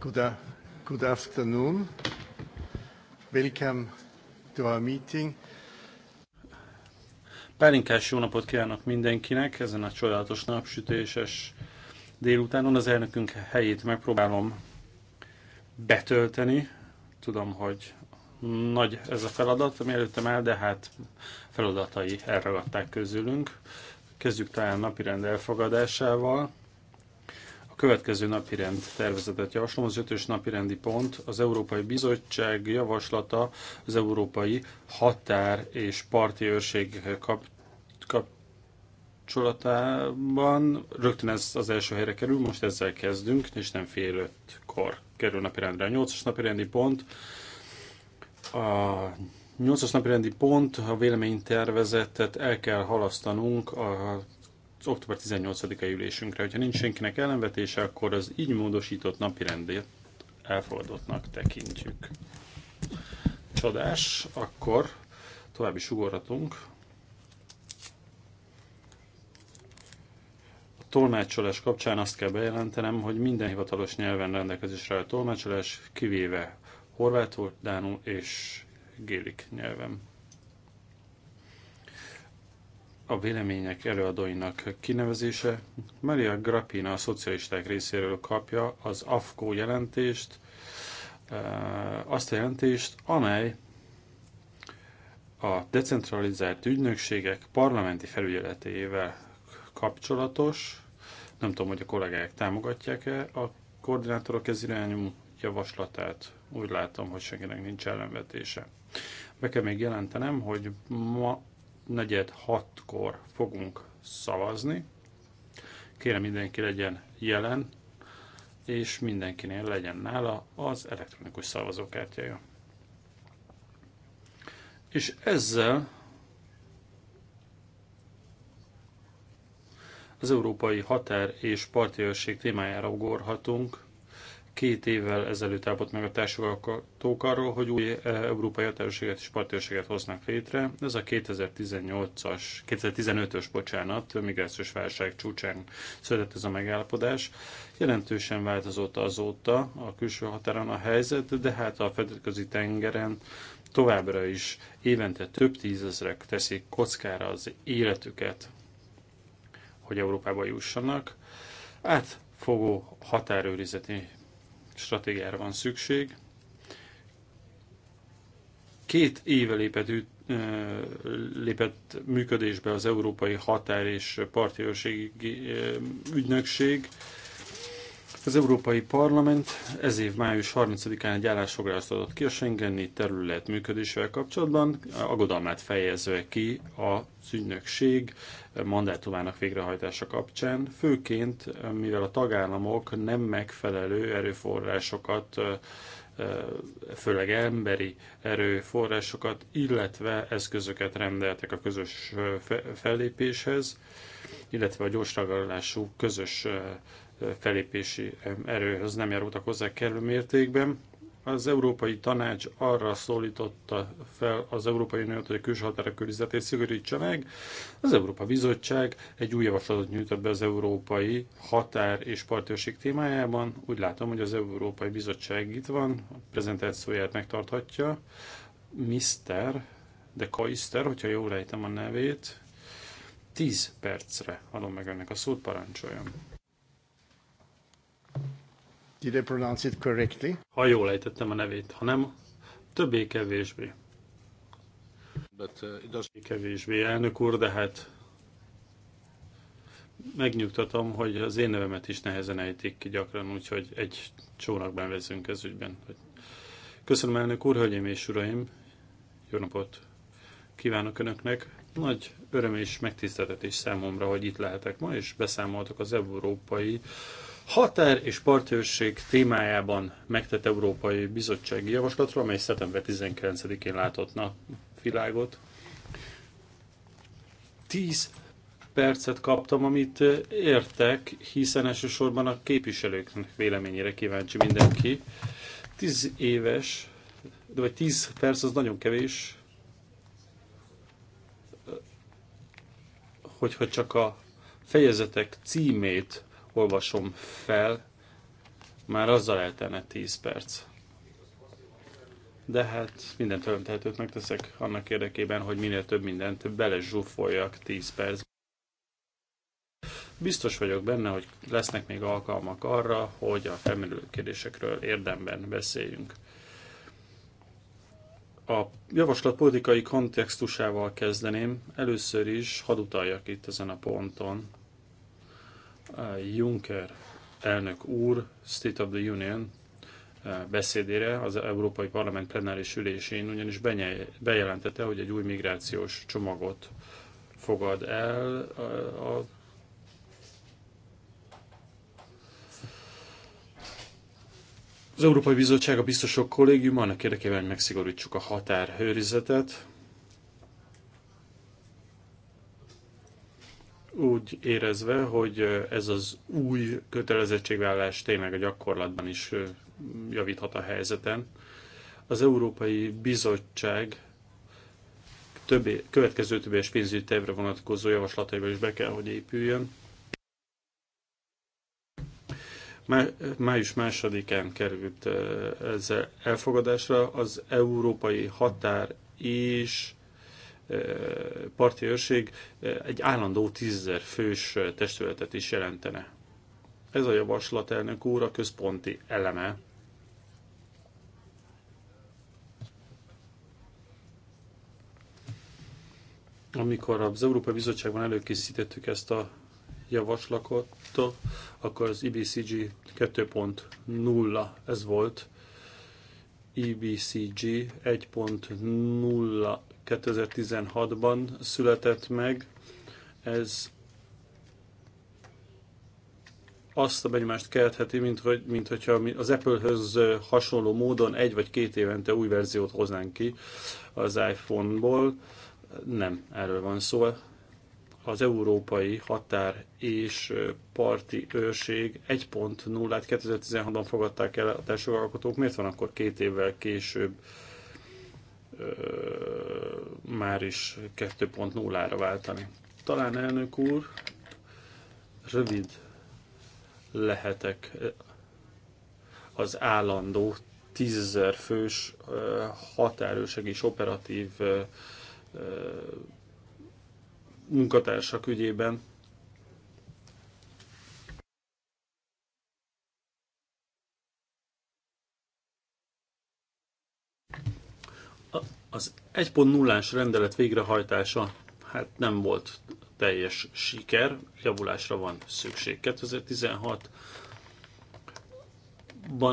Good, afternoon. Welcome to our meeting. Pálinkás jó napot kívánok mindenkinek ezen a csodálatos napsütéses délutánon. Az elnökünk helyét megpróbálom betölteni. Tudom, hogy nagy ez a feladat, ami előttem áll, de hát feladatai elragadták közülünk. Kezdjük talán napirend elfogadásával következő napirend tervezetet javaslom. Az ötös napirendi pont az Európai Bizottság javaslata az Európai Határ és Parti Őrség kap, kapcsolatában. Rögtön ez az első helyre kerül, most ezzel kezdünk, és nem fél ötkor kerül napirendre. A nyolcas napirendi pont a nyolcas napirendi pont, a véleménytervezetet el kell halasztanunk a október 18-a ülésünkre. Hogyha nincs senkinek ellenvetése, akkor az így módosított napi rendét elfogadottnak tekintjük. Csodás, akkor további sugorhatunk. A tolmácsolás kapcsán azt kell bejelentenem, hogy minden hivatalos nyelven rendelkezésre a tolmácsolás, kivéve horvátul, dánul és gélik nyelven a vélemények előadóinak kinevezése. Maria Grappina a szocialisták részéről kapja az AFKO jelentést, eh, azt a jelentést, amely a decentralizált ügynökségek parlamenti felügyeletével kapcsolatos. Nem tudom, hogy a kollégák támogatják-e a koordinátorok ez irányú javaslatát. Úgy látom, hogy senkinek nincs ellenvetése. Be kell még jelentenem, hogy ma negyed hatkor fogunk szavazni. Kérem mindenki legyen jelen, és mindenkinél legyen nála az elektronikus szavazókártyája. És ezzel az európai határ és parti témájára ugorhatunk, Két évvel ezelőtt állapot meg a társadalmatók arról, hogy új e, európai határőrséget és partőrséget hoznak létre. Ez a 2018-as, 2015-ös, bocsánat, migrációs válság csúcsán született ez a megállapodás. Jelentősen változott azóta a külső határon a helyzet, de hát a fedetközi tengeren továbbra is évente több tízezrek teszik kockára az életüket, hogy Európába jussanak. fogó határőrizeti stratégiára van szükség. Két éve lépett, lépett működésbe az Európai Határ és Partiőrségi Ügynökség, az Európai Parlament ez év május 30-án egy állásfoglalást adott ki a Schengeni terület működésével kapcsolatban, aggodalmát fejezve ki a ügynökség mandátumának végrehajtása kapcsán, főként mivel a tagállamok nem megfelelő erőforrásokat főleg emberi erőforrásokat, illetve eszközöket rendeltek a közös fellépéshez, illetve a gyorsragalású közös felépési erőhöz nem járultak hozzá kellő mértékben. Az Európai Tanács arra szólította fel az Európai Uniót, hogy a külső határa környezetét szigorítsa meg. Az Európa Bizottság egy új javaslatot nyújtott be az európai határ és partőrség témájában. Úgy látom, hogy az Európai Bizottság itt van, a prezentációját megtarthatja. Mister, de Kaister, hogyha jól ejtem a nevét, 10 percre adom meg önnek a szót, parancsoljon. Did I pronounce it correctly? Ha jól ejtettem a nevét, ha nem, többé-kevésbé. uh, Kevésbé, elnök úr, de hát megnyugtatom, hogy az én nevemet is nehezen ejtik ki gyakran, úgyhogy egy csónakban veszünk ez ügyben. Köszönöm elnök úr, hölgyeim és uraim, jó napot kívánok Önöknek. Nagy öröm és megtiszteltetés számomra, hogy itt lehetek ma, és beszámoltok az európai Határ és partőrség témájában megtett Európai Bizottsági Javaslatról, amely szeptember 19-én látott napvilágot. 10 percet kaptam, amit értek, hiszen elsősorban a képviselőknek véleményére kíváncsi mindenki. 10 éves, de vagy 10 perc az nagyon kevés, hogyha csak a fejezetek címét olvasom fel, már azzal eltenne 10 perc. De hát mindent tőlem tehetőt megteszek annak érdekében, hogy minél több mindent bele zsúfoljak 10 perc. Biztos vagyok benne, hogy lesznek még alkalmak arra, hogy a felmerülő kérdésekről érdemben beszéljünk. A javaslat politikai kontextusával kezdeném. Először is hadd utaljak itt ezen a ponton Juncker elnök úr State of the Union eh, beszédére az Európai Parlament plenáris ülésén ugyanis bejelentette, hogy egy új migrációs csomagot fogad el eh, a az Európai Bizottság a biztosok kollégiuma annak érdekében, hogy megszigorítsuk a határőrizetet. úgy érezve, hogy ez az új kötelezettségvállás tényleg a gyakorlatban is javíthat a helyzeten. Az Európai Bizottság többé, következő többes pénzügyi tervre vonatkozó javaslataiba is be kell, hogy épüljön. Május másodikán került ez elfogadásra az európai határ és parti őrség eh, egy állandó tízzer fős eh, testületet is jelentene. Ez a javaslat, elnök úr, a központi eleme amikor az Európai Bizottságban előkészítettük ezt a javaslatot, akkor az IBCG 2.0 ez volt, IBCG 2016-ban született meg. Ez azt a benyomást keltheti, mint, hogy, mint hogyha az Apple-höz hasonló módon egy vagy két évente új verziót hoznánk ki az iPhone-ból. Nem, erről van szó. Az európai határ és parti őrség 1.0-át 2016-ban fogadták el a társadalmi alkotók. Miért van akkor két évvel később már is 2.0-ra váltani. Talán elnök úr, rövid lehetek az állandó 10.000 fős határőrség és operatív munkatársak ügyében Az 1.0-ás rendelet végrehajtása hát nem volt teljes siker, javulásra van szükség. 2016-ban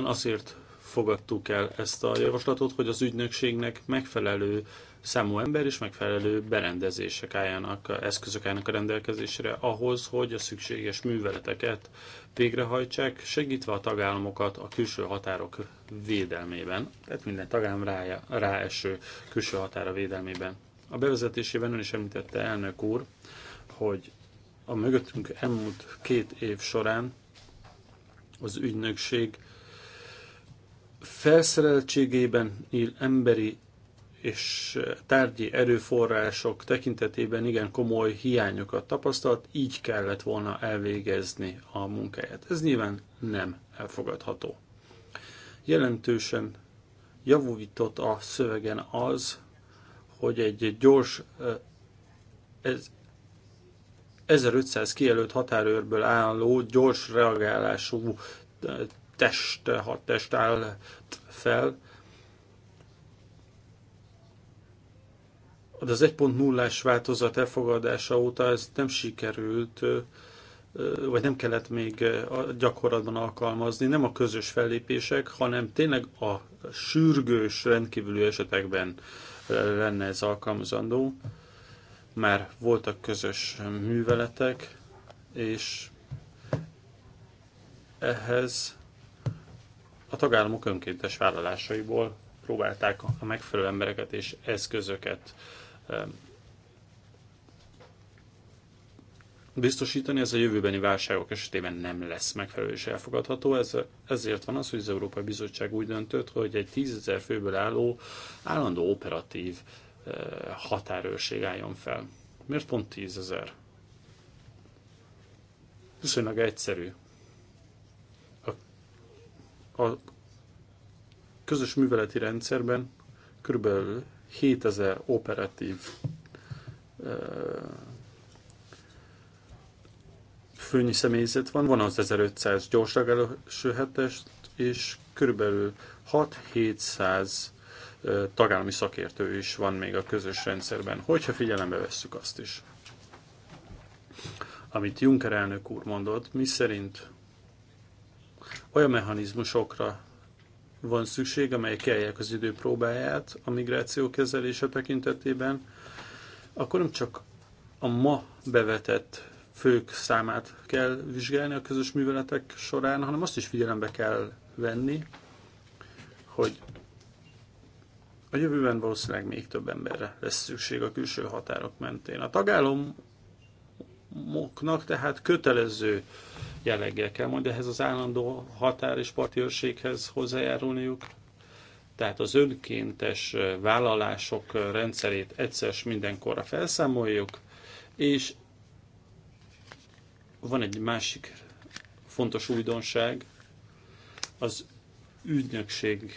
azért fogadtuk el ezt a javaslatot, hogy az ügynökségnek megfelelő számú ember és megfelelő berendezések álljanak, eszközök álljanak a rendelkezésre ahhoz, hogy a szükséges műveleteket végrehajtsák, segítve a tagállamokat a külső határok védelmében, tehát minden tagállam rá, külső határa védelmében. A bevezetésében ön is említette elnök úr, hogy a mögöttünk elmúlt két év során az ügynökség felszereltségében, emberi és tárgyi erőforrások tekintetében igen komoly hiányokat tapasztalt, így kellett volna elvégezni a munkáját. Ez nyilván nem elfogadható. Jelentősen javított a szövegen az, hogy egy gyors eh, ez, 1500 kijelölt határőrből álló, gyors reagálású eh, test, test áll fel, az 1.0-ás változat elfogadása óta ez nem sikerült, vagy nem kellett még a gyakorlatban alkalmazni, nem a közös fellépések, hanem tényleg a sürgős, rendkívüli esetekben lenne ez alkalmazandó. Már voltak közös műveletek, és ehhez a tagállamok önkéntes vállalásaiból próbálták a megfelelő embereket és eszközöket biztosítani, ez a jövőbeni válságok esetében nem lesz megfelelő és elfogadható. Ez, ezért van az, hogy az Európai Bizottság úgy döntött, hogy egy tízezer főből álló állandó operatív határőrség álljon fel. Miért pont tízezer? Viszonylag egyszerű. A, a közös műveleti rendszerben körülbelül 7000 operatív főnyi személyzet van, van az 1500 gyorság első hetest, és körülbelül 6-700 tagállami szakértő is van még a közös rendszerben, hogyha figyelembe vesszük azt is. Amit Juncker elnök úr mondott, mi szerint olyan mechanizmusokra van szükség, amelyek eljárják az idő próbáját a migráció kezelése tekintetében, akkor nem csak a ma bevetett fők számát kell vizsgálni a közös műveletek során, hanem azt is figyelembe kell venni, hogy a jövőben valószínűleg még több emberre lesz szükség a külső határok mentén. A tagállam, államoknak tehát kötelező jelleggel kell majd ehhez az állandó határ és partiőrséghez hozzájárulniuk. Tehát az önkéntes vállalások rendszerét egyszer mindenkorra felszámoljuk, és van egy másik fontos újdonság, az ügynökség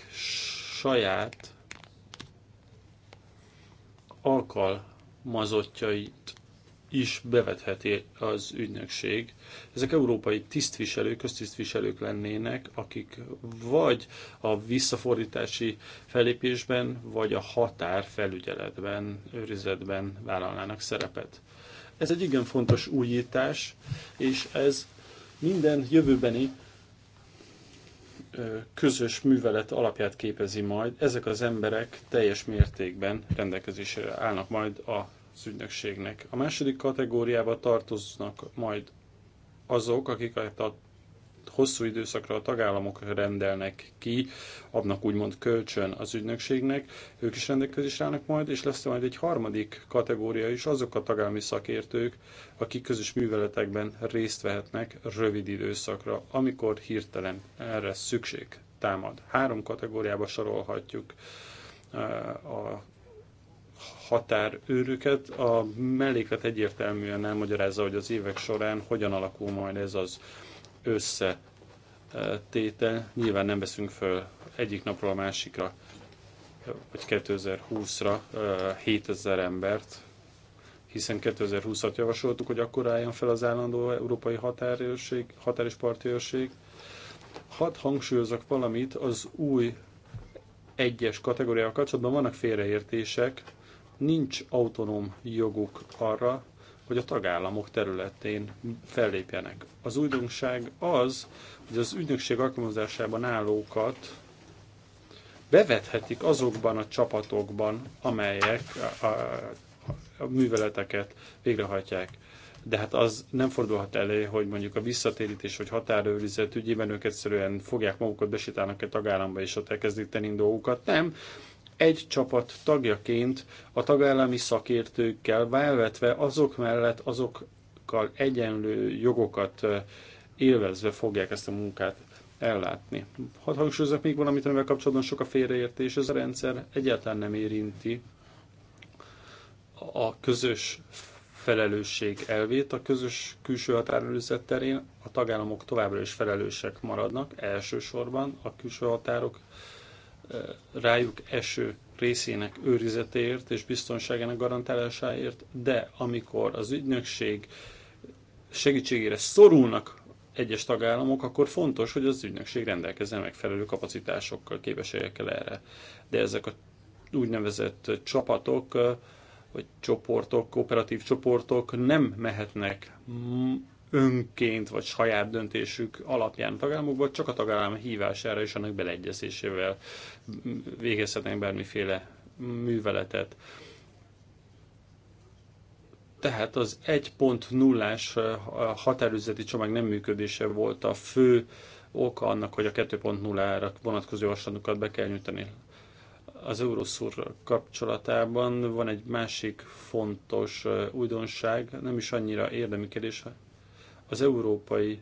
saját alkalmazottjait is bevetheti az ügynökség. Ezek európai tisztviselők, köztisztviselők lennének, akik vagy a visszafordítási felépésben, vagy a határfelügyeletben, őrizetben vállalnának szerepet. Ez egy igen fontos újítás, és ez minden jövőbeni közös művelet alapját képezi majd. Ezek az emberek teljes mértékben rendelkezésre állnak majd a az ügynökségnek. A második kategóriába tartoznak majd azok, akiket a hosszú időszakra a tagállamok rendelnek ki, adnak úgymond kölcsön az ügynökségnek, ők is rendelkezésre állnak majd, és lesz majd egy harmadik kategória is, azok a tagállami szakértők, akik közös műveletekben részt vehetnek rövid időszakra, amikor hirtelen erre szükség támad. Három kategóriába sorolhatjuk eh, a határőröket. A melléklet egyértelműen elmagyarázza, hogy az évek során hogyan alakul majd ez az összetétel. Nyilván nem veszünk föl egyik napról a másikra, vagy 2020-ra 7000 embert, hiszen 2020-at javasoltuk, hogy akkor álljon fel az állandó európai határőrség, határ és parti őrség. Hadd hangsúlyozok valamit, az új egyes kategóriával kapcsolatban vannak félreértések, nincs autonóm joguk arra, hogy a tagállamok területén fellépjenek. Az újdonság az, hogy az ügynökség alkalmazásában állókat bevethetik azokban a csapatokban, amelyek a, a, a műveleteket végrehajtják. De hát az nem fordulhat elő, hogy mondjuk a visszatérítés vagy határőrizet ügyében ők egyszerűen fogják magukat, besítálnak egy tagállamba és ott elkezdik tenni dolgokat. Nem, egy csapat tagjaként a tagállami szakértőkkel válvetve azok mellett azokkal egyenlő jogokat élvezve fogják ezt a munkát ellátni. Hadd hangsúlyozok még valamit, amivel kapcsolatban sok a félreértés. Ez a rendszer egyáltalán nem érinti a közös felelősség elvét. A közös külső határőrzet terén a tagállamok továbbra is felelősek maradnak, elsősorban a külső határok rájuk eső részének őrizetéért és biztonságának garantálásáért, de amikor az ügynökség segítségére szorulnak egyes tagállamok, akkor fontos, hogy az ügynökség rendelkezzen megfelelő kapacitásokkal, képességekkel erre. De ezek a úgynevezett csapatok, vagy csoportok, kooperatív csoportok nem mehetnek önként vagy saját döntésük alapján a tagállamokba, csak a tagállam hívására és annak beleegyezésével végezhetnek bármiféle műveletet. Tehát az 1.0-as határüzleti csomag nem működése volt a fő oka annak, hogy a 2.0-ra vonatkozó javaslatokat be kell nyújtani. Az Euroszur kapcsolatában van egy másik fontos újdonság, nem is annyira érdemi kérdés, az európai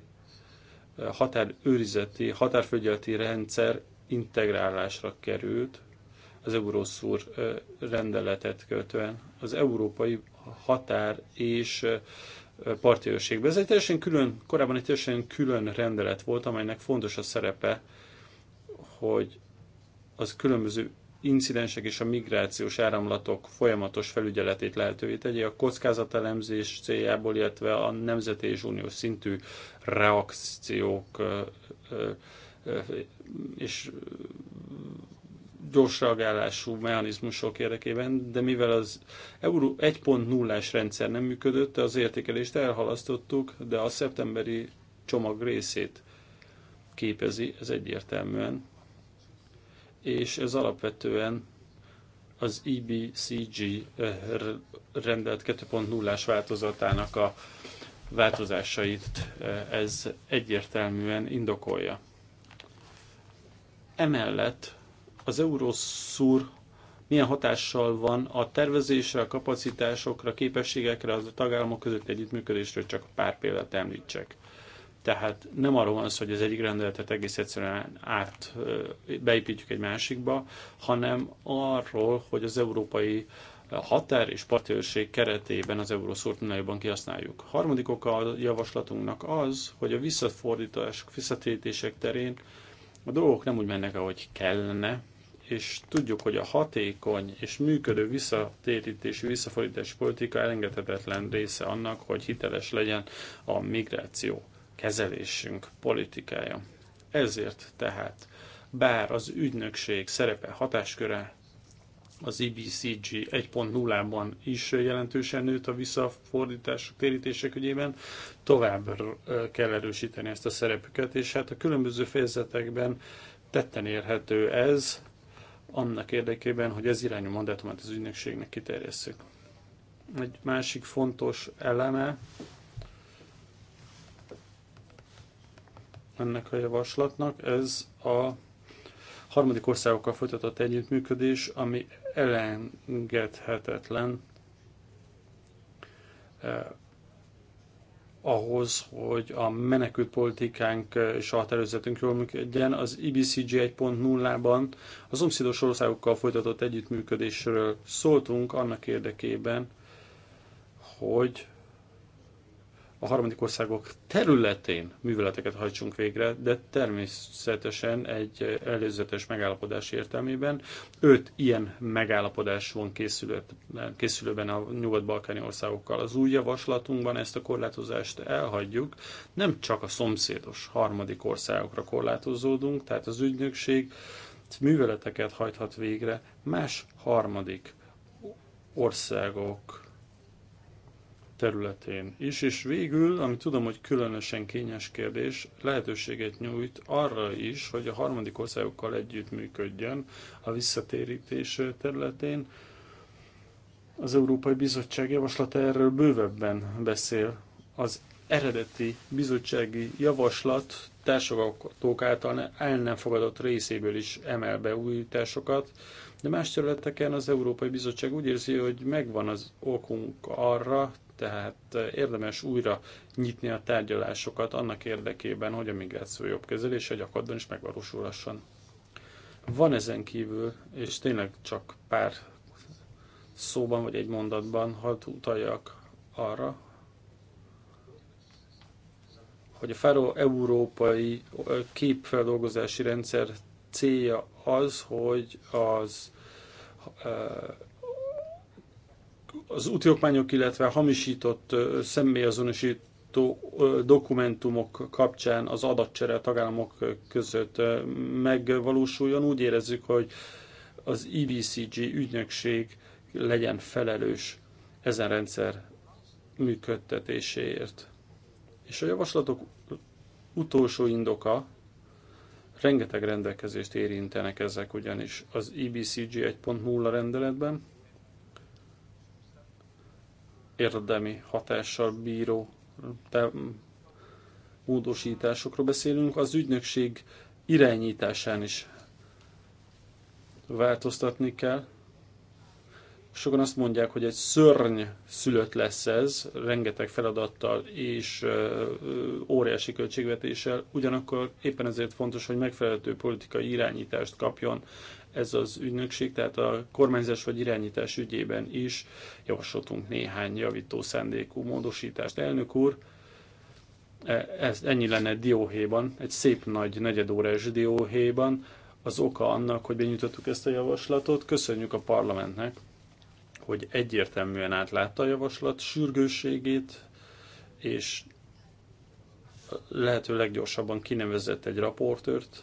eh, határőrizeti, határfölgyeleti rendszer integrálásra került az Euroszúr eh, rendeletet követően az európai határ és eh, parti őrségbe. Ez egy teljesen külön, korábban egy teljesen külön rendelet volt, amelynek fontos a szerepe, hogy az különböző incidensek és a migrációs áramlatok folyamatos felügyeletét lehetővé tegye a kockázatelemzés céljából, illetve a nemzeti és uniós szintű reakciók és gyors reagálású mechanizmusok érdekében, de mivel az Euró 10 ás rendszer nem működött, az értékelést elhalasztottuk, de a szeptemberi csomag részét képezi, ez egyértelműen és ez alapvetően az EBCG eh, rendelt 2.0-ás változatának a változásait eh, ez egyértelműen indokolja. Emellett az Euroszur milyen hatással van a tervezésre, a kapacitásokra, a képességekre, az a tagállamok közötti együttműködésről csak pár példát említsek. Tehát nem arról van szó, hogy az egyik rendeletet egész egyszerűen át beépítjük egy másikba, hanem arról, hogy az európai határ és partőrség keretében az eurószórt minél jobban kihasználjuk. Harmadik oka a javaslatunknak az, hogy a visszafordítások, visszatérítések terén a dolgok nem úgy mennek, ahogy kellene, és tudjuk, hogy a hatékony és működő visszatérítési, visszafordítási politika elengedhetetlen része annak, hogy hiteles legyen a migráció kezelésünk politikája. Ezért tehát, bár az ügynökség szerepe hatásköre az IBCG e 1.0-ban is jelentősen nőtt a visszafordítások, térítések ügyében, tovább kell erősíteni ezt a szerepüket, és hát a különböző fejezetekben tetten érhető ez, annak érdekében, hogy ez irányú mandátumát az ügynökségnek kiterjesszük. Egy másik fontos eleme ennek a javaslatnak. Ez a harmadik országokkal folytatott együttműködés, ami elengedhetetlen eh, ahhoz, hogy a menekült politikánk és a határozatunk jól működjen. Az IBCG 1.0-ban az szomszédos országokkal folytatott együttműködésről szóltunk annak érdekében, hogy a harmadik országok területén műveleteket hajtsunk végre, de természetesen egy előzetes megállapodás értelmében öt ilyen megállapodás van készülőben, készülőben a nyugat-balkáni országokkal. Az új javaslatunkban ezt a korlátozást elhagyjuk, nem csak a szomszédos harmadik országokra korlátozódunk, tehát az ügynökség műveleteket hajthat végre más harmadik országok területén is, és végül, ami tudom, hogy különösen kényes kérdés, lehetőséget nyújt arra is, hogy a harmadik országokkal együttműködjön a visszatérítés területén. Az Európai Bizottság javaslata erről bővebben beszél. Az eredeti bizottsági javaslat társadalmatók által el nem fogadott részéből is emel be újításokat, de más területeken az Európai Bizottság úgy érzi, hogy megvan az okunk arra, tehát érdemes újra nyitni a tárgyalásokat annak érdekében, hogy a migráció jobb kezelése gyakorlatban is megvalósulhasson. Van ezen kívül, és tényleg csak pár szóban vagy egy mondatban hadd utaljak arra, hogy a Faro európai képfeldolgozási rendszer célja az, hogy az az úti okmányok, illetve a hamisított személyazonosító dokumentumok kapcsán az adatcsere a tagállamok között megvalósuljon. Úgy érezzük, hogy az EBCG ügynökség legyen felelős ezen rendszer működtetéséért. És a javaslatok utolsó indoka, rengeteg rendelkezést érintenek ezek ugyanis az EBCG 1.0 rendeletben, érdemi hatással bíró módosításokról beszélünk, az ügynökség irányításán is változtatni kell. Sokan azt mondják, hogy egy szörny szülött lesz ez, rengeteg feladattal és óriási költségvetéssel, ugyanakkor éppen ezért fontos, hogy megfelelő politikai irányítást kapjon ez az ügynökség, tehát a kormányzás vagy irányítás ügyében is javasoltunk néhány javító szándékú módosítást. Elnök úr, e, ez, ennyi lenne dióhéjban, egy szép nagy negyedórás dióhéjban, az oka annak, hogy benyújtottuk ezt a javaslatot. Köszönjük a parlamentnek, hogy egyértelműen átlátta a javaslat sürgősségét, és lehető leggyorsabban kinevezett egy raportőrt,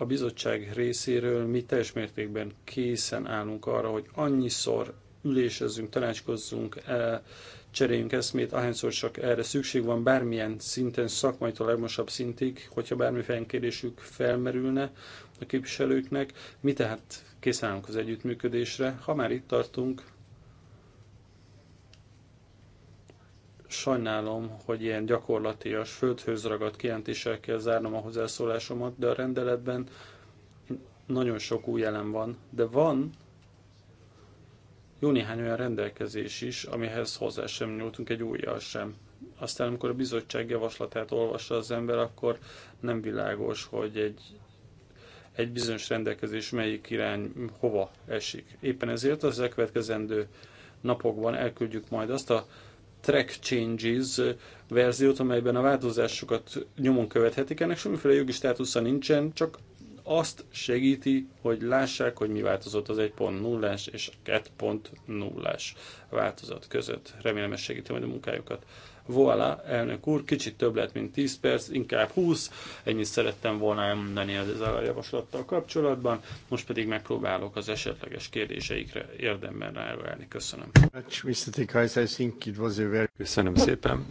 a bizottság részéről mi teljes mértékben készen állunk arra, hogy annyiszor ülésezzünk, tanácskozzunk, e, cseréljünk eszmét, ahányszor csak erre szükség van, bármilyen szinten, szakmai a legmosabb szintig, hogyha bármiféle kérdésük felmerülne a képviselőknek. Mi tehát készen állunk az együttműködésre. Ha már itt tartunk, Sajnálom, hogy ilyen gyakorlatias, földhöz ragadt kijelentéssel kell zárnom a hozzászólásomat, de a rendeletben nagyon sok új elem van, de van jó néhány olyan rendelkezés is, amihez hozzá sem nyúltunk egy újjal sem. Aztán, amikor a bizottság javaslatát olvassa az ember, akkor nem világos, hogy egy, egy bizonyos rendelkezés melyik irány hova esik. Éppen ezért az elkövetkezendő napokban elküldjük majd azt a track changes verziót, amelyben a változásokat nyomon követhetik. Ennek semmiféle jogi státusza nincsen, csak azt segíti, hogy lássák, hogy mi változott az 1.0-as és 2.0-as változat között. Remélem ez segíti majd a munkájukat. Voilà, elnök úr, kicsit több lett, mint 10 perc, inkább 20. Ennyit szerettem volna elmondani az a javaslattal kapcsolatban. Most pedig megpróbálok az esetleges kérdéseikre érdemben reagálni. Köszönöm. Köszönöm szépen.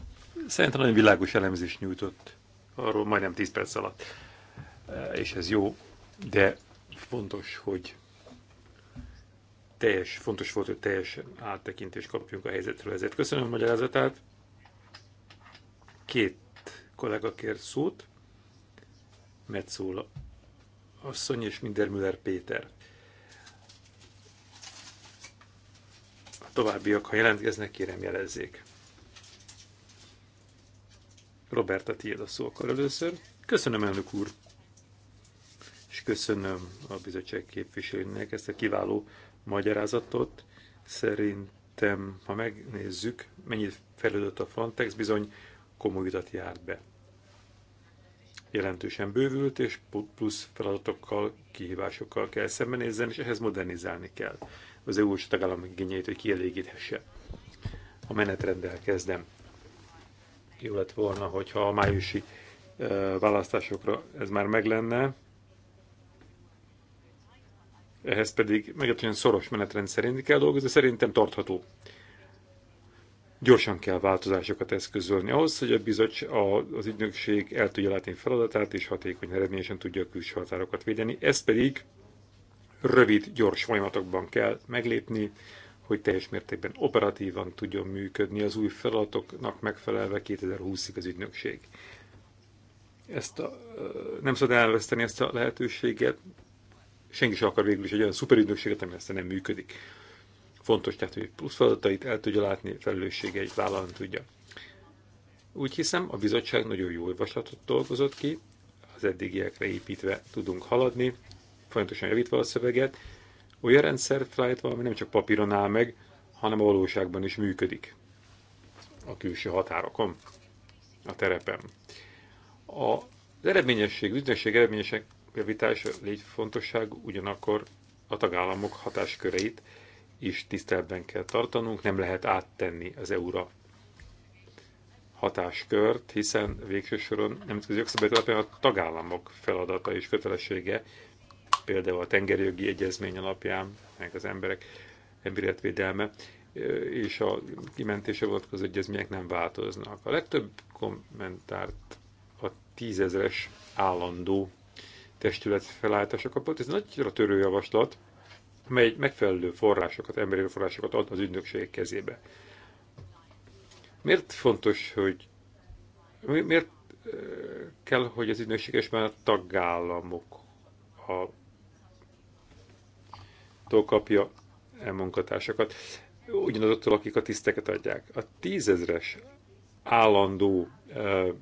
Szerintem nagyon világos elemzés nyújtott arról majdnem 10 perc alatt. Eh, és ez jó, de fontos, hogy teljes, fontos volt, hogy teljes áttekintést kapjunk a helyzetről, ezért köszönöm a magyarázatát. Két kollega kért szót, Metszóla asszony és Mindermüller Péter. A továbbiak, ha jelentkeznek, kérem jelezzék. Roberta, tiéd a szó akkor először. Köszönöm, elnök úr! És köszönöm a bizottság képviselőnek ezt a kiváló magyarázatot. Szerintem, ha megnézzük, mennyit fejlődött a Frontex, bizony komoly vitat járt be. Jelentősen bővült, és plusz feladatokkal, kihívásokkal kell szembenézzen, és ehhez modernizálni kell az EU tagállam igényeit, hogy kielégíthesse. A menetrenddel kezdem. Jó lett volna, hogyha a májusi választásokra ez már meg lenne, ehhez pedig meglehetősen szoros menetrend szerint kell dolgozni, szerintem tartható Gyorsan kell változásokat eszközölni ahhoz, hogy a bizottság az ügynökség el tudja látni feladatát és hatékony eredményesen tudja a külső határokat védeni. Ezt pedig rövid, gyors folyamatokban kell meglépni, hogy teljes mértékben operatívan tudjon működni az új feladatoknak megfelelve 2020-ig az ügynökség. Ezt a, nem szabad elveszteni ezt a lehetőséget, senki sem akar végül is egy olyan szuperügynökséget, ami aztán nem működik. Fontos tehát, hogy plusz feladatait el tudja látni, felelősségeit vállalni tudja. Úgy hiszem, a bizottság nagyon jó javaslatot dolgozott ki, az eddigiekre építve tudunk haladni, folyamatosan javítva a szöveget. Olyan rendszert felállítva, ami nem csak papíron áll meg, hanem a valóságban is működik a külső határokon, a terepen. A, az eredményesség, az eredményesség javítása légy fontosság, ugyanakkor a tagállamok hatásköreit is tiszteletben kell tartanunk, nem lehet áttenni az EU-ra hatáskört, hiszen végső soron nemzetközi jogszabályt alapján a tagállamok feladata és kötelessége, például a tengeri jogi egyezmény alapján, meg az emberek emberietvédelme és a kimentése vonatkozó egyezmények nem változnak. A legtöbb kommentárt a tízezeres állandó testület felállítása kapott. Ez nagyra törő javaslat, amely megfelelő forrásokat, emberi forrásokat ad az ügynökség kezébe. Miért fontos, hogy miért kell, hogy az ügynökség és már a tagállamok a kapja el munkatársakat, ugyanazoktól, akik a tiszteket adják. A tízezres állandó uh,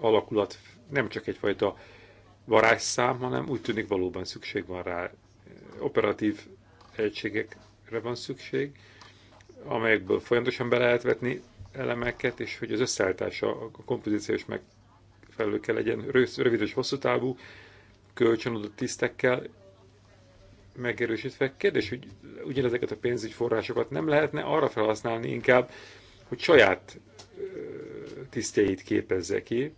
alakulat nem csak egyfajta varázsszám, hanem úgy tűnik valóban szükség van rá operatív egységekre van szükség, amelyekből folyamatosan be lehet vetni elemeket, és hogy az összeállítása, a kompozíciós megfelelő kell legyen, rövid és hosszú távú, kölcsönadott tisztekkel megerősítve. Kérdés, hogy ugyanezeket a pénzügyi forrásokat nem lehetne arra felhasználni inkább, hogy saját tisztjeit képezze ki,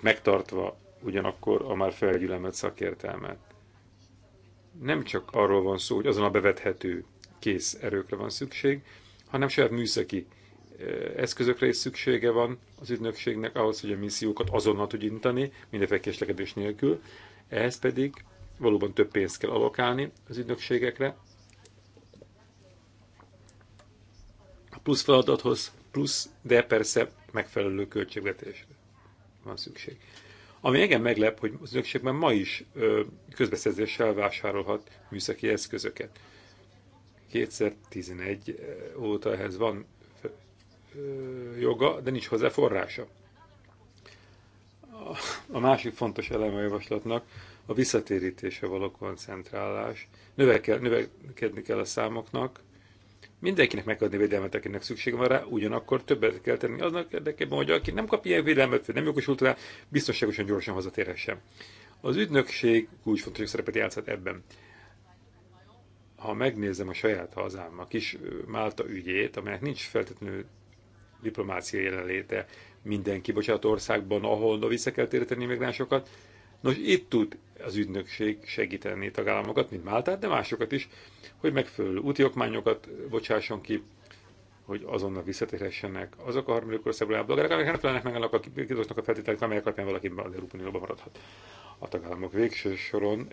megtartva ugyanakkor a már felgyülemelt szakértelmet nem csak arról van szó, hogy azon a bevethető kész erőkre van szükség, hanem saját műszaki e, eszközökre is szüksége van az ügynökségnek ahhoz, hogy a missziókat azonnal tudj intani, mindenféle késlekedés nélkül. Ehhez pedig valóban több pénzt kell alokálni az ügynökségekre. A plusz feladathoz plusz, de persze megfelelő költségvetésre van szükség. Ami engem meglep, hogy az ügynökség ma is közbeszerzéssel vásárolhat műszaki eszközöket. 2011 óta ehhez van joga, de nincs hozzá forrása. A másik fontos eleme a javaslatnak a visszatérítése való koncentrálás. Növekel, növekedni kell a számoknak, Mindenkinek meg kell adni védelmet, akinek szüksége van rá, ugyanakkor többet kell tenni aznak érdekében, hogy aki nem kap ilyen védelmet, vagy nem jogosult rá, biztonságosan gyorsan hazatérhessen. Az ügynökség kulcsfontos szerepet játszott ebben. Ha megnézem a saját hazám, a kis Málta ügyét, amelynek nincs feltétlenül diplomácia jelenléte minden kibocsátó országban, ahol vissza kell térteni migránsokat, Nos, itt tud az ügynökség segíteni tagállamokat, mint Máltát, de másokat is, hogy megfelelő úti okmányokat bocsásson ki, hogy azonnal visszatérhessenek azok a harmadik országból állampolgárok, amelyek nem felelnek meg annak a kidosnak a feltételek, amelyek alapján valaki az Európai Unióban maradhat. A tagállamok végső soron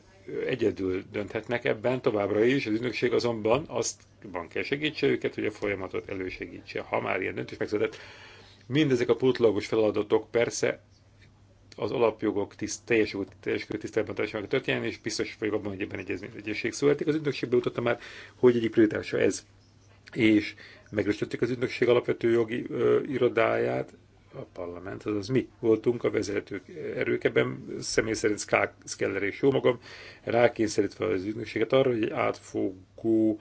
egyedül dönthetnek ebben továbbra is, az ügynökség azonban azt van kell segítse őket, hogy a folyamatot elősegítse, ha már ilyen döntés megszületett. Mindezek a pultlagos feladatok persze az alapjogok tiszt, teljes jogú teljes tiszteletben tartásának történjen, és biztos vagyok abban, hogy ebben egyezmény egyesség születik. Az ügynökség bemutatta már, hogy egyik prioritása ez. És megerősítettük az ügynökség alapvető jogi ö, irodáját, a parlament, azaz mi voltunk a vezetők erők, ebben személy szerint Skeller és jó magam rákényszerítve az ügynökséget arra, hogy egy átfogó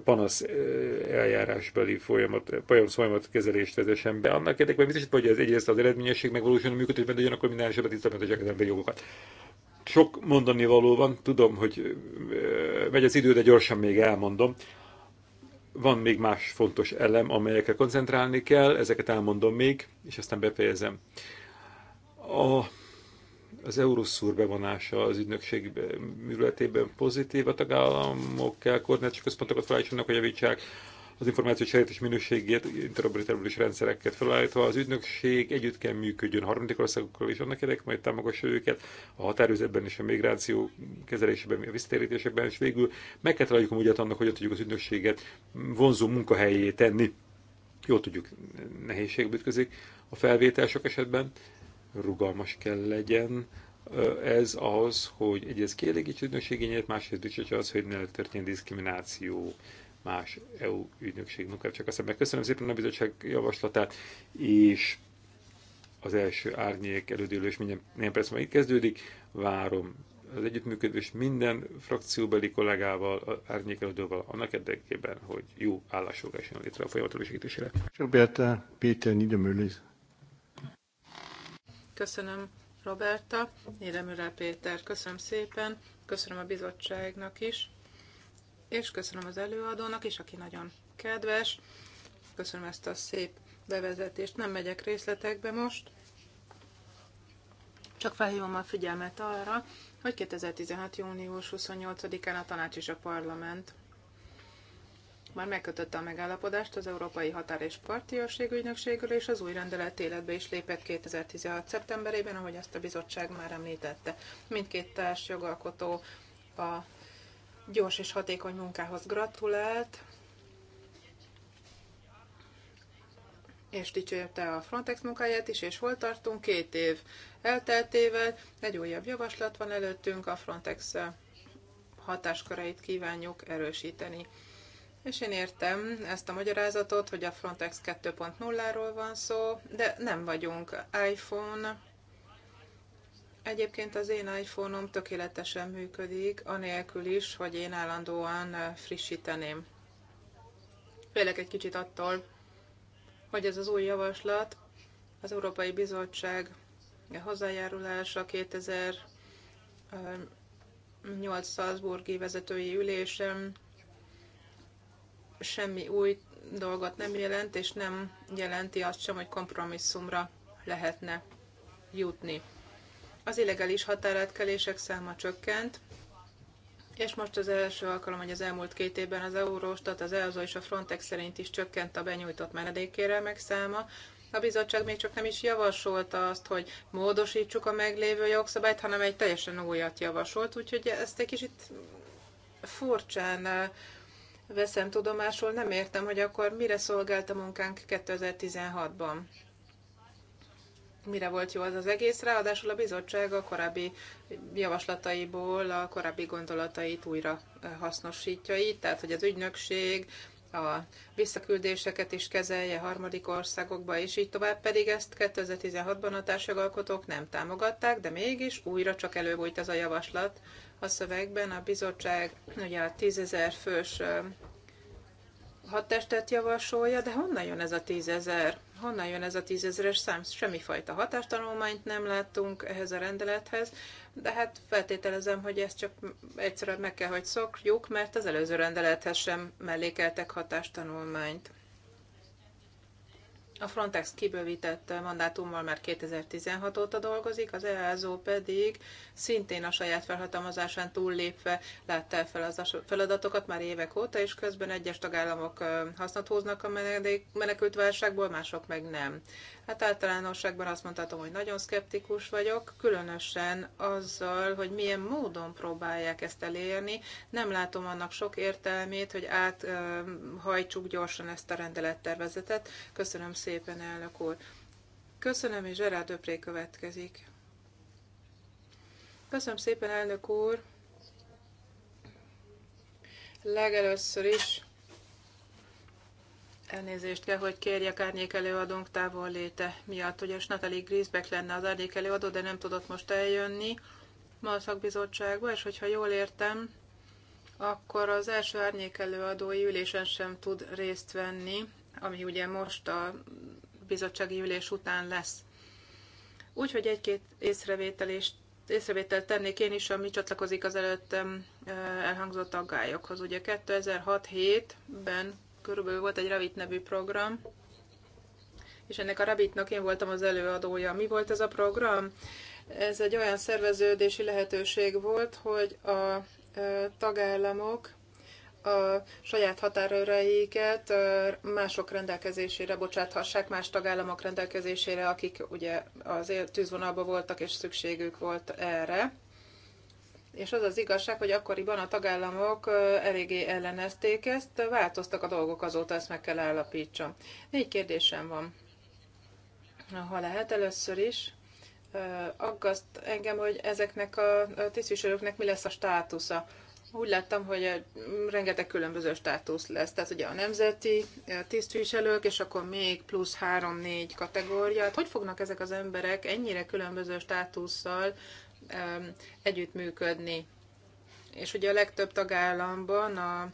panasz eljárásbeli folyamat, panasz folyamat kezelést vezessen be. Annak érdekében biztosítva, hogy ez egyrészt az eredményesség megvalósuljon a működésben, de akkor minden esetben tisztelmetetek az emberi jogokat. Sok mondani való van, tudom, hogy megy az idő, de gyorsan még elmondom. Van még más fontos elem, amelyekre koncentrálni kell, ezeket elmondom még, és aztán befejezem. A az Euroszúr bevonása az ügynökség műveletében pozitív, a tagállamok kell koordinációs központokat felállítsanak, hogy javítsák az információ cserét és minőségét, interoperabilis rendszereket felállítva, az ügynökség együtt kell működjön harmadik országokkal is, annak érdekében, hogy támogassa őket a határőzetben és a migráció kezelésében, a visszatérítésekben, és végül meg kell találjuk a annak, hogy tudjuk az ügynökséget vonzó munkahelyé tenni. Jó tudjuk, nehézség ütközik a felvétel sok esetben, rugalmas kell legyen ez az, hogy egyrészt kielégítse ügynökségényét, másrészt hogy az, hogy ne történjen diszkrimináció más EU ügynökség csak Aztán megköszönöm szépen a bizottság javaslatát, és az első árnyék elődülős minden néhány perc itt kezdődik. Várom az együttműködés minden frakcióbeli kollégával, árnyék elődővel annak érdekében, hogy jó állásfogás jön létre a folyamatosítésére. Csak Péter Niedermüller Köszönöm, Roberta, Éremüle Péter, köszönöm szépen, köszönöm a bizottságnak is, és köszönöm az előadónak is, aki nagyon kedves. Köszönöm ezt a szép bevezetést. Nem megyek részletekbe most, csak felhívom a figyelmet arra, hogy 2016. június 28-án a tanács és a parlament már megkötötte a megállapodást az Európai Határ és Parti Ügynökségről, és az új rendelet életbe is lépett 2016. szeptemberében, ahogy azt a bizottság már említette. Mindkét társ jogalkotó a gyors és hatékony munkához gratulált, és dicsérte a Frontex munkáját is, és hol tartunk? Két év elteltével egy újabb javaslat van előttünk, a Frontex hatásköreit kívánjuk erősíteni. És én értem ezt a magyarázatot, hogy a Frontex 2.0-ról van szó, de nem vagyunk iPhone. Egyébként az én iPhone-om tökéletesen működik, anélkül is, hogy én állandóan frissíteném. Félek egy kicsit attól, hogy ez az új javaslat az Európai Bizottság hozzájárulása 2008 Salzburgi vezetői ülésem semmi új dolgot nem jelent, és nem jelenti azt sem, hogy kompromisszumra lehetne jutni. Az illegális határátkelések száma csökkent, és most az első alkalom, hogy az elmúlt két évben az Euróstat, az EASO és a Frontex szerint is csökkent a benyújtott menedékkérelmek száma. A bizottság még csak nem is javasolta azt, hogy módosítsuk a meglévő jogszabályt, hanem egy teljesen újat javasolt, úgyhogy ezt egy kicsit furcsán eh, veszem tudomásul, nem értem, hogy akkor mire szolgált a munkánk 2016-ban. Mire volt jó az az egész, ráadásul a bizottság a korábbi javaslataiból a korábbi gondolatait újra hasznosítja így, tehát hogy az ügynökség, a visszaküldéseket is kezelje harmadik országokba, és így tovább pedig ezt 2016-ban a társjogalkotók nem támogatták, de mégis újra csak előbújt ez a javaslat a szövegben. A bizottság ugye a tízezer fős hat testet javasolja, de honnan jön ez a tízezer? Honnan jön ez a tízezeres szám? Semmifajta hatástanulmányt nem láttunk ehhez a rendelethez, de hát feltételezem, hogy ezt csak egyszerűen meg kell, hogy szokjuk, mert az előző rendelethez sem mellékeltek hatástanulmányt. A Frontex kibővített mandátummal már 2016 óta dolgozik, az EASO pedig szintén a saját felhatalmazásán túllépve látta el fel az feladatokat már évek óta, és közben egyes tagállamok hasznot hoznak a menekült válságból, mások meg nem. Hát általánosságban azt mondhatom, hogy nagyon szkeptikus vagyok, különösen azzal, hogy milyen módon próbálják ezt elérni. Nem látom annak sok értelmét, hogy áthajtsuk gyorsan ezt a rendelettervezetet. Köszönöm szépen, elnök úr. Köszönöm, és Zserár Döpré következik. Köszönöm szépen, elnök úr. Legelőször is Elnézést kell, hogy kérjek árnyék előadónk távol léte miatt. Ugyanis Natalie Grisbeck lenne az árnyék előadó, de nem tudott most eljönni ma a szakbizottságba, és hogyha jól értem, akkor az első árnyék előadói ülésen sem tud részt venni, ami ugye most a bizottsági ülés után lesz. Úgyhogy egy-két észrevételést észrevételt tennék én is, ami csatlakozik az előttem eh, elhangzott aggályokhoz. Ugye 2006-7-ben körülbelül volt egy Revit nevű program, és ennek a Revitnak én voltam az előadója. Mi volt ez a program? Ez egy olyan szerveződési lehetőség volt, hogy a tagállamok a saját határőreiket mások rendelkezésére bocsáthassák, más tagállamok rendelkezésére, akik ugye az tűzvonalban voltak és szükségük volt erre. És az az igazság, hogy akkoriban a tagállamok eléggé ellenezték ezt, változtak a dolgok azóta, ezt meg kell állapítsam. Négy kérdésem van. Ha lehet, először is aggaszt engem, hogy ezeknek a tisztviselőknek mi lesz a státusza. Úgy láttam, hogy rengeteg különböző státusz lesz. Tehát ugye a nemzeti tisztviselők, és akkor még plusz három-négy kategóriát. Hogy fognak ezek az emberek ennyire különböző státusszal együttműködni. És ugye a legtöbb tagállamban a,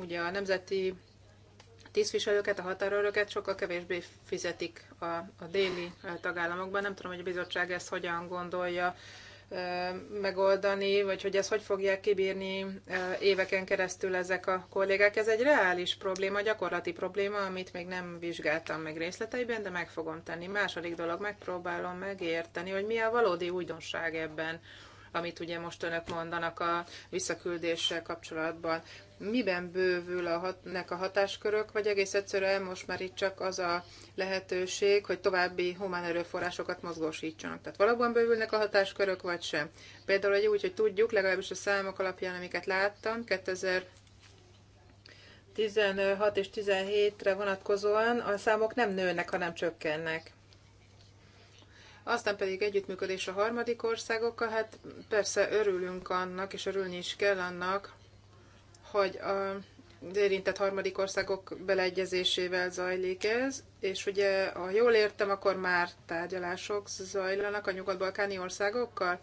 ugye a nemzeti tisztviselőket, a határőröket sokkal kevésbé fizetik a, a déli eh, tagállamokban. Nem tudom, hogy a bizottság ezt hogyan gondolja megoldani, vagy hogy ezt hogy fogják kibírni éveken keresztül ezek a kollégák. Ez egy reális probléma, gyakorlati probléma, amit még nem vizsgáltam meg részleteiben, de meg fogom tenni. Második dolog, megpróbálom megérteni, hogy mi a valódi újdonság ebben amit ugye most önök mondanak a visszaküldéssel kapcsolatban. Miben bővül a hat, nek a hatáskörök, vagy egész egyszerűen most már itt csak az a lehetőség, hogy további humán erőforrásokat mozgósítsanak? Tehát valóban bővülnek a hatáskörök, vagy sem? Például egy úgy, hogy tudjuk, legalábbis a számok alapján, amiket láttam, 2000 16 és 17-re vonatkozóan a számok nem nőnek, hanem csökkennek. Aztán pedig együttműködés a harmadik országokkal, hát persze örülünk annak, és örülni is kell annak, hogy a érintett harmadik országok beleegyezésével zajlik ez, és ugye, ha jól értem, akkor már tárgyalások zajlanak a nyugat-balkáni országokkal?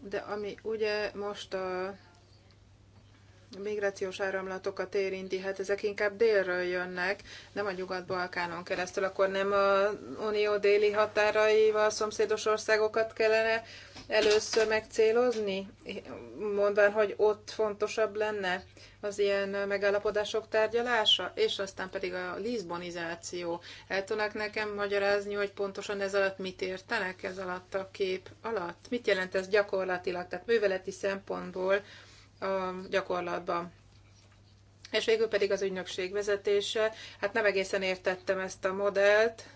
De ami ugye most a migrációs áramlatokat érinti, hát ezek inkább délről jönnek, nem a Nyugat-Balkánon keresztül, akkor nem a Unió déli határaival szomszédos országokat kellene először megcélozni, mondván, hogy ott fontosabb lenne az ilyen megállapodások tárgyalása, és aztán pedig a lizbonizáció. El tudnak nekem magyarázni, hogy pontosan ez alatt mit értenek, ez alatt a kép alatt? Mit jelent ez gyakorlatilag, tehát műveleti szempontból, a gyakorlatban. És végül pedig az ügynökség vezetése. Hát nem egészen értettem ezt a modellt,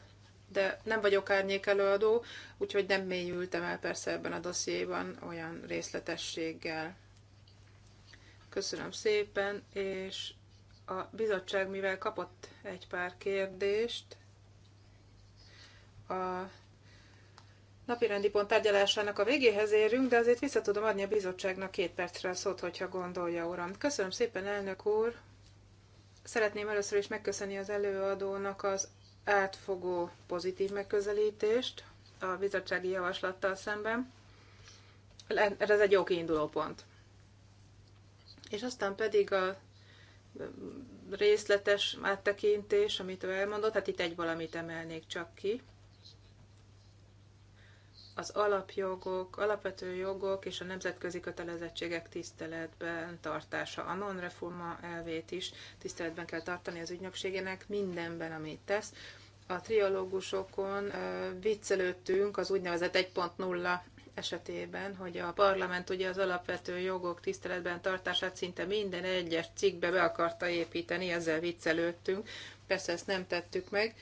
de nem vagyok árnyék előadó, úgyhogy nem mélyültem el persze ebben a dossziéban olyan részletességgel. Köszönöm szépen, és a bizottság, mivel kapott egy pár kérdést, a napirendi pont tárgyalásának a végéhez érünk, de azért vissza tudom adni a bizottságnak két percre a szót, hogyha gondolja, uram. Köszönöm szépen, elnök úr! Szeretném először is megköszönni az előadónak az átfogó pozitív megközelítést a bizottsági javaslattal szemben. Ez egy jó kiinduló pont. És aztán pedig a részletes áttekintés, amit ő elmondott, hát itt egy valamit emelnék csak ki az alapjogok, alapvető jogok és a nemzetközi kötelezettségek tiszteletben tartása, a non-reforma elvét is tiszteletben kell tartani az ügynökségének mindenben, amit tesz. A triológusokon viccelődtünk az úgynevezett 1.0 esetében, hogy a parlament ugye az alapvető jogok tiszteletben tartását szinte minden egyes cikkbe be akarta építeni, ezzel viccelődtünk. Persze ezt nem tettük meg,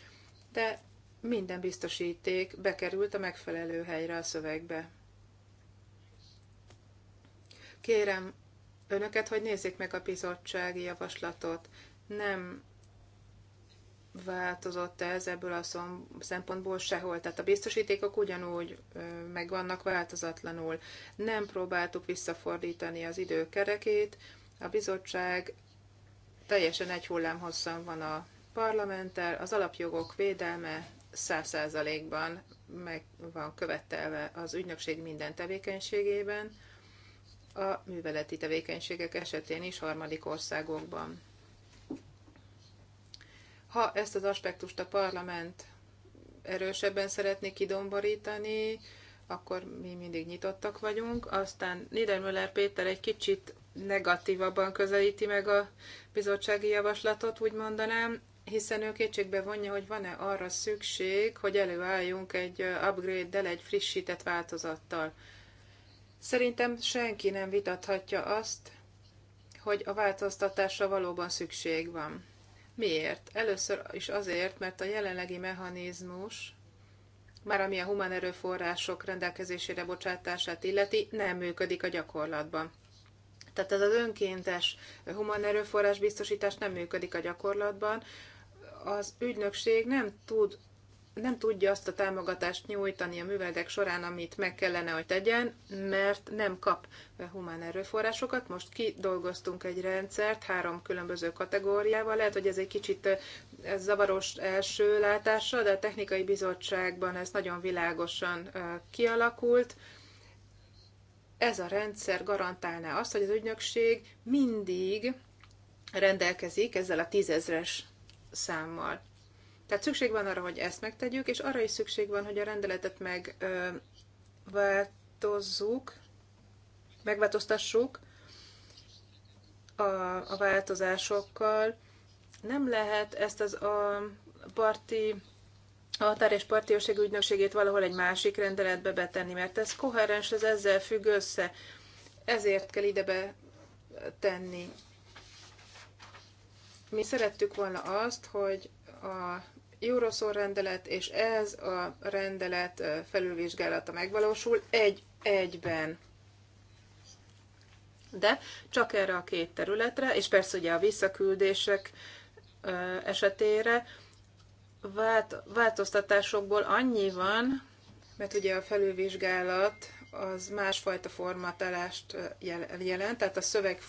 de minden biztosíték bekerült a megfelelő helyre a szövegbe. Kérem önöket, hogy nézzék meg a bizottsági javaslatot. Nem változott ez ebből a szempontból sehol. Tehát a biztosítékok ugyanúgy megvannak változatlanul. Nem próbáltuk visszafordítani az időkerekét. A bizottság teljesen egy hullám hosszan van a parlamenttel, az alapjogok védelme száz százalékban meg van követelve az ügynökség minden tevékenységében, a műveleti tevékenységek esetén is harmadik országokban. Ha ezt az aspektust a parlament erősebben szeretné kidomborítani, akkor mi mindig nyitottak vagyunk. Aztán Niedermüller Péter egy kicsit negatívabban közelíti meg a bizottsági javaslatot, úgy mondanám hiszen ő kétségbe vonja, hogy van-e arra szükség, hogy előálljunk egy upgrade-del, egy frissített változattal. Szerintem senki nem vitathatja azt, hogy a változtatásra valóban szükség van. Miért? Először is azért, mert a jelenlegi mechanizmus, már ami a humán erőforrások rendelkezésére bocsátását illeti, nem működik a gyakorlatban. Tehát ez az önkéntes human erőforrás biztosítás nem működik a gyakorlatban, az ügynökség nem tud nem tudja azt a támogatást nyújtani a műveldek során, amit meg kellene, hogy tegyen, mert nem kap humán erőforrásokat. Most kidolgoztunk egy rendszert három különböző kategóriával. Lehet, hogy ez egy kicsit zavaros első látásra, de a technikai bizottságban ez nagyon világosan kialakult. Ez a rendszer garantálná azt, hogy az ügynökség mindig rendelkezik ezzel a tízezres számmal. Tehát szükség van arra, hogy ezt megtegyük, és arra is szükség van, hogy a rendeletet megváltozzuk, megváltoztassuk a, a változásokkal. Nem lehet ezt az a parti a határ és parti ügynökségét valahol egy másik rendeletbe betenni, mert ez koherens, ez ezzel függ össze. Ezért kell ide betenni mi szerettük volna azt, hogy a Euroszor rendelet és ez a rendelet felülvizsgálata megvalósul egy egyben. De csak erre a két területre, és persze ugye a visszaküldések esetére változtatásokból annyi van, mert ugye a felülvizsgálat az másfajta formatálást jelent, tehát a szöveg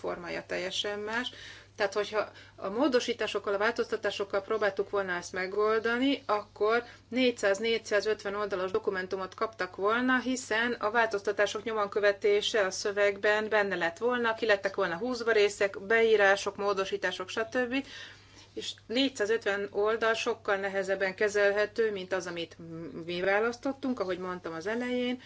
teljesen más, tehát, hogyha a módosításokkal, a változtatásokkal próbáltuk volna ezt megoldani, akkor 400-450 oldalas dokumentumot kaptak volna, hiszen a változtatások nyomon követése a szövegben benne lett volna, ki lettek volna húzva részek, beírások, módosítások, stb. És 450 oldal sokkal nehezebben kezelhető, mint az, amit mi választottunk, ahogy mondtam az elején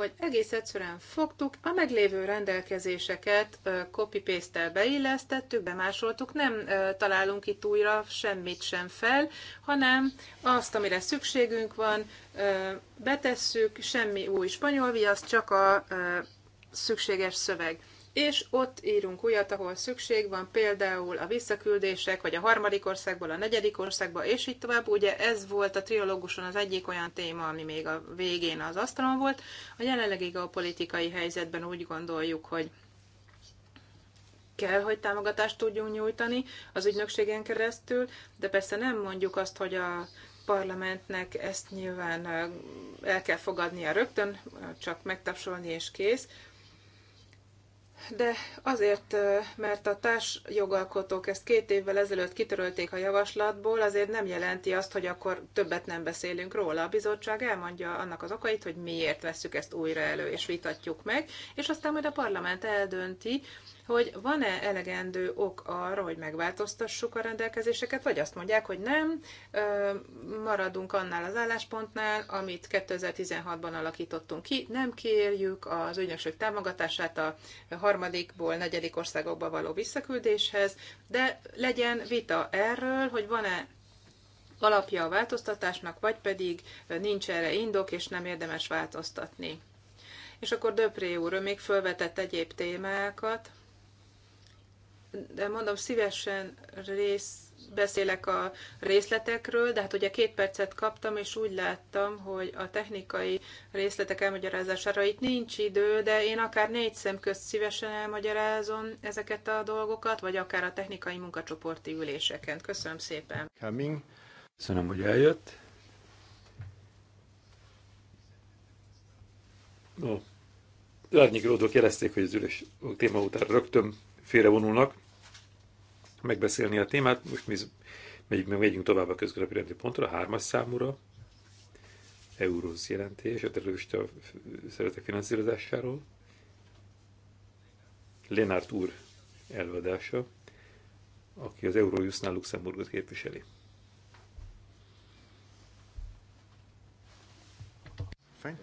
hogy egész egyszerűen fogtuk, a meglévő rendelkezéseket copy-paste-tel beillesztettük, bemásoltuk, nem találunk itt újra semmit sem fel, hanem azt, amire szükségünk van, betesszük, semmi új spanyol viasz, csak a szükséges szöveg és ott írunk újat, ahol szükség van, például a visszaküldések, vagy a harmadik országból, a negyedik országba, és így tovább. Ugye ez volt a triológuson az egyik olyan téma, ami még a végén az asztalon volt. A jelenlegi a politikai helyzetben úgy gondoljuk, hogy kell, hogy támogatást tudjunk nyújtani az ügynökségen keresztül, de persze nem mondjuk azt, hogy a parlamentnek ezt nyilván el kell fogadnia rögtön, csak megtapsolni és kész, de azért, mert a társ jogalkotók ezt két évvel ezelőtt kitörölték a javaslatból, azért nem jelenti azt, hogy akkor többet nem beszélünk róla. A bizottság elmondja annak az okait, hogy miért vesszük ezt újra elő, és vitatjuk meg, és aztán majd a parlament eldönti, hogy van-e elegendő ok arra, hogy megváltoztassuk a rendelkezéseket, vagy azt mondják, hogy nem, maradunk annál az álláspontnál, amit 2016-ban alakítottunk ki, nem kérjük az ügynökség támogatását a harmadikból negyedik országokba való visszaküldéshez, de legyen vita erről, hogy van-e alapja a változtatásnak, vagy pedig nincs erre indok, és nem érdemes változtatni. És akkor Döpré úr, még felvetett egyéb témákat, de mondom, szívesen rész, beszélek a részletekről, de hát ugye két percet kaptam, és úgy láttam, hogy a technikai részletek elmagyarázására itt nincs idő, de én akár négy szem közt szívesen elmagyarázom ezeket a dolgokat, vagy akár a technikai munkacsoporti üléseken. Köszönöm szépen. Coming. Köszönöm, hogy eljött. No. Árnyék Ródó kérdezték, hogy az ülés téma után rögtön félrevonulnak megbeszélni a témát. Most mi megyünk, meg megyünk tovább a közgarapi rendi pontra, a hármas számúra, Euróz jelentés a a szeretek finanszírozásáról. Lénárt úr előadása, aki az Eurójusznál Luxemburgot képviseli. Fine.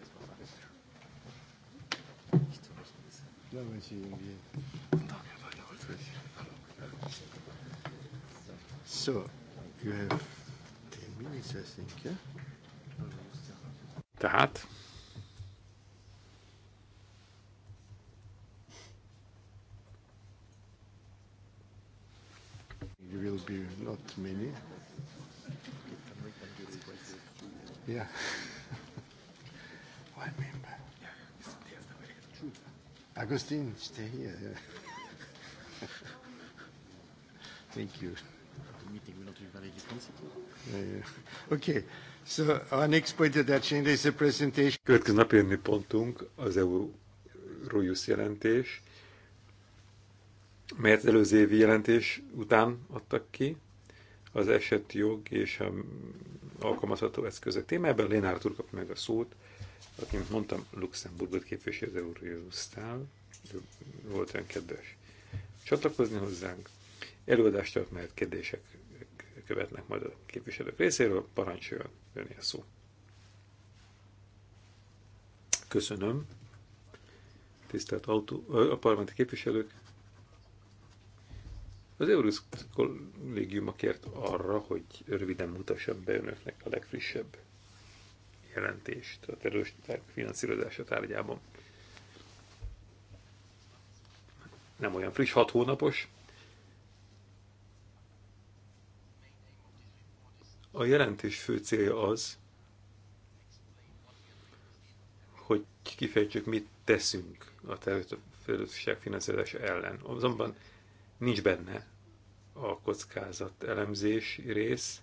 So, you have 10 minutes, I think, yeah? Tehát, It will be not many. Yeah. One member. Agustin, stay here. Thank you meeting will not be very responsive. Okay. So our next point of agenda is a presentation. Következő napi pontunk az Eurojust jelentés, melyet előző évi jelentés után adtak ki, az eset jog és a alkalmazható eszközök témában. Lénár úr meg a szót, aki, mint mondtam, Luxemburgot képviseli az Eurojust-tál. Volt olyan kedves csatlakozni hozzánk. Előadást tart, mert kérdések követnek majd a képviselők részéről. Parancsoljon, jönni a szó. Köszönöm. Tisztelt autó, a parlamenti képviselők. Az Eurusz kollégiuma kért arra, hogy röviden mutassam be önöknek a legfrissebb jelentést a terroristák finanszírozása tárgyában. Nem olyan friss, hat hónapos, A jelentés fő célja az, hogy kifejtsük, mit teszünk a területfelelősség finanszírozása ellen. Azonban nincs benne a kockázat elemzés rész,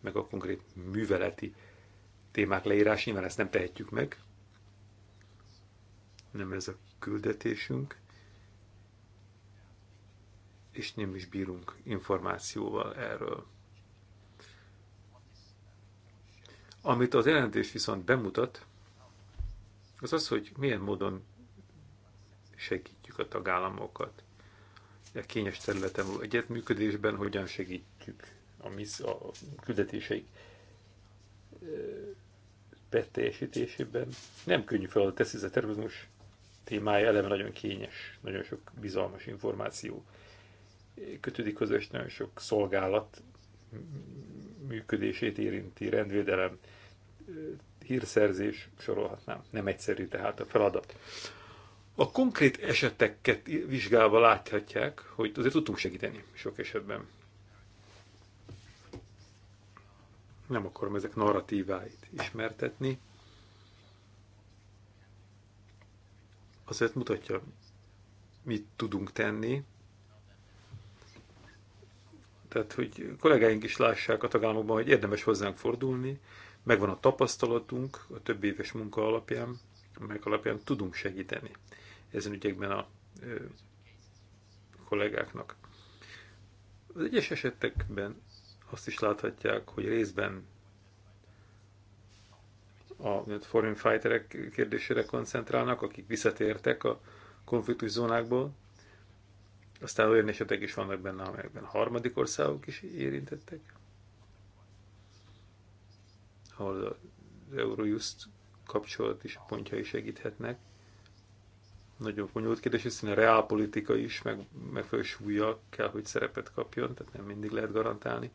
meg a konkrét műveleti témák leírás, nyilván ezt nem tehetjük meg, nem ez a küldetésünk, és nem is bírunk információval erről. Amit az jelentés viszont bemutat, az az, hogy milyen módon segítjük a tagállamokat. A kényes területen való egyetműködésben hogyan segítjük a, misz, a küldetéseik beteljesítésében. Nem könnyű feladat ez, ez a terrorizmus témája eleve nagyon kényes, nagyon sok bizalmas információ kötődik hozzá, és nagyon sok szolgálat működését érinti rendvédelem, hírszerzés, sorolhatnám. Nem egyszerű tehát a feladat. A konkrét eseteket vizsgálva láthatják, hogy azért tudtunk segíteni sok esetben. Nem akarom ezek narratíváit ismertetni. Azért mutatja, mit tudunk tenni, tehát, hogy kollégáink is lássák a tagállamokban, hogy érdemes hozzánk fordulni, megvan a tapasztalatunk a több éves munka alapján, amelyek alapján tudunk segíteni ezen ügyekben a ö, kollégáknak. Az egyes esetekben azt is láthatják, hogy részben a foreign fighterek kérdésére koncentrálnak, akik visszatértek a konfliktus zónákból, aztán olyan esetek is vannak benne, amelyekben harmadik országok is érintettek, ahol az Eurojust kapcsolat is pontjai segíthetnek. Nagyon bonyolult kérdés, hiszen a reálpolitika is meg, megfelelő súlya kell, hogy szerepet kapjon, tehát nem mindig lehet garantálni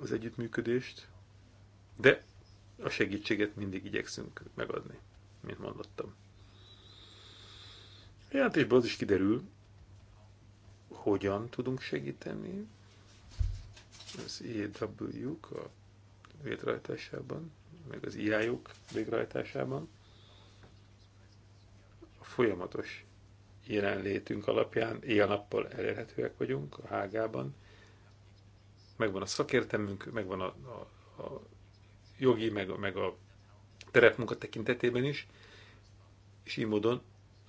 az együttműködést, de a segítséget mindig igyekszünk megadni, mint mondottam. Hát és az is kiderül, hogyan tudunk segíteni az EW-k a végrehajtásában, meg az e I.A. juk végrehajtásában. A folyamatos jelenlétünk alapján éjjel-nappal elérhetőek vagyunk a Hágában. Megvan a szakértelmünk, megvan a, a, a jogi, meg, meg a terepmunka tekintetében is, és így módon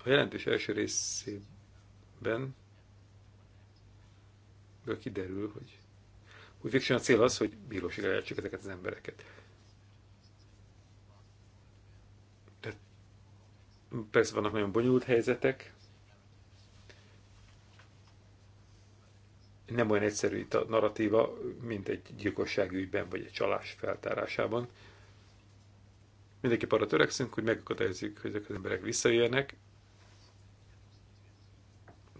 a jelentős első részében ebből kiderül, hogy, hogy végsően a cél az, hogy bíróság lehetsük ezeket az embereket. Tehát persze vannak nagyon bonyolult helyzetek, nem olyan egyszerű itt a narratíva, mint egy gyilkosság ügyben, vagy egy csalás feltárásában. Mindenképp arra törekszünk, hogy megakadályozzuk, hogy ezek az emberek visszajöjjenek,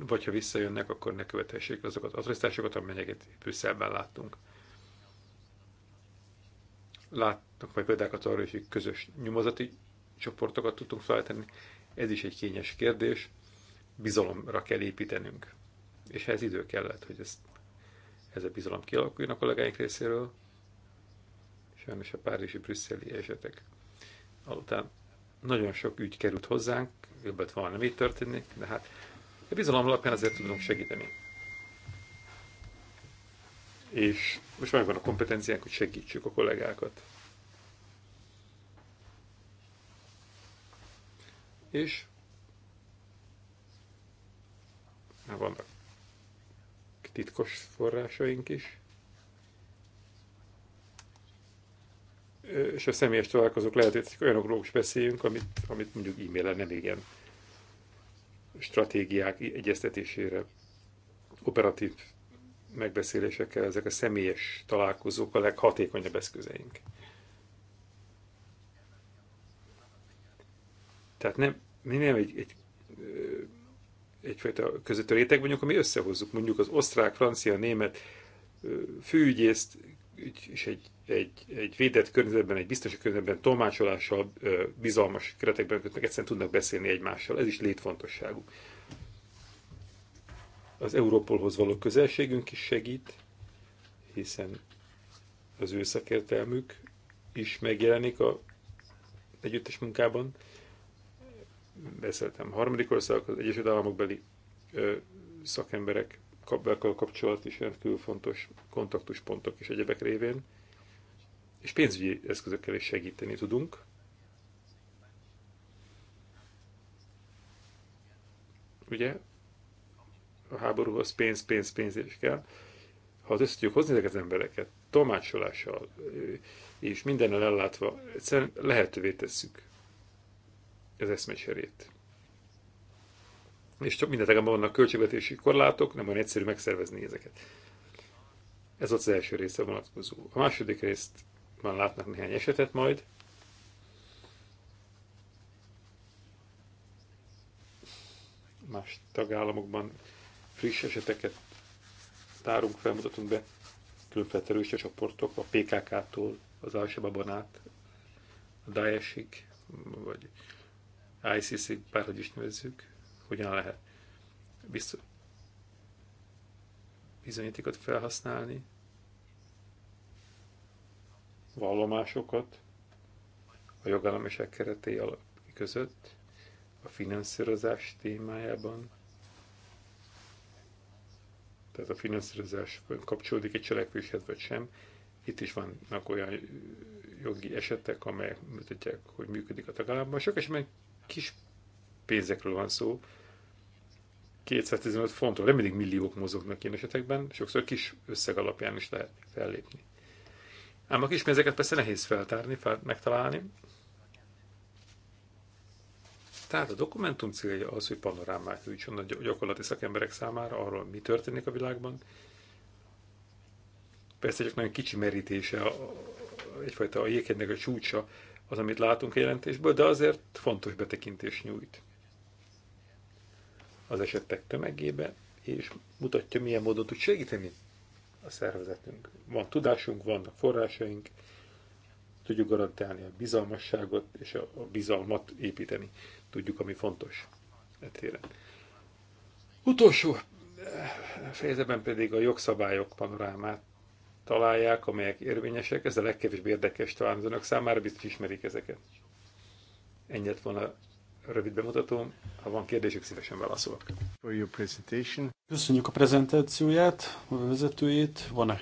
vagy ha visszajönnek, akkor ne követhessék azokat az atrocitásokat, amelyeket Brüsszelben láttunk. Láttunk meg példákat arra, hogy közös nyomozati csoportokat tudtunk feltenni. Ez is egy kényes kérdés. Bizalomra kell építenünk. És ez idő kellett, hogy ezt, ez a bizalom kialakuljon a kollégáink részéről. Sajnos a párizsi brüsszeli esetek alután nagyon sok ügy került hozzánk, jobbet volna mi történik, de hát a bizalom alapján azért tudunk segíteni. És most megvan a kompetenciánk, hogy segítsük a kollégákat. És már vannak titkos forrásaink is. És a személyes találkozók lehet, hogy olyanokról is beszéljünk, amit, amit mondjuk e-mailen nem igen stratégiák egyeztetésére, operatív megbeszélésekkel, ezek a személyes találkozók a leghatékonyabb eszközeink. Tehát nem, mi nem egy, egy egyfajta között a réteg vagyunk, ami összehozzuk mondjuk az osztrák, francia, német főügyészt és egy egy, egy védett környezetben, egy biztos környezetben, tolmácsolással, bizalmas keretekben kötnek, egyszerűen tudnak beszélni egymással. Ez is létfontosságú. Az Európolhoz való közelségünk is segít, hiszen az ő szakértelmük is megjelenik a együttes munkában. Beszéltem a harmadik országok, az Egyesült Államokbeli ö, szakemberek kapcsolat is rendkívül fontos kontaktuspontok és egyebek révén és pénzügyi eszközökkel is segíteni tudunk. Ugye? A háborúhoz pénz, pénz, pénz is kell. Ha az tudjuk hozni ezeket az embereket, tolmácsolással és mindennel ellátva, egyszerűen lehetővé tesszük az eszmecserét. És csak mindenre vannak költségvetési korlátok, nem olyan egyszerű megszervezni ezeket. Ez az első része vonatkozó. A második részt már látnak néhány esetet majd. Más tagállamokban friss eseteket tárunk, felmutatunk be különféle terrorista csoportok, a PKK-tól az Alsababon át, a Daesig, vagy ISIS-ig, bárhogy is nevezzük, hogyan lehet biztos bizonyítékot felhasználni, vallomásokat a jogállamiság keretei alap között, a finanszírozás témájában, tehát a finanszírozás kapcsolódik egy cselekvéshez vagy sem. Itt is vannak olyan jogi esetek, amelyek mutatják, hogy működik a tagállamban. Sok esetben kis pénzekről van szó, 215 fontról, de mindig milliók mozognak ilyen esetekben, sokszor kis összeg alapján is lehet fellépni. Ám a pénzeket persze nehéz feltárni, fel, megtalálni. Tehát a dokumentum célja az, hogy panorámát nyújtson a gyakorlati szakemberek számára arról, mi történik a világban. Persze csak nagyon kicsi merítése, egyfajta a jéghegynek a csúcsa az, amit látunk a jelentésből, de azért fontos betekintés nyújt az esetek tömegébe, és mutatja, milyen módon tud segíteni a szervezetünk. Van tudásunk, vannak forrásaink, tudjuk garantálni a bizalmasságot és a, bizalmat építeni. Tudjuk, ami fontos e téren. Utolsó eh, fejezetben pedig a jogszabályok panorámát találják, amelyek érvényesek. Ez a legkevésbé érdekes talán az önök számára, biztos ismerik ezeket. Ennyit volna rövid bemutatóm. Ha van kérdésük, szívesen válaszolok. Köszönjük a prezentációját, a vezetőjét. Van-e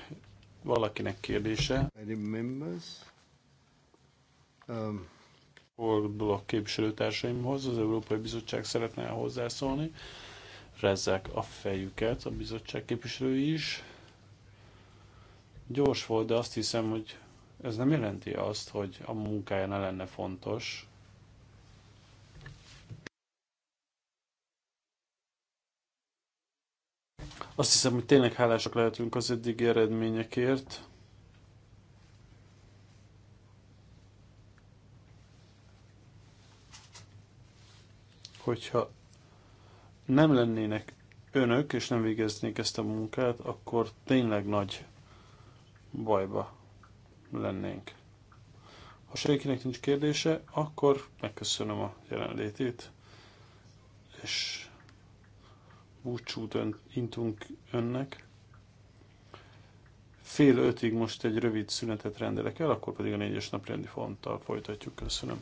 valakinek kérdése? I remembers. Um. képviselőtársaimhoz, az Európai Bizottság szeretne hozzászólni. Rezzek a fejüket, a bizottság képviselői is. Gyors volt, de azt hiszem, hogy ez nem jelenti azt, hogy a munkája ne lenne fontos, Azt hiszem, hogy tényleg hálásak lehetünk az eddigi eredményekért. Hogyha nem lennének önök, és nem végeznék ezt a munkát, akkor tényleg nagy bajba lennénk. Ha senkinek nincs kérdése, akkor megköszönöm a jelenlétét, és búcsút ön, intunk önnek. Fél ötig most egy rövid szünetet rendelek el, akkor pedig a négyes naprendi fonttal folytatjuk. Köszönöm.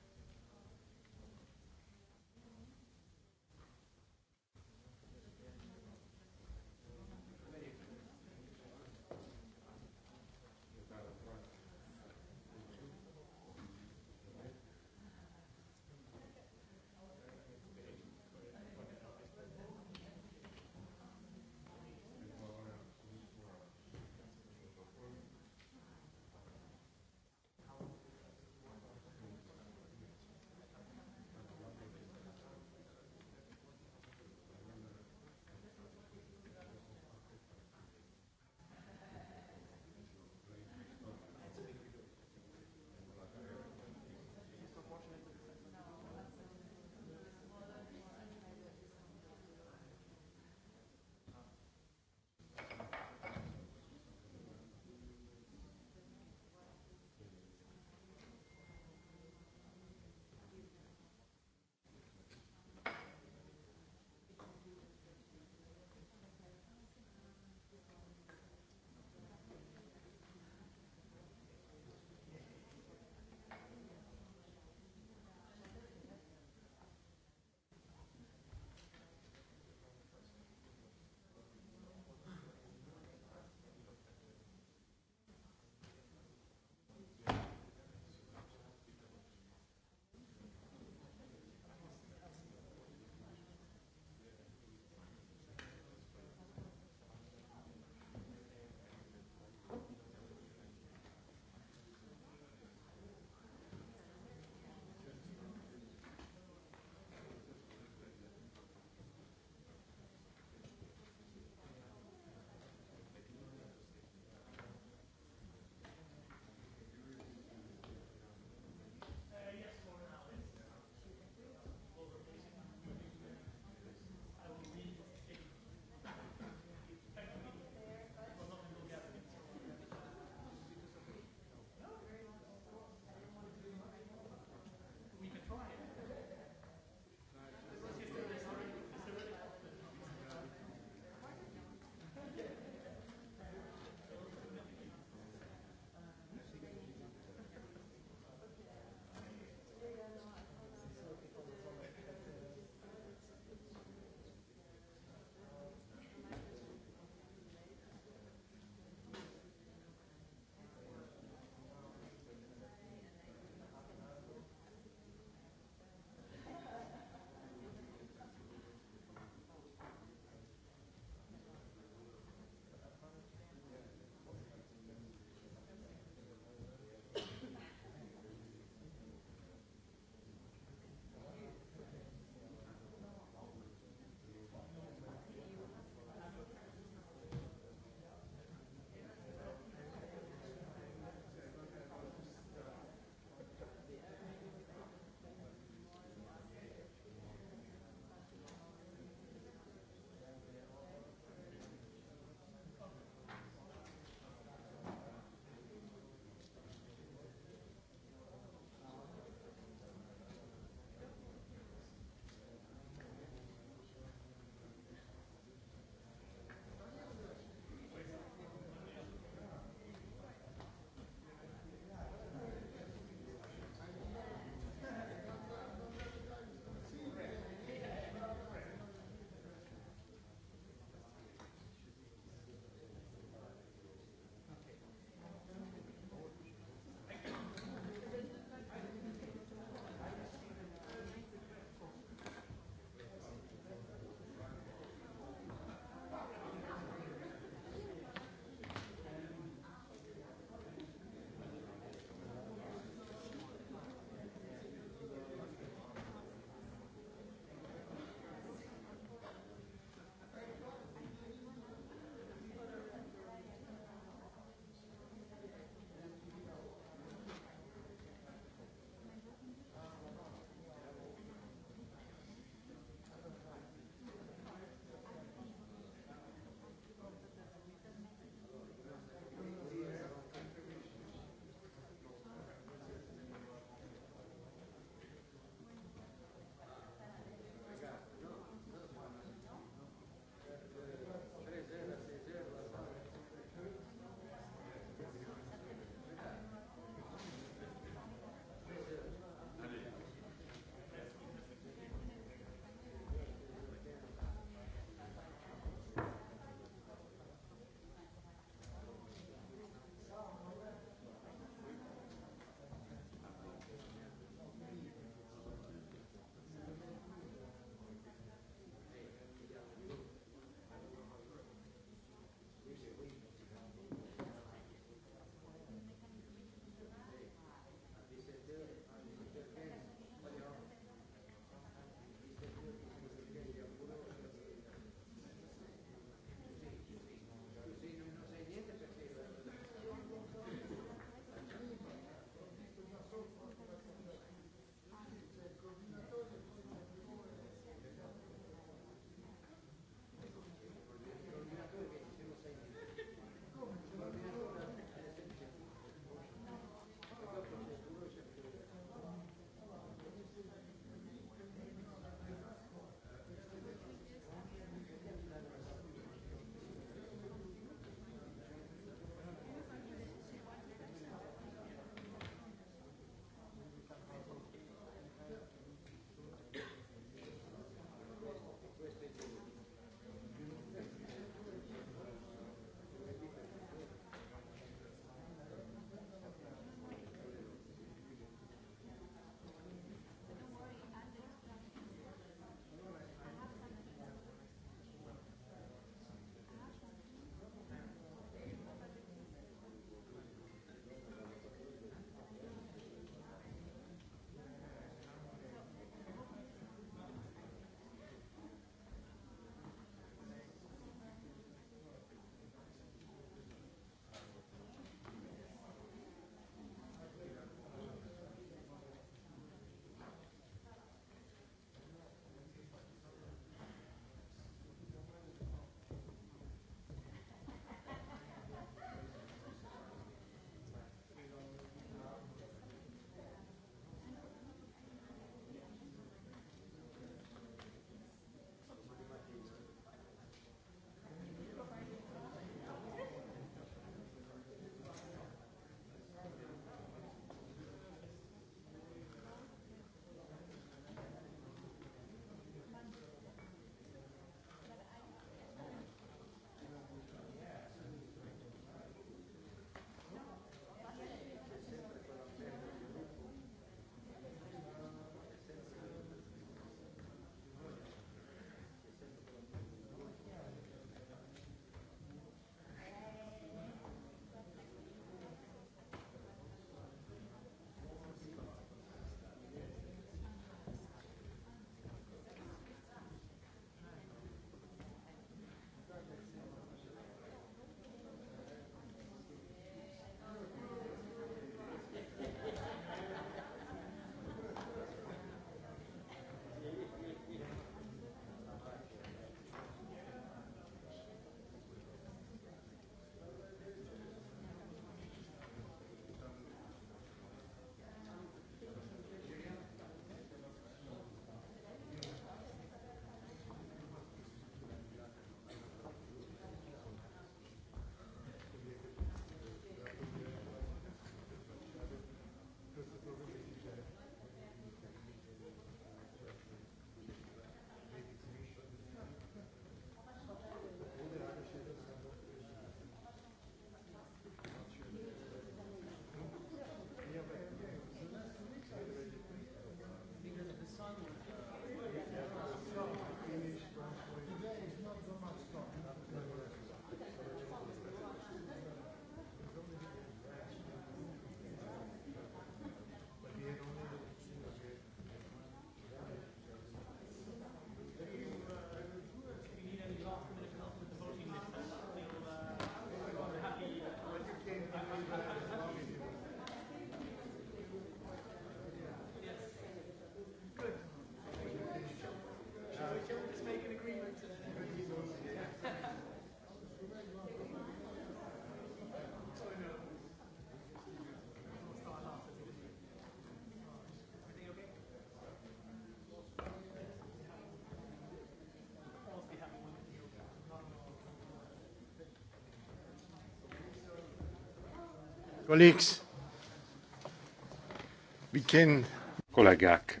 Kollégák,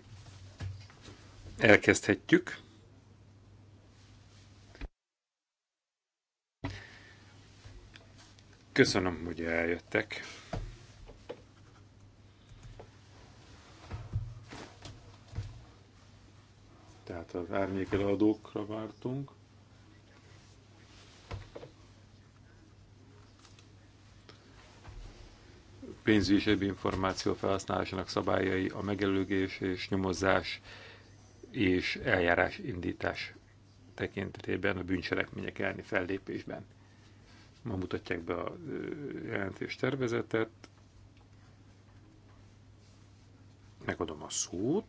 elkezdhetjük. Köszönöm, hogy eljöttek. Tehát az árnyékeladókra vártunk. pénzügyi és egyéb információ felhasználásának szabályai, a megelőgés és nyomozás és eljárás indítás tekintetében a bűncselekmények elleni fellépésben. Ma mutatják be a jelentés tervezetet. Megadom a szót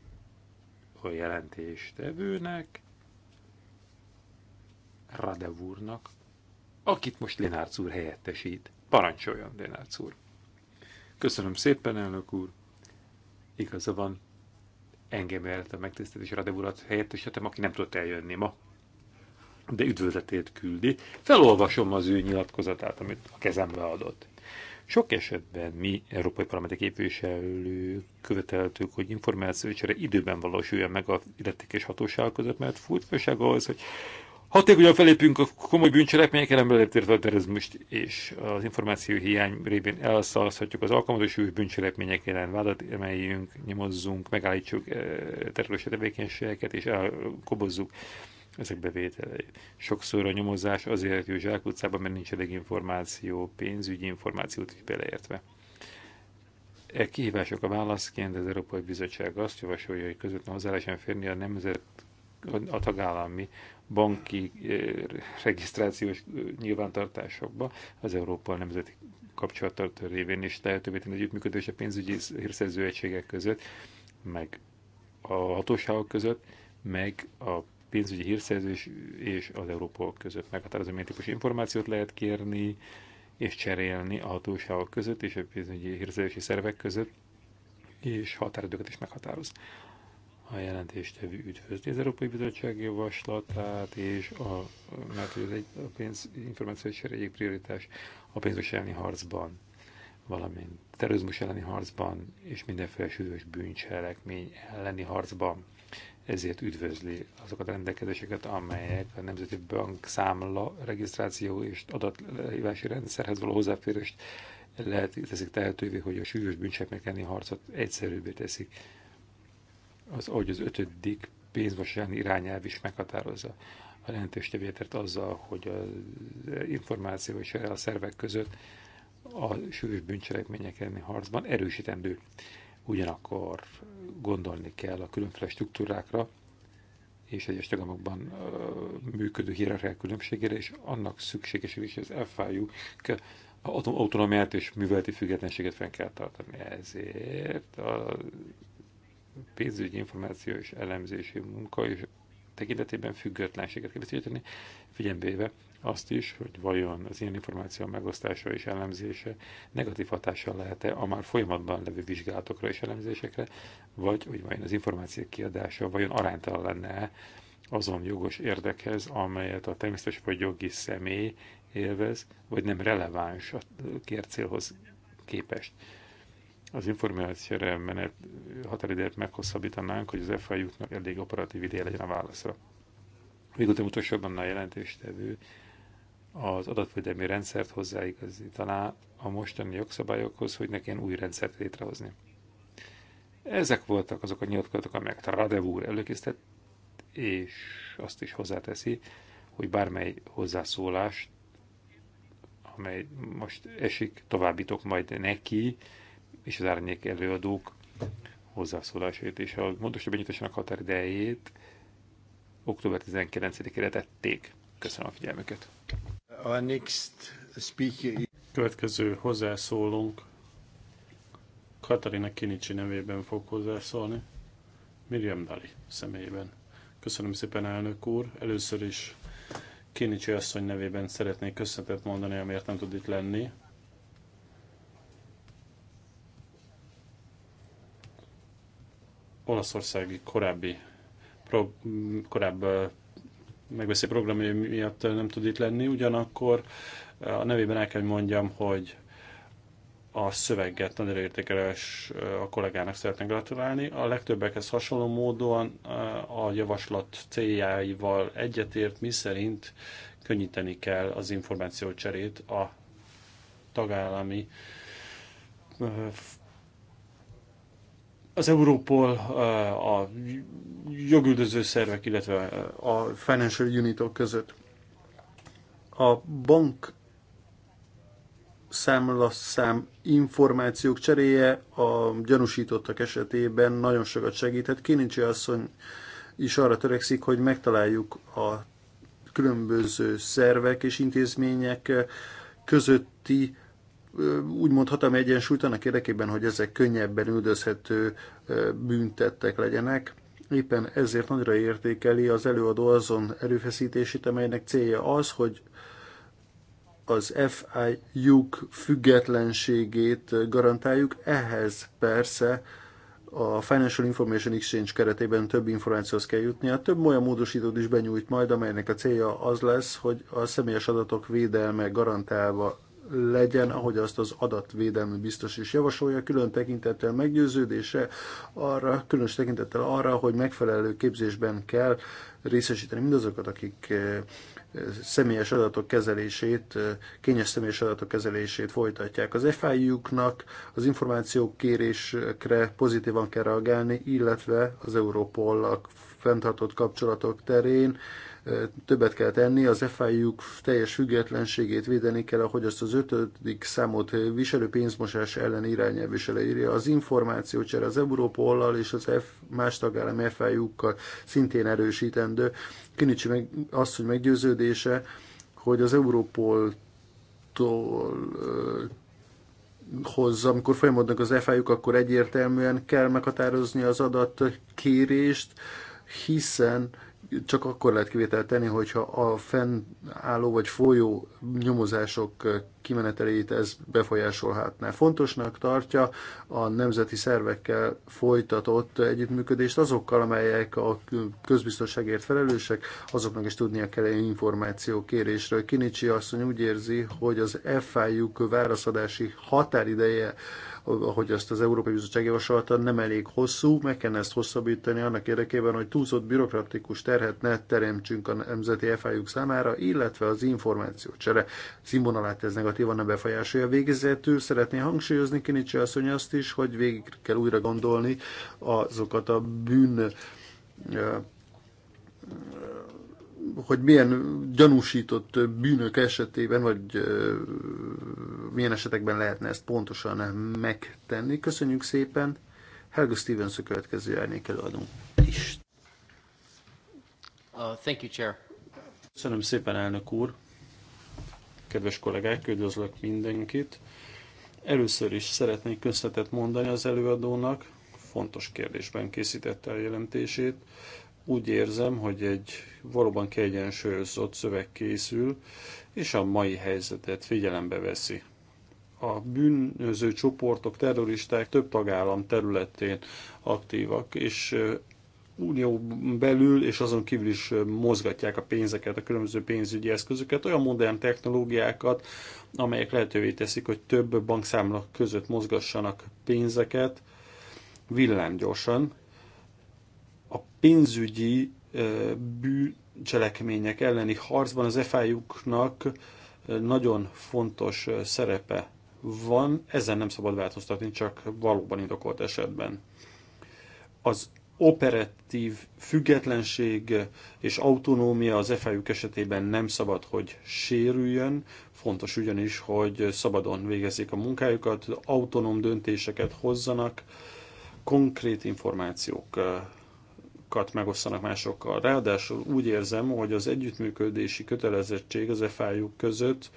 a jelentéstevőnek, tevőnek, úrnak, akit most Linárc úr helyettesít. Parancsoljon, Linárc úr! Köszönöm szépen, elnök úr. Igaza van, engem jelent a megtisztelés Radev urat helyettesítettem, aki nem tudott eljönni ma, de üdvözletét küldi. Felolvasom az ő nyilatkozatát, amit a kezembe adott. Sok esetben mi, Európai Parlamenti képviselő követeltük, hogy információcsere időben valósuljon meg a illetékes hatóság között, mert furcsaság az, hogy Hatékonyan felépünk a komoly bűncselekmények ellenbelértértve a terrorizmust és az információ hiány révén elszalazhatjuk az alkalmat, és bűncselekmények ellen vádat emeljünk, nyomozzunk, megállítsuk eh, terrorista tevékenységeket és elkobozzuk ezek bevételeit. Sokszor a nyomozás azért jó zsákutcában, mert nincs elég információ, pénzügyi információt is beleértve. E kihívások a válaszként az Európai Bizottság azt javasolja, hogy közvetlen hozzá lehessen férni a nemzet a tagállami banki eh, regisztrációs eh, nyilvántartásokba az Európa Nemzeti Kapcsolattartó révén is lehetővé tenni együttműködés a pénzügyi hírszerző egységek között, meg a hatóságok között, meg a pénzügyi hírszerzés és az Európa között meghatározó milyen információt lehet kérni és cserélni a hatóságok között és a pénzügyi hírszerzési szervek között, és határidőket is meghatároz a jelentéstevő üdvözli az Európai Bizottság javaslatát, és a, mert hogy az egy, a pénz információs egyik prioritás a pénzmosás elleni harcban, valamint terrorizmus elleni harcban, és mindenféle súlyos bűncselekmény elleni harcban. Ezért üdvözli azokat a rendelkezéseket, amelyek a Nemzeti Bank számla regisztráció és adatlehívási rendszerhez való hozzáférést lehet, teszik tehetővé, hogy a súlyos bűncselekmény elleni harcot egyszerűbbé teszik az, ahogy az ötödik pénzvasárnyi irányelv is meghatározza a jelentőstevétert azzal, hogy az információ és a szervek között a súlyos bűncselekmények elleni harcban erősítendő. Ugyanakkor gondolni kell a különféle struktúrákra és egyes tagamokban működő hierarchiák különbségére, és annak szükséges is, hogy az FIU autonómiát és műveleti függetlenséget fenn kell tartani. Ezért a pénzügyi információ és elemzési munka és tekintetében függetlenséget kell biztosítani, figyelembe azt is, hogy vajon az ilyen információ megosztása és elemzése negatív hatással lehet-e a már folyamatban levő vizsgálatokra és elemzésekre, vagy hogy vajon az információ kiadása vajon aránytalan lenne azon jogos érdekhez, amelyet a természetes vagy jogi személy élvez, vagy nem releváns a kért célhoz képest az információra menet határidőt meghosszabbítanánk, hogy az FIU-knak elég operatív ideje legyen a válaszra. Végül utolsóban a jelentéstevő az adatvédelmi rendszert hozzáigazítaná a mostani jogszabályokhoz, hogy nekem új rendszert létrehozni. Ezek voltak azok a nyilatkozatok, amelyek a radevúr előkészített, és azt is hozzáteszi, hogy bármely hozzászólást, amely most esik, továbbítok majd neki, és az árnyék előadók hozzászólásait és a módosítók benyitásának határidejét október 19-ére tették. Köszönöm a figyelmüket. A next speaker... Következő hozzászólunk Katarina Kinicsi nevében fog hozzászólni, Miriam Dali személyében. Köszönöm szépen, elnök úr. Először is Kinicsi asszony nevében szeretnék köszönetet mondani, amiért nem tud itt lenni. olaszországi korábbi pro, korább megbeszél programja miatt nem tud itt lenni, ugyanakkor a nevében el kell, mondjam, hogy a szöveget nagyon értékeles a kollégának szeretnék gratulálni. A legtöbbekhez hasonló módon a javaslat céljáival egyetért, mi szerint könnyíteni kell az információcserét a tagállami az Európol, eh, a jogüldöző szervek, illetve eh, a financial unitok között. A bank számlaszám információk cseréje a gyanúsítottak esetében nagyon sokat segíthet. Kénincsi asszony is arra törekszik, hogy megtaláljuk a különböző szervek és intézmények eh, közötti úgy mondhatom egyensúlyt annak érdekében, hogy ezek könnyebben üldözhető büntettek legyenek. Éppen ezért nagyra értékeli az előadó azon erőfeszítését, amelynek célja az, hogy az FIU-k függetlenségét garantáljuk, ehhez persze a Financial Information Exchange keretében több információhoz kell a Több olyan módosítót is benyújt majd, amelynek a célja az lesz, hogy a személyes adatok védelme garantálva legyen, ahogy azt az adatvédelmi biztos is javasolja, külön tekintettel meggyőződése, arra, különös tekintettel arra, hogy megfelelő képzésben kell részesíteni mindazokat, akik eh, személyes adatok kezelését, eh, kényes személyes adatok kezelését folytatják. Az FIU-knak az információk kérésekre pozitívan kell reagálni, illetve az Európol fenntartott kapcsolatok terén többet kell tenni, az FIU teljes függetlenségét védeni kell, ahogy azt az ötödik számot viselő pénzmosás ellen irányelv is leírja. Az információcsere az Európollal és az F, más tagállam fiu szintén erősítendő. Kinicsi meg azt, hogy meggyőződése, hogy az Európoltól hozzá amikor folyamodnak az FI-juk, akkor egyértelműen kell meghatározni az adatkérést, hiszen csak akkor lehet kivételt tenni, hogyha a fennálló vagy folyó nyomozások kimenetelét ez befolyásolhatná. Fontosnak tartja a nemzeti szervekkel folytatott együttműködést azokkal, amelyek a közbiztonságért felelősek, azoknak is tudnia kell egy információ kérésről. Kinicsi asszony úgy érzi, hogy az FIU válaszadási határideje ahogy azt az Európai Bizottság javasolta, nem elég hosszú, meg kell ezt hosszabbítani annak érdekében, hogy túlzott bürokratikus terhet ne teremtsünk a nemzeti fi számára, illetve az információcsere színvonalát ez negatívan ne befolyásolja. Végezetül szeretné hangsúlyozni Kinicsi asszony azt is, hogy végig kell újra gondolni azokat a bűn hogy milyen gyanúsított bűnök esetében, vagy milyen esetekben lehetne ezt pontosan megtenni. Köszönjük szépen! Helga Stevens a következő árnyék előadunk Uh, thank you, Chair. Köszönöm szépen, elnök úr! Kedves kollégák, üdvözlök mindenkit! Először is szeretnék köszönetet mondani az előadónak, fontos kérdésben készítette a jelentését. Úgy érzem, hogy egy valóban kiegyensúlyozott szöveg készül, és a mai helyzetet figyelembe veszi. A bűnöző csoportok, terroristák több tagállam területén aktívak, és unió belül és azon kívül is mozgatják a pénzeket, a különböző pénzügyi eszközöket, olyan modern technológiákat, amelyek lehetővé teszik, hogy több bankszámla között mozgassanak pénzeket villámgyorsan. A pénzügyi bűncselekmények elleni harcban az FIU-knak nagyon fontos szerepe van, ezen nem szabad változtatni, csak valóban indokolt esetben. Az operatív függetlenség és autonómia az fiu esetében nem szabad, hogy sérüljön. Fontos ugyanis, hogy szabadon végezzék a munkájukat, autonóm döntéseket hozzanak, konkrét információk tapasztalatokat megosztanak másokkal. Ráadásul úgy érzem, hogy az együttműködési kötelezettség az FIU között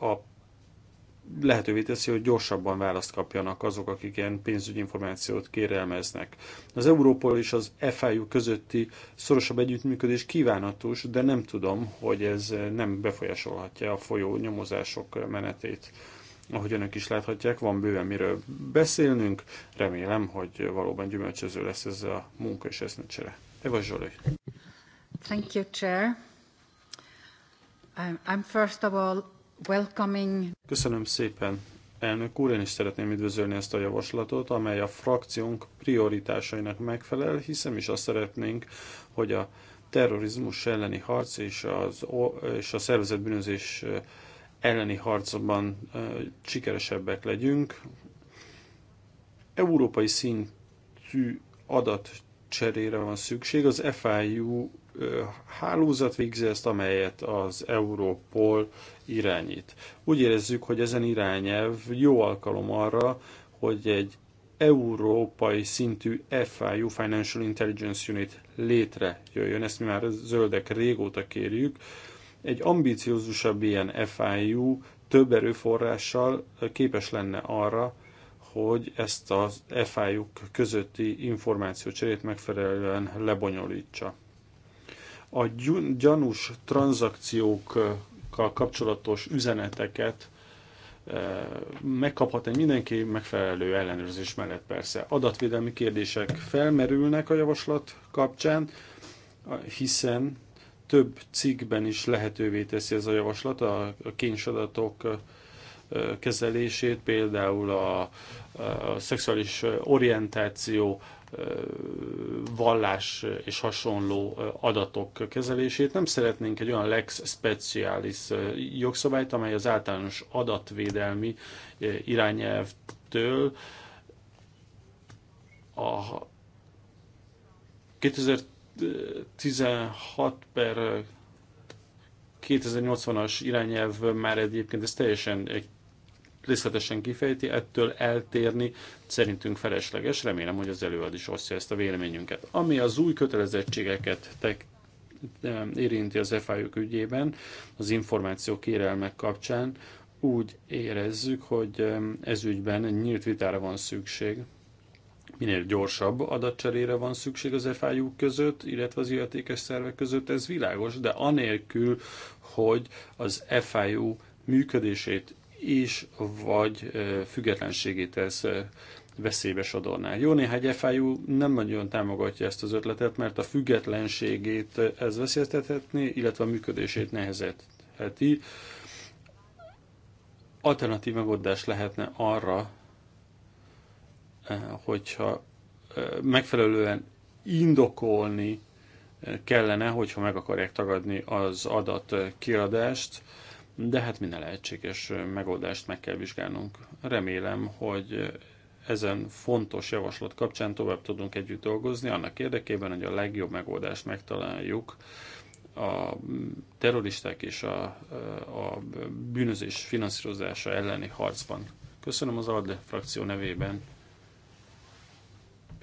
a lehetővé teszi, hogy gyorsabban választ kapjanak azok, akik ilyen pénzügyi információt kérelmeznek. Az Európol és az FIU közötti szorosabb együttműködés kívánatos, de nem tudom, hogy ez nem befolyásolhatja a folyó nyomozások menetét ahogy önök is láthatják, van bőven miről beszélnünk. Remélem, hogy valóban gyümölcsöző lesz ez a munka és ez eszmecsere. Eva Zsoli. Thank you, Chair. I'm first of all welcoming... Köszönöm szépen. Elnök úr, én is szeretném üdvözölni ezt a javaslatot, amely a frakciónk prioritásainak megfelel, hiszen is azt szeretnénk, hogy a terrorizmus elleni harc és, az, és a szervezetbűnözés bűnözés elleni harcban sikeresebbek legyünk. Európai szintű adatcserére van szükség. Az FIU hálózat végzi ezt, amelyet az Europol irányít. Úgy érezzük, hogy ezen irányelv jó alkalom arra, hogy egy európai szintű FIU Financial Intelligence Unit létrejöjjön. Ezt mi már zöldek régóta kérjük. Egy ambíciózusabb ilyen FIU több erőforrással képes lenne arra, hogy ezt az FIU közötti információcserét megfelelően lebonyolítsa. A gyanús tranzakciókkal kapcsolatos üzeneteket e, megkaphat egy mindenki megfelelő ellenőrzés mellett persze. Adatvédelmi kérdések felmerülnek a javaslat kapcsán, hiszen több cikkben is lehetővé teszi ez a javaslat a kénysadatok kezelését, például a, a szexuális orientáció, vallás és hasonló adatok kezelését. Nem szeretnénk egy olyan lex specialis jogszabályt, amely az általános adatvédelmi irányelvtől a 2000 16 per 2080-as irányelv már egyébként ezt teljesen egy részletesen kifejti, ettől eltérni szerintünk felesleges. Remélem, hogy az előad is osztja ezt a véleményünket. Ami az új kötelezettségeket tek, érinti az FIU ügyében, az információ kérelmek kapcsán, úgy érezzük, hogy ez ügyben nyílt vitára van szükség minél gyorsabb adatcserére van szükség az FIU között, illetve az illetékes szervek között, ez világos, de anélkül, hogy az FIU működését is, vagy függetlenségét ez veszélybe sodorná. Jó néhány FIU nem nagyon támogatja ezt az ötletet, mert a függetlenségét ez veszélyeztethetné, illetve a működését nehezetheti. Alternatív megoldás lehetne arra, hogyha megfelelően indokolni kellene, hogyha meg akarják tagadni az adat kiadást, de hát minden lehetséges megoldást meg kell vizsgálnunk. Remélem, hogy ezen fontos javaslat kapcsán tovább tudunk együtt dolgozni, annak érdekében, hogy a legjobb megoldást megtaláljuk a mm, terroristák és a, a bűnözés finanszírozása elleni harcban. Köszönöm az ADLE frakció nevében.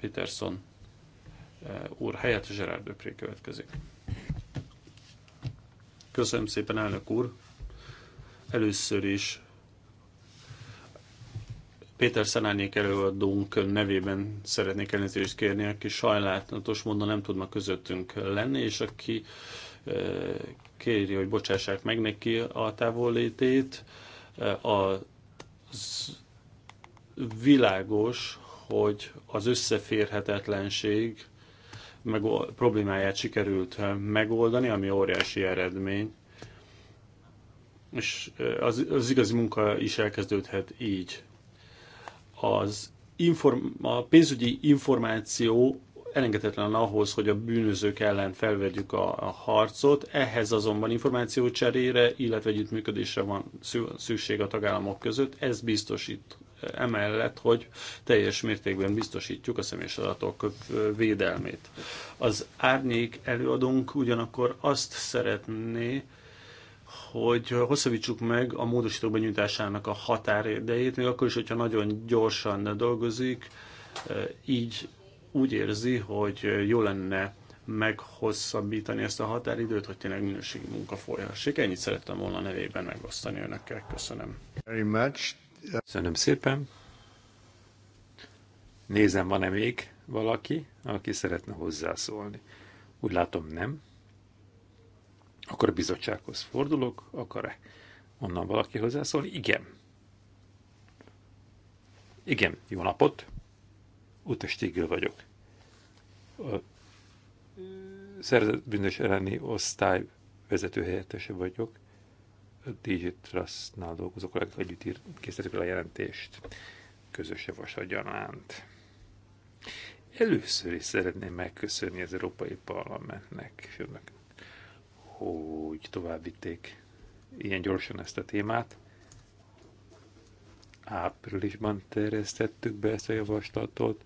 Peterson eh, úr helyett Gerard Döpré következik. Köszönöm szépen, elnök úr! Először is Péter Szenárnyék előadónk nevében szeretnék elnézést kérni, aki sajnálatos módon nem tudna közöttünk lenni, és aki eh, kéri, hogy bocsássák meg neki a távollétét. Eh, a világos, hogy az összeférhetetlenség problémáját sikerült megoldani, ami óriási eredmény. És az, az igazi munka is elkezdődhet így. Az inform, a pénzügyi információ elengedhetetlen ahhoz, hogy a bűnözők ellen felvegyük a, a harcot, ehhez azonban cserére, illetve együttműködésre van szükség a tagállamok között, ez biztosít emellett, hogy teljes mértékben biztosítjuk a személyes adatok védelmét. Az árnyék előadónk ugyanakkor azt szeretné, hogy hosszabbítsuk meg a módosítók benyújtásának a határidejét, még akkor is, hogyha nagyon gyorsan dolgozik, így úgy érzi, hogy jó lenne meghosszabbítani ezt a határidőt, hogy tényleg minőségi munka folyhassék. Ennyit szerettem volna nevében megosztani önökkel. Köszönöm. Very much. Köszönöm szépen. Nézem, van-e még valaki, aki szeretne hozzászólni. Úgy látom, nem. Akkor a bizottsághoz fordulok, akar-e onnan valaki hozzászólni? Igen. Igen, jó napot. Utastigő vagyok. A szerzett bűnös elleni osztály vezető helyettese vagyok. Digitrust-nál dolgozó kollégák együtt írt, készítettük el a jelentést közös javaslat gyanánt. Először is szeretném megköszönni az Európai Parlamentnek főnök, hogy továbbíték, ilyen gyorsan ezt a témát. Áprilisban terjesztettük be ezt a javaslatot,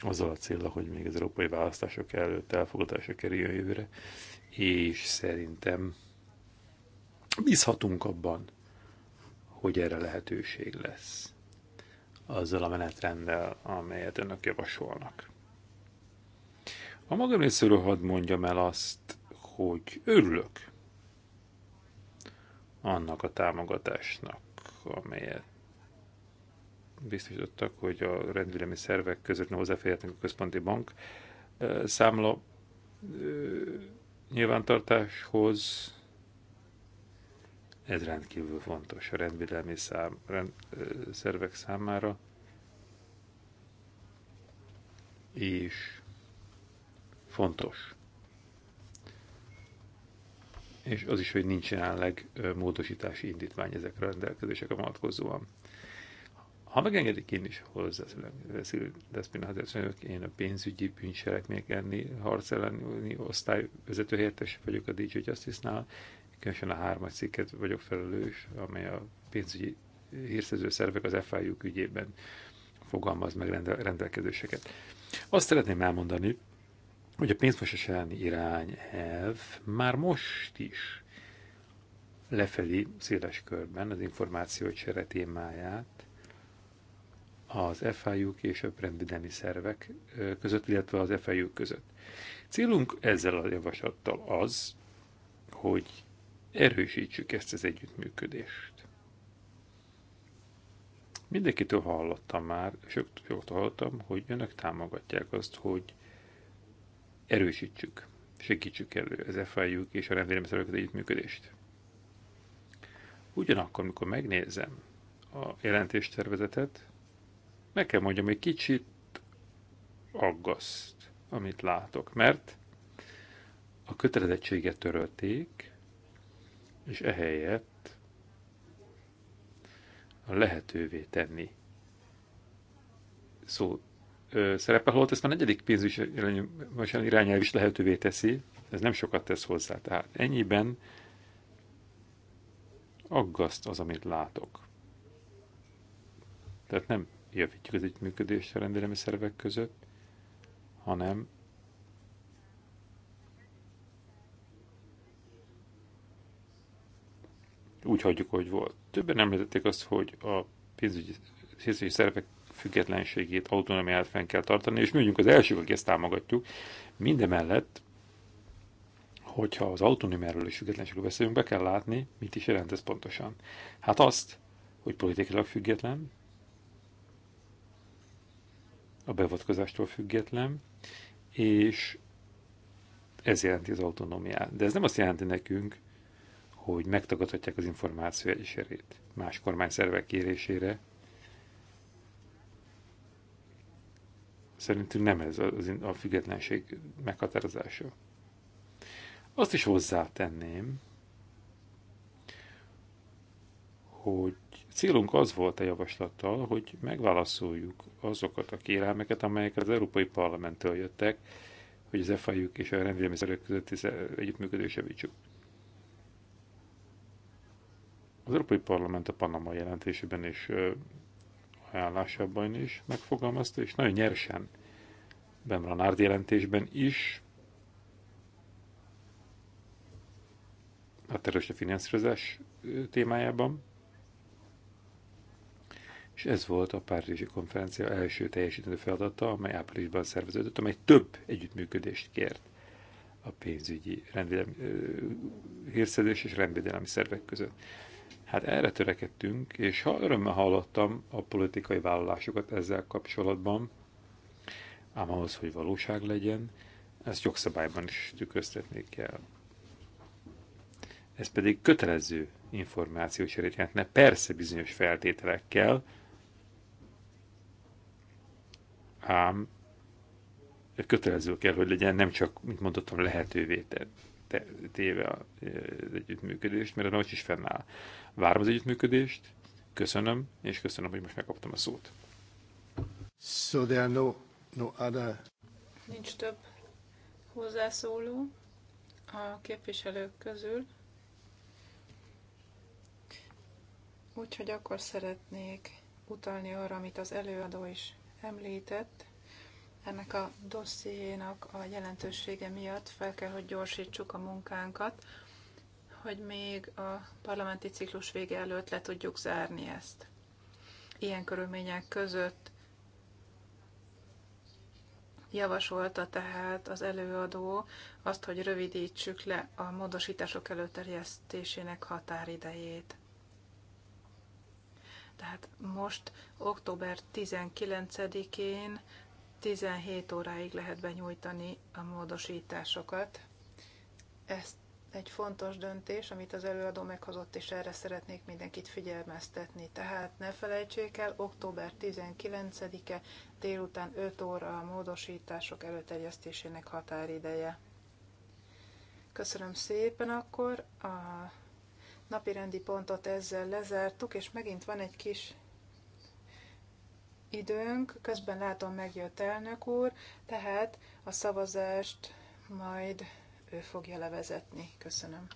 azzal a célra, hogy még az európai választások előtt elfogadásra kerüljön jövőre, és szerintem Bízhatunk abban, hogy erre lehetőség lesz azzal a menetrenddel, amelyet önök javasolnak. A magam részéről hadd mondjam el azt, hogy örülök annak a támogatásnak, amelyet biztosítottak, hogy a rendvédelmi szervek között hozzáférhetnek a központi bank eh, számla eh, nyilvántartáshoz, ez rendkívül fontos a rendvédelmi szám, rend, szervek számára. És fontos. És az is, hogy nincs jelenleg módosítási indítvány ezekre a rendelkezésekre vonatkozóan. Ha megengedik, én is hozzászólok, én a pénzügyi bűncselekmények enni, harc elleni osztály vezető vagyok a DJ Justice-nál, különösen a hármas cikket vagyok felelős, amely a pénzügyi hírszerző szervek az fiu ügyében fogalmaz meg rendel- rendelkezéseket. Azt szeretném elmondani, hogy a pénzmosás elleni elv már most is lefelé széles körben az információ csere témáját az fiu és a rendvédelmi szervek között, illetve az fiu között. Célunk ezzel a javaslattal az, hogy erősítsük ezt az együttműködést. Mindenkitől hallottam már, soktól hallottam, hogy önök támogatják azt, hogy erősítsük, segítsük elő az fiu és a rendvédelmi együttműködést. Ugyanakkor, amikor megnézem a jelentéstervezetet, meg kell mondjam, hogy kicsit aggaszt, amit látok, mert a kötelezettséget törölték, és ehelyett a lehetővé tenni szó ö, szerepel, holott ezt már negyedik pénzügyi irányelv is lehetővé teszi, ez nem sokat tesz hozzá. Tehát ennyiben aggaszt az, amit látok. Tehát nem javítjuk az együttműködést a rendelemi szervek között, hanem úgy hagyjuk, hogy volt. Többen említették azt, hogy a pénzügyi, pénzügyi szervek függetlenségét, autonómiát fenn kell tartani, és mi vagyunk az elsők, akik ezt támogatjuk. Mindemellett, hogyha az autonómiáról és függetlenségről beszélünk, be kell látni, mit is jelent ez pontosan. Hát azt, hogy politikailag független, a beavatkozástól független, és ez jelenti az autonómiát. De ez nem azt jelenti nekünk, hogy megtagadhatják az információ egyserét más kormányszervek kérésére. Szerintünk nem ez az a függetlenség meghatározása. Azt is hozzátenném, hogy célunk az volt a javaslattal, hogy megválaszoljuk azokat a kérelmeket, amelyek az Európai Parlamenttől jöttek, hogy az FIU és a rendvédelmi szervek közötti együttműködést javítsuk. Az Európai Parlament a Panama jelentésében és ajánlásában is megfogalmazta, és nagyon nyersen Bemranárd jelentésben is a terrorista finanszírozás témájában, és ez volt a Párizsi konferencia első teljesítendő feladata, amely áprilisban szerveződött, amely több együttműködést kért a pénzügyi rendvédelmi, hírszerzés és rendvédelmi szervek között. Hát erre törekedtünk, és ha örömmel hallottam a politikai vállalásokat ezzel kapcsolatban, ám ahhoz, hogy valóság legyen, ezt jogszabályban is tükröztetni kell. Ez pedig kötelező információcserét ne persze bizonyos feltételekkel, ám kötelező kell, hogy legyen, nem csak, mint mondottam, lehetővé tett téve az együttműködést, mert a is fennáll. Várom az együttműködést, köszönöm, és köszönöm, hogy most megkaptam a szót. So there are no, no other... Nincs több hozzászóló a képviselők közül. Úgyhogy akkor szeretnék utalni arra, amit az előadó is említett. Ennek a dossziénak a jelentősége miatt fel kell, hogy gyorsítsuk a munkánkat hogy még a parlamenti ciklus vége előtt le tudjuk zárni ezt. Ilyen körülmények között javasolta tehát az előadó azt, hogy rövidítsük le a módosítások előterjesztésének határidejét. Tehát most október 19-én 17 óráig lehet benyújtani a módosításokat. Ezt egy fontos döntés, amit az előadó meghozott, és erre szeretnék mindenkit figyelmeztetni. Tehát ne felejtsék el, október 19-e délután 5 óra a módosítások előterjesztésének határideje. Köszönöm szépen akkor. A napirendi pontot ezzel lezártuk, és megint van egy kis időnk. Közben látom, megjött elnök úr, tehát a szavazást majd ő fogja levezetni. Köszönöm.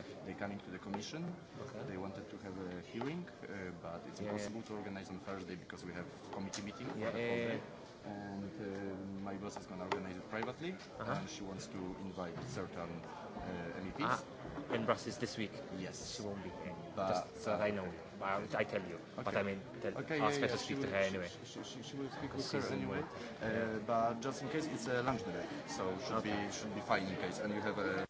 Okay. They coming to the commission. Okay. They wanted to have a hearing, uh, but it's yeah, impossible yeah. to organize on Thursday because we have committee meeting yeah, for the yeah, And uh, my boss is going to organize it privately, uh -huh. and she wants to invite certain uh, MEPs. Ah, in Brussels this week. Yes. She won't be here. But, Just so uh, I know. But I tell you. Okay. But I mean, tell, okay, ask yeah, her yeah. to speak to her anyway. She, she, she will speak with her anyway. Uh, but just in case, it's a lunch delay, so should okay. be should be fine in case. And you have a.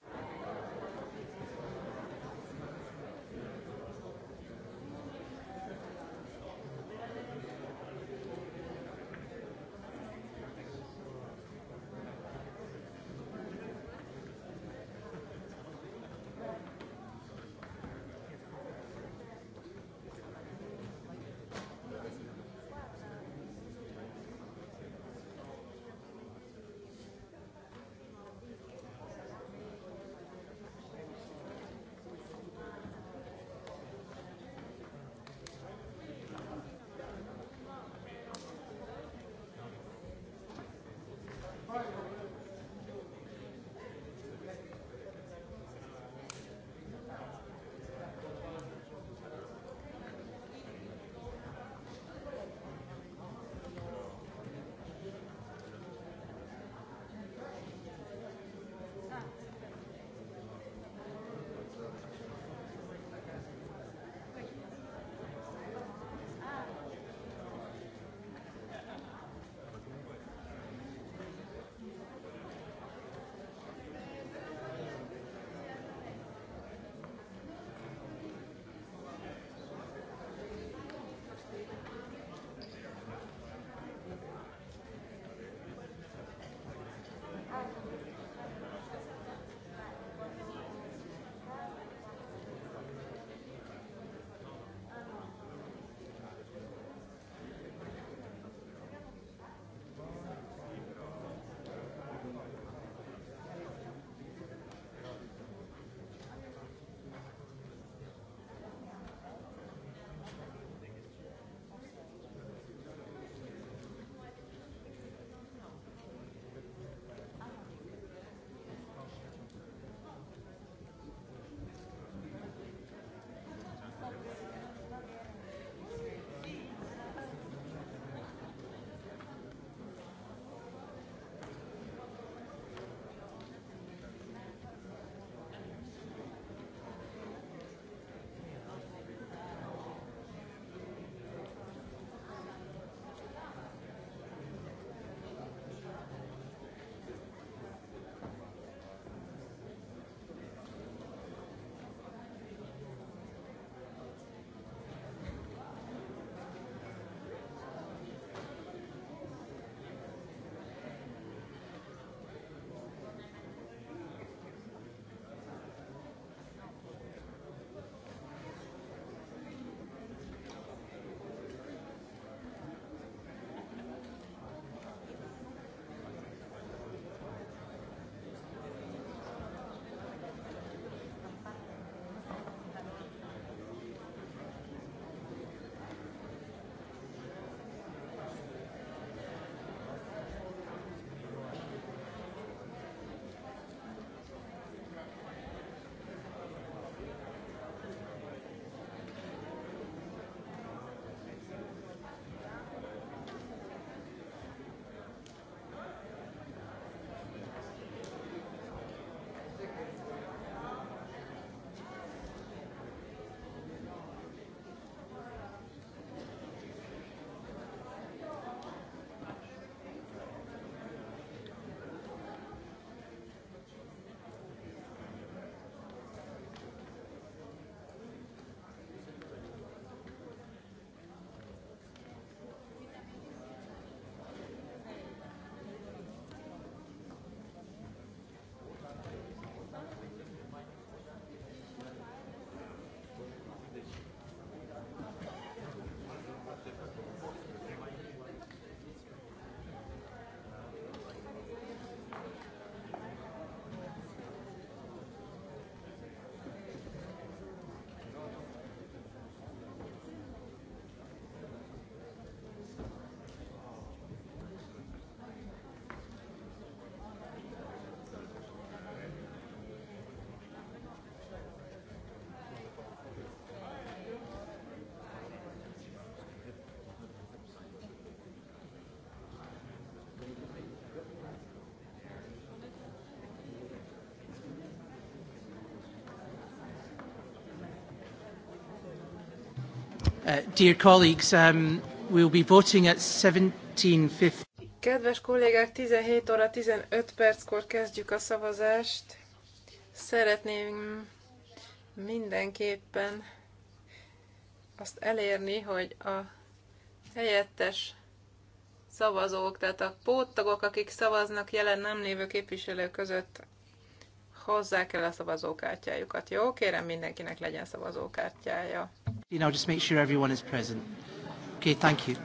Uh, dear colleagues, um, we'll be voting at 17.50. Kedves kollégák, 17 óra 15 perckor kezdjük a szavazást. Szeretném mindenképpen azt elérni, hogy a helyettes szavazók, tehát a póttagok, akik szavaznak jelen nem lévő képviselő között hozzá kell a szavazókártyájukat. Jó, kérem mindenkinek legyen szavazókártyája. You know, just make sure everyone is present. Okay, thank you.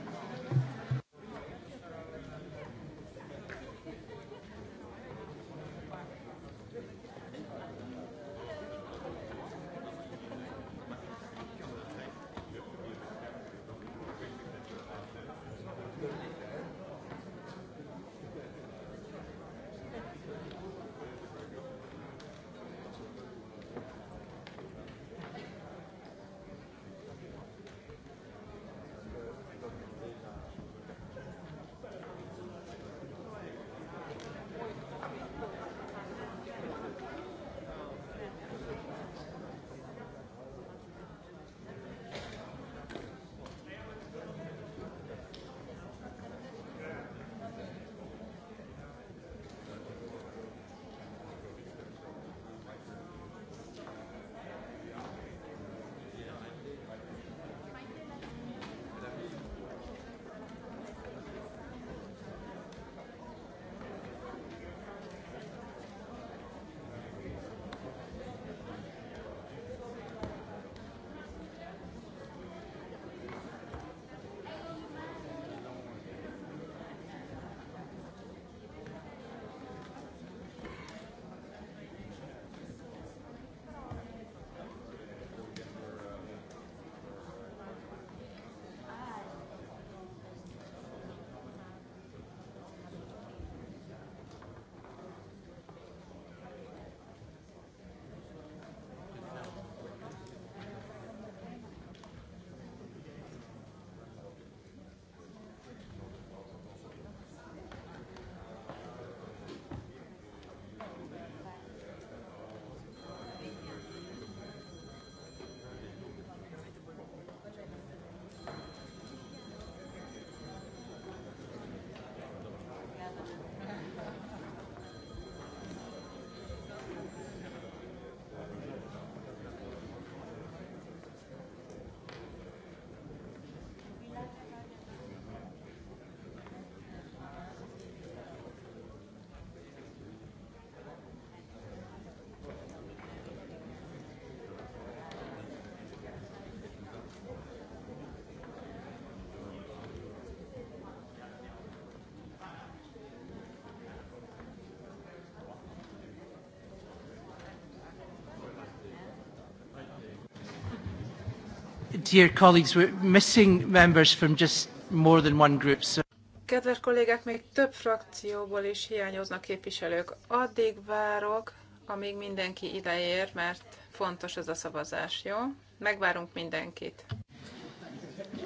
Dear colleagues, we're missing members from just more than one group. So. Kedves kollégák, még több frakcióból is hiányoznak képviselők. Addig várok, amíg mindenki ideér, mert fontos ez a szavazás, jó? Megvárunk mindenkit.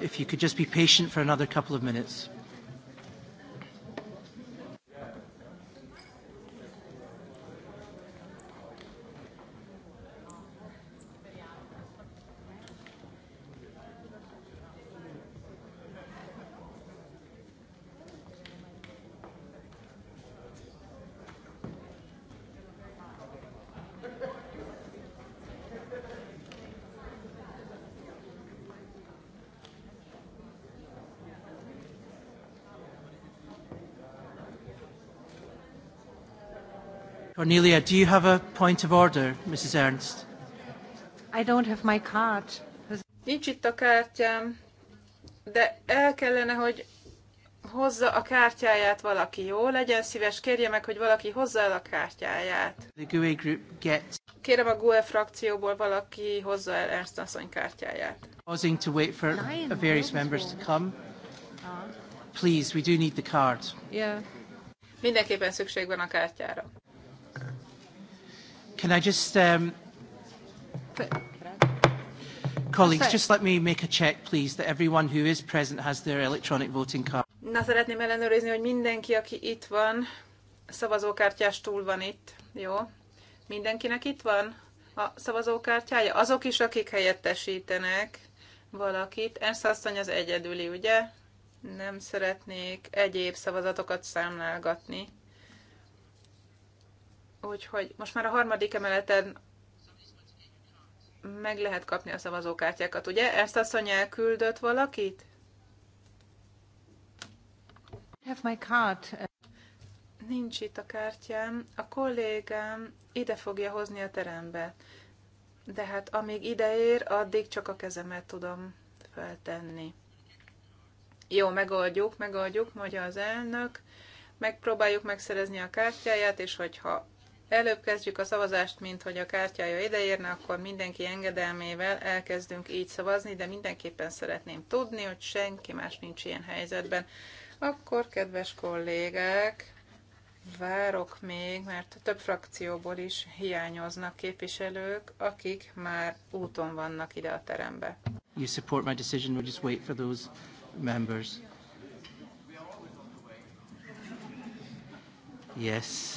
If you could just be patient for another couple of minutes. Cornelia, do you have a point of order, Mrs. Ernst? I don't have my card. Nincs itt a kártyám, de el kellene, hogy hozza a kártyáját valaki, jó? Legyen szíves, kérje meg, hogy valaki hozza el a kártyáját. The GUE group gets... Kérem a GUE frakcióból valaki hozza el Ernst asszony kártyáját. Pausing to wait for Lion, various members to come. Ah. Please, we do need the card. Yeah. Mindenképpen szükség van a kártyára. Can I just, um, colleagues, just let me make a check, please, that everyone who is present has their electronic voting card. Na, szeretném ellenőrizni, hogy mindenki, aki itt van, szavazókártyás túl van itt, jó? Mindenkinek itt van a szavazókártyája? Azok is, akik helyettesítenek valakit. Ernst asszony az egyedüli, ugye? Nem szeretnék egyéb szavazatokat számlálgatni. Úgyhogy most már a harmadik emeleten meg lehet kapni a szavazókártyákat, ugye? Ezt asszony elküldött valakit? Have my card. Nincs itt a kártyám. A kollégám ide fogja hozni a terembe. De hát amíg ide ér, addig csak a kezemet tudom feltenni. Jó, megoldjuk, megoldjuk, mondja az elnök. Megpróbáljuk megszerezni a kártyáját, és hogyha előbb kezdjük a szavazást, mint hogy a kártyája ideérne, akkor mindenki engedelmével elkezdünk így szavazni, de mindenképpen szeretném tudni, hogy senki más nincs ilyen helyzetben. Akkor, kedves kollégák, várok még, mert több frakcióból is hiányoznak képviselők, akik már úton vannak ide a terembe. You support my decision, we'll just wait for those members. Yes.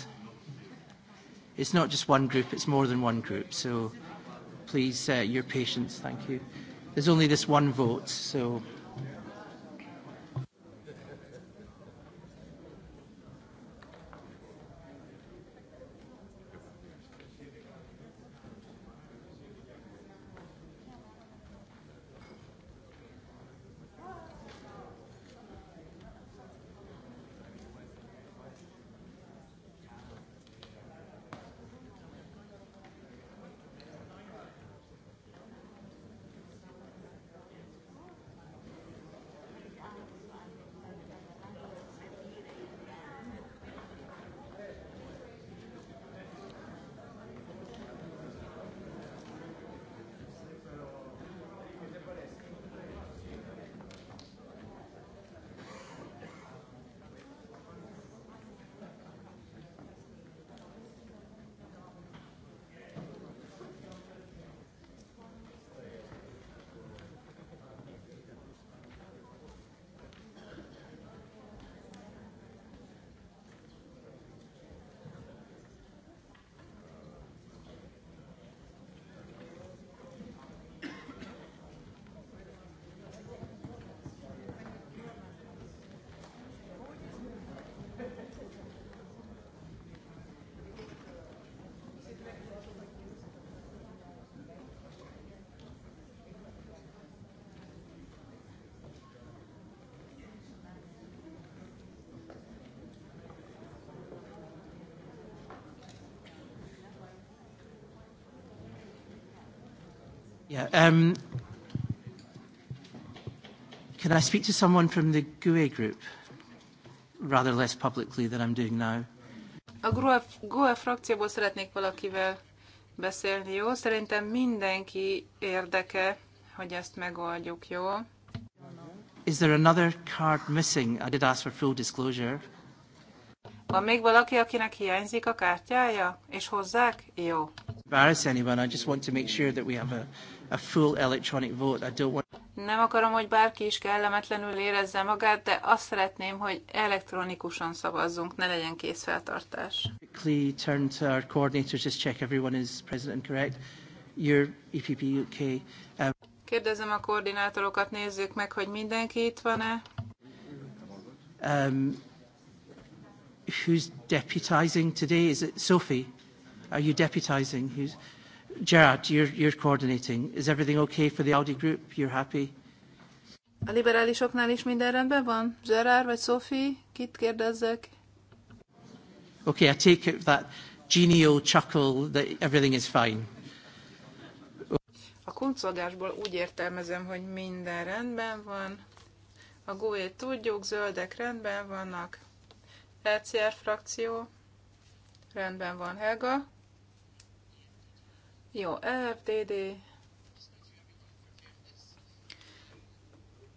It's not just one group, it's more than one group. So please, uh, your patience. Thank you. There's only this one vote, so Yeah, um, can I speak to someone from the GUE group, rather less publicly than I'm doing now? A GUE, e frakcióból szeretnék valakivel beszélni, jó? Szerintem mindenki érdeke, hogy ezt megoldjuk, jó? Is there another card missing? I did ask for full disclosure. Van még valaki, akinek hiányzik a kártyája? És hozzák? Jó. Embarrass anyone, I just want to make sure that we have a a full electronic vote. I don't want... Nem akarom, hogy bárki is kellemetlenül érezze magát, de azt szeretném, hogy elektronikusan szavazzunk, ne legyen készfeltartás. Quickly turn to our coordinators, just check everyone is present and correct. Your EPP UK. Um... Kérdezem a koordinátorokat, nézzük meg, hogy mindenki itt van-e. Um, who's deputizing today? Is it Sophie? Are you deputizing? Who's... Gerard, you're, you're coordinating. Is everything okay for the Audi group? You're happy? A liberálisoknál is minden rendben van? Gerard vagy Sophie? Kit kérdezzek? Okay, I take it that genial chuckle that everything is fine. A kuncogásból úgy értelmezem, hogy minden rendben van. A góét tudjuk, zöldek rendben vannak. LCR frakció rendben van, Helga. Jó, e RTD.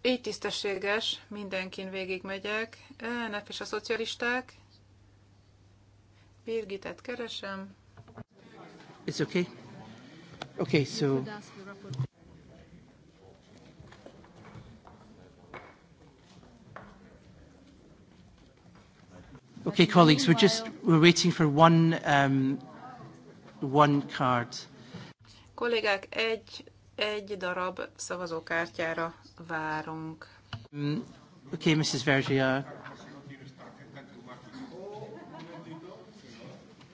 Így tisztességes, mindenkin végigmegyek. ENF és a szocialisták. Birgitet keresem. It's okay. Okay, so... Okay, colleagues, we're just we're waiting for one um, one card. Kollégák, egy, egy darab szavazókártyára várunk. Mm, okay, Mrs. Vergia.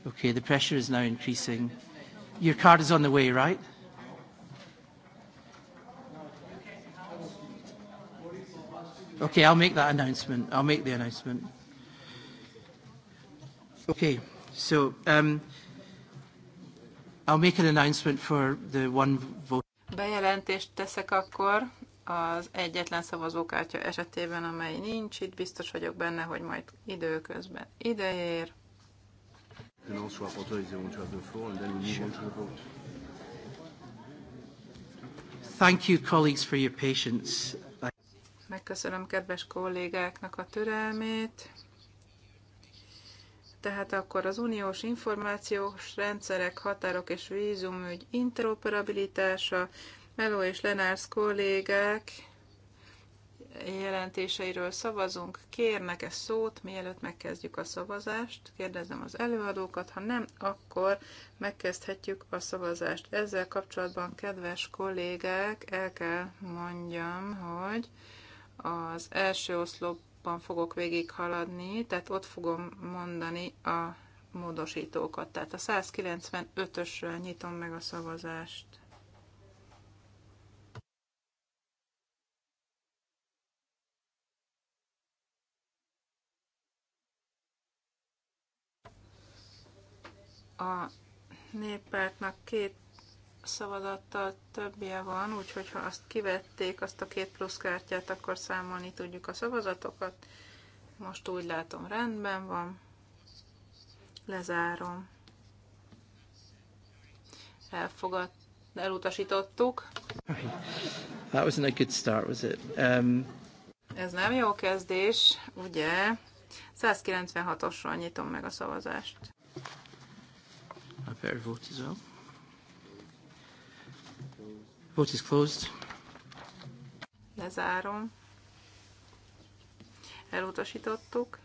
Okay, the pressure is now increasing. Your card is on the way, right? Okay, I'll make that announcement. I'll make the announcement. Okay, so um, I'll make an announcement for the one vote. Bejelentést teszek akkor az egyetlen szavazókártya esetében, amely nincs itt, biztos vagyok benne, hogy majd időközben ideér. Thank you, colleagues, for your patience. Megköszönöm kedves kollégáknak a türelmét tehát akkor az uniós információs rendszerek, határok és vízumügy interoperabilitása, Meló és Lenárs kollégák jelentéseiről szavazunk. kérnek ezt szót, mielőtt megkezdjük a szavazást? Kérdezem az előadókat, ha nem, akkor megkezdhetjük a szavazást. Ezzel kapcsolatban, kedves kollégák, el kell mondjam, hogy az első oszlop blokkban fogok végighaladni, tehát ott fogom mondani a módosítókat. Tehát a 195-ösről nyitom meg a szavazást. A néppártnak két szavazattal többje van, úgyhogy ha azt kivették, azt a két pluszkártyát, akkor számolni tudjuk a szavazatokat. Most úgy látom, rendben van. Lezárom. Elfogad, elutasítottuk. That wasn't a good start, was it? Um... Ez nem jó kezdés, ugye? 196 osra nyitom meg a szavazást. I better vote as well. Vote is closed. Lezárom. Elutasítottuk.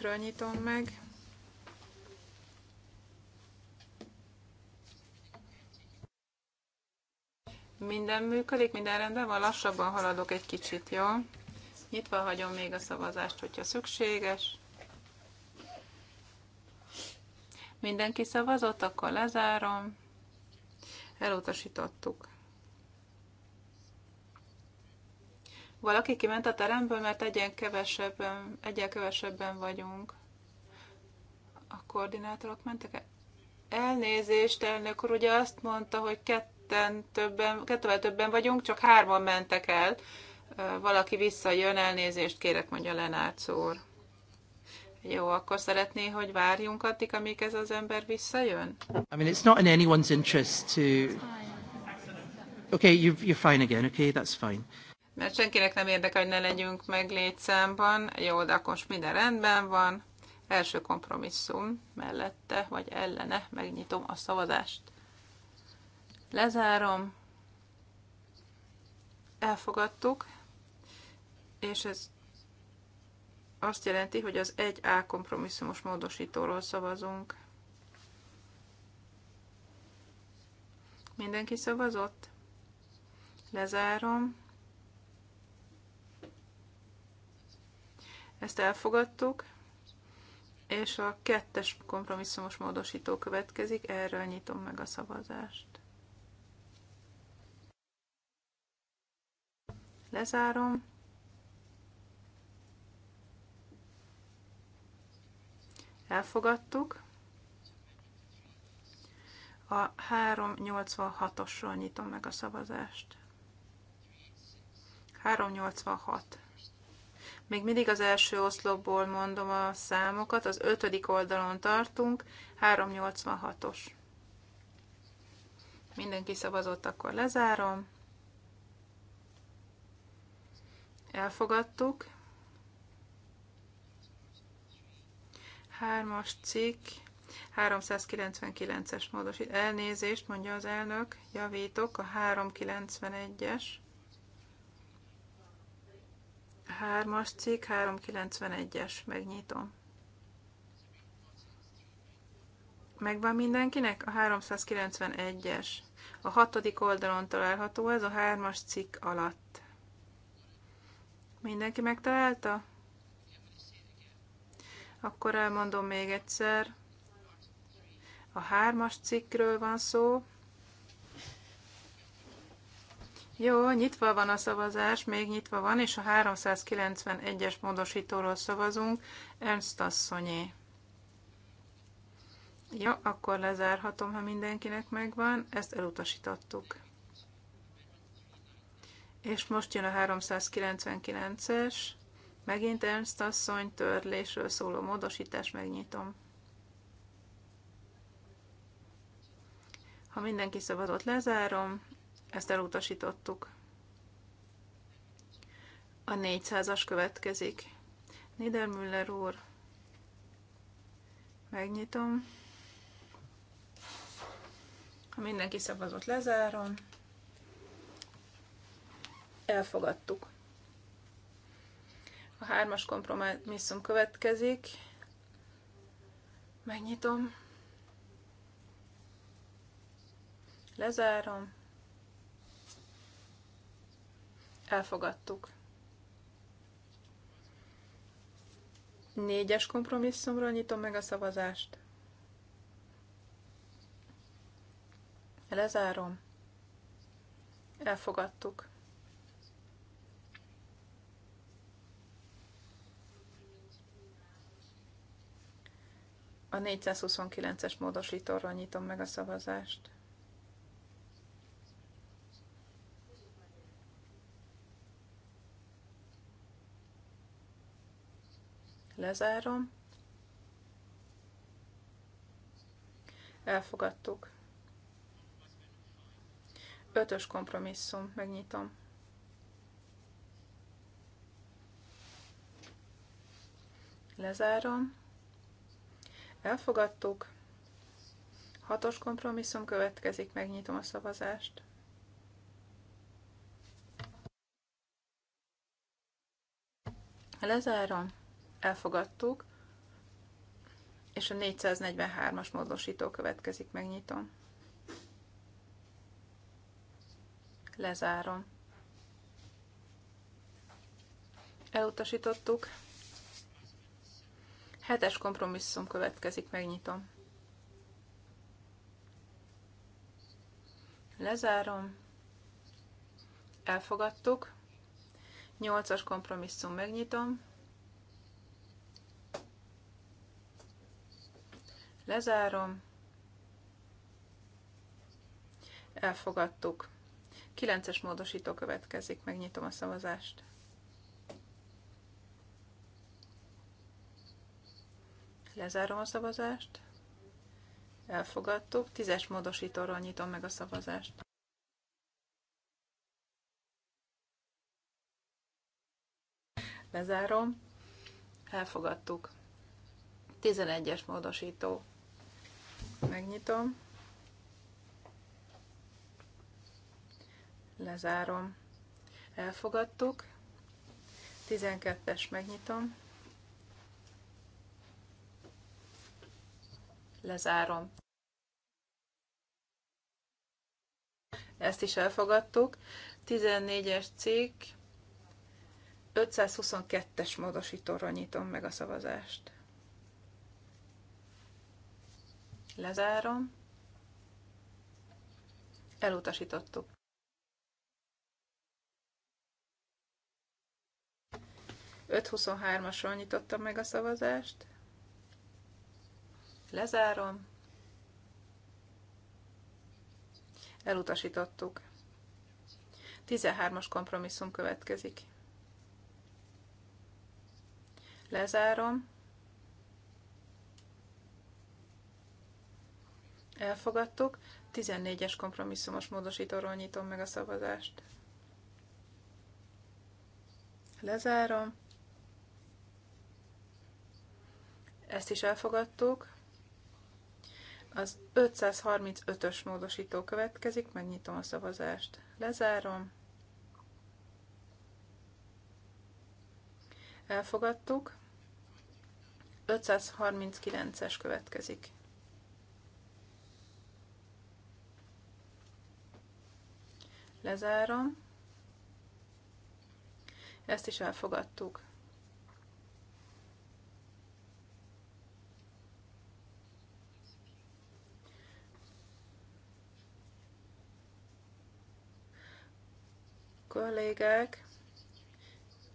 ről nyitom meg. Minden működik, minden rendben van, lassabban haladok egy kicsit, jó? Nyitva hagyom még a szavazást, hogyha szükséges. Mindenki szavazott, akkor lezárom. Elutasítottuk. Valaki kiment a teremből, mert egyen kevesebben, egyen kevesebben vagyunk. A koordinátorok mentek el. Elnézést, elnök úr, ugye azt mondta, hogy ketten többen, kettővel többen vagyunk, csak hárman mentek el. Valaki visszajön, elnézést kérek, mondja Lenárc úr. Jó, akkor szeretné, hogy várjunk addig, amíg ez az ember visszajön? I mean, it's not in anyone's interest to... Okay, you're, you're fine again, okay, that's fine. Mert senkinek nem érdekel, hogy ne legyünk meg létszámban. Jó, de akkor most minden rendben van. Első kompromisszum mellette, vagy ellene megnyitom a szavazást. Lezárom. Elfogadtuk. És ez azt jelenti, hogy az 1A kompromisszumos módosítóról szavazunk. Mindenki szavazott? Lezárom. Ezt elfogadtuk, és a kettes kompromisszumos módosító következik, erről nyitom meg a szavazást. Lezárom. elfogadtuk. A 386-osról nyitom meg a szavazást. 386. Még mindig az első oszlopból mondom a számokat, az ötödik oldalon tartunk, 386-os. Mindenki szavazott, akkor lezárom. Elfogadtuk. Hármas cikk, 399-es módosít. Elnézést, mondja az elnök, javítok, a 391-es. Hármas cikk, 391-es, megnyitom. Megvan mindenkinek? A 391-es. A hatodik oldalon található ez a hármas cikk alatt. Mindenki megtalálta? akkor elmondom még egyszer. A hármas cikkről van szó. Jó, nyitva van a szavazás, még nyitva van, és a 391-es módosítóról szavazunk. Ernst asszonyé. Ja, akkor lezárhatom, ha mindenkinek megvan. Ezt elutasítottuk. És most jön a 399-es. Megint Ernst asszony törlésről szóló módosítás, megnyitom. Ha mindenki szabadot lezárom, ezt elutasítottuk. A 400-as következik. Niedermüller úr. Megnyitom. Ha mindenki szavazott, lezárom. Elfogadtuk. A hármas kompromisszum következik. Megnyitom. Lezárom. Elfogadtuk. Négyes kompromisszumról nyitom meg a szavazást. Lezárom. Elfogadtuk. A 429-es módosítóra nyitom meg a szavazást. Lezárom. Elfogadtuk. Ötös kompromisszum, megnyitom. Lezárom. Elfogadtuk. Hatos kompromisszum következik, megnyitom a szavazást. Lezárom. Elfogadtuk. És a 443-as módosító következik, megnyitom. Lezárom. Elutasítottuk. Hetes kompromisszum következik, megnyitom. Lezárom. Elfogadtuk. Nyolcas kompromisszum, megnyitom. Lezárom. Elfogadtuk. Kilences módosító következik, megnyitom a szavazást. Lezárom a szavazást. Elfogadtuk. Tízes módosítóról nyitom meg a szavazást. Lezárom. Elfogadtuk. 11-es módosító. Megnyitom. Lezárom. Elfogadtuk. 12-es megnyitom. Lezárom. Ezt is elfogadtuk. 14-es cikk, 522-es módosítóra nyitom meg a szavazást. Lezárom. Elutasítottuk. öt as nyitottam meg a szavazást. Lezárom. Elutasítottuk. 13-as kompromisszum következik. Lezárom. Elfogadtuk. 14-es kompromisszumos módosítóról nyitom meg a szavazást. Lezárom. Ezt is elfogadtuk. Az 535-ös módosító következik, megnyitom a szavazást, lezárom. Elfogadtuk. 539-es következik. Lezárom. Ezt is elfogadtuk. kollégák,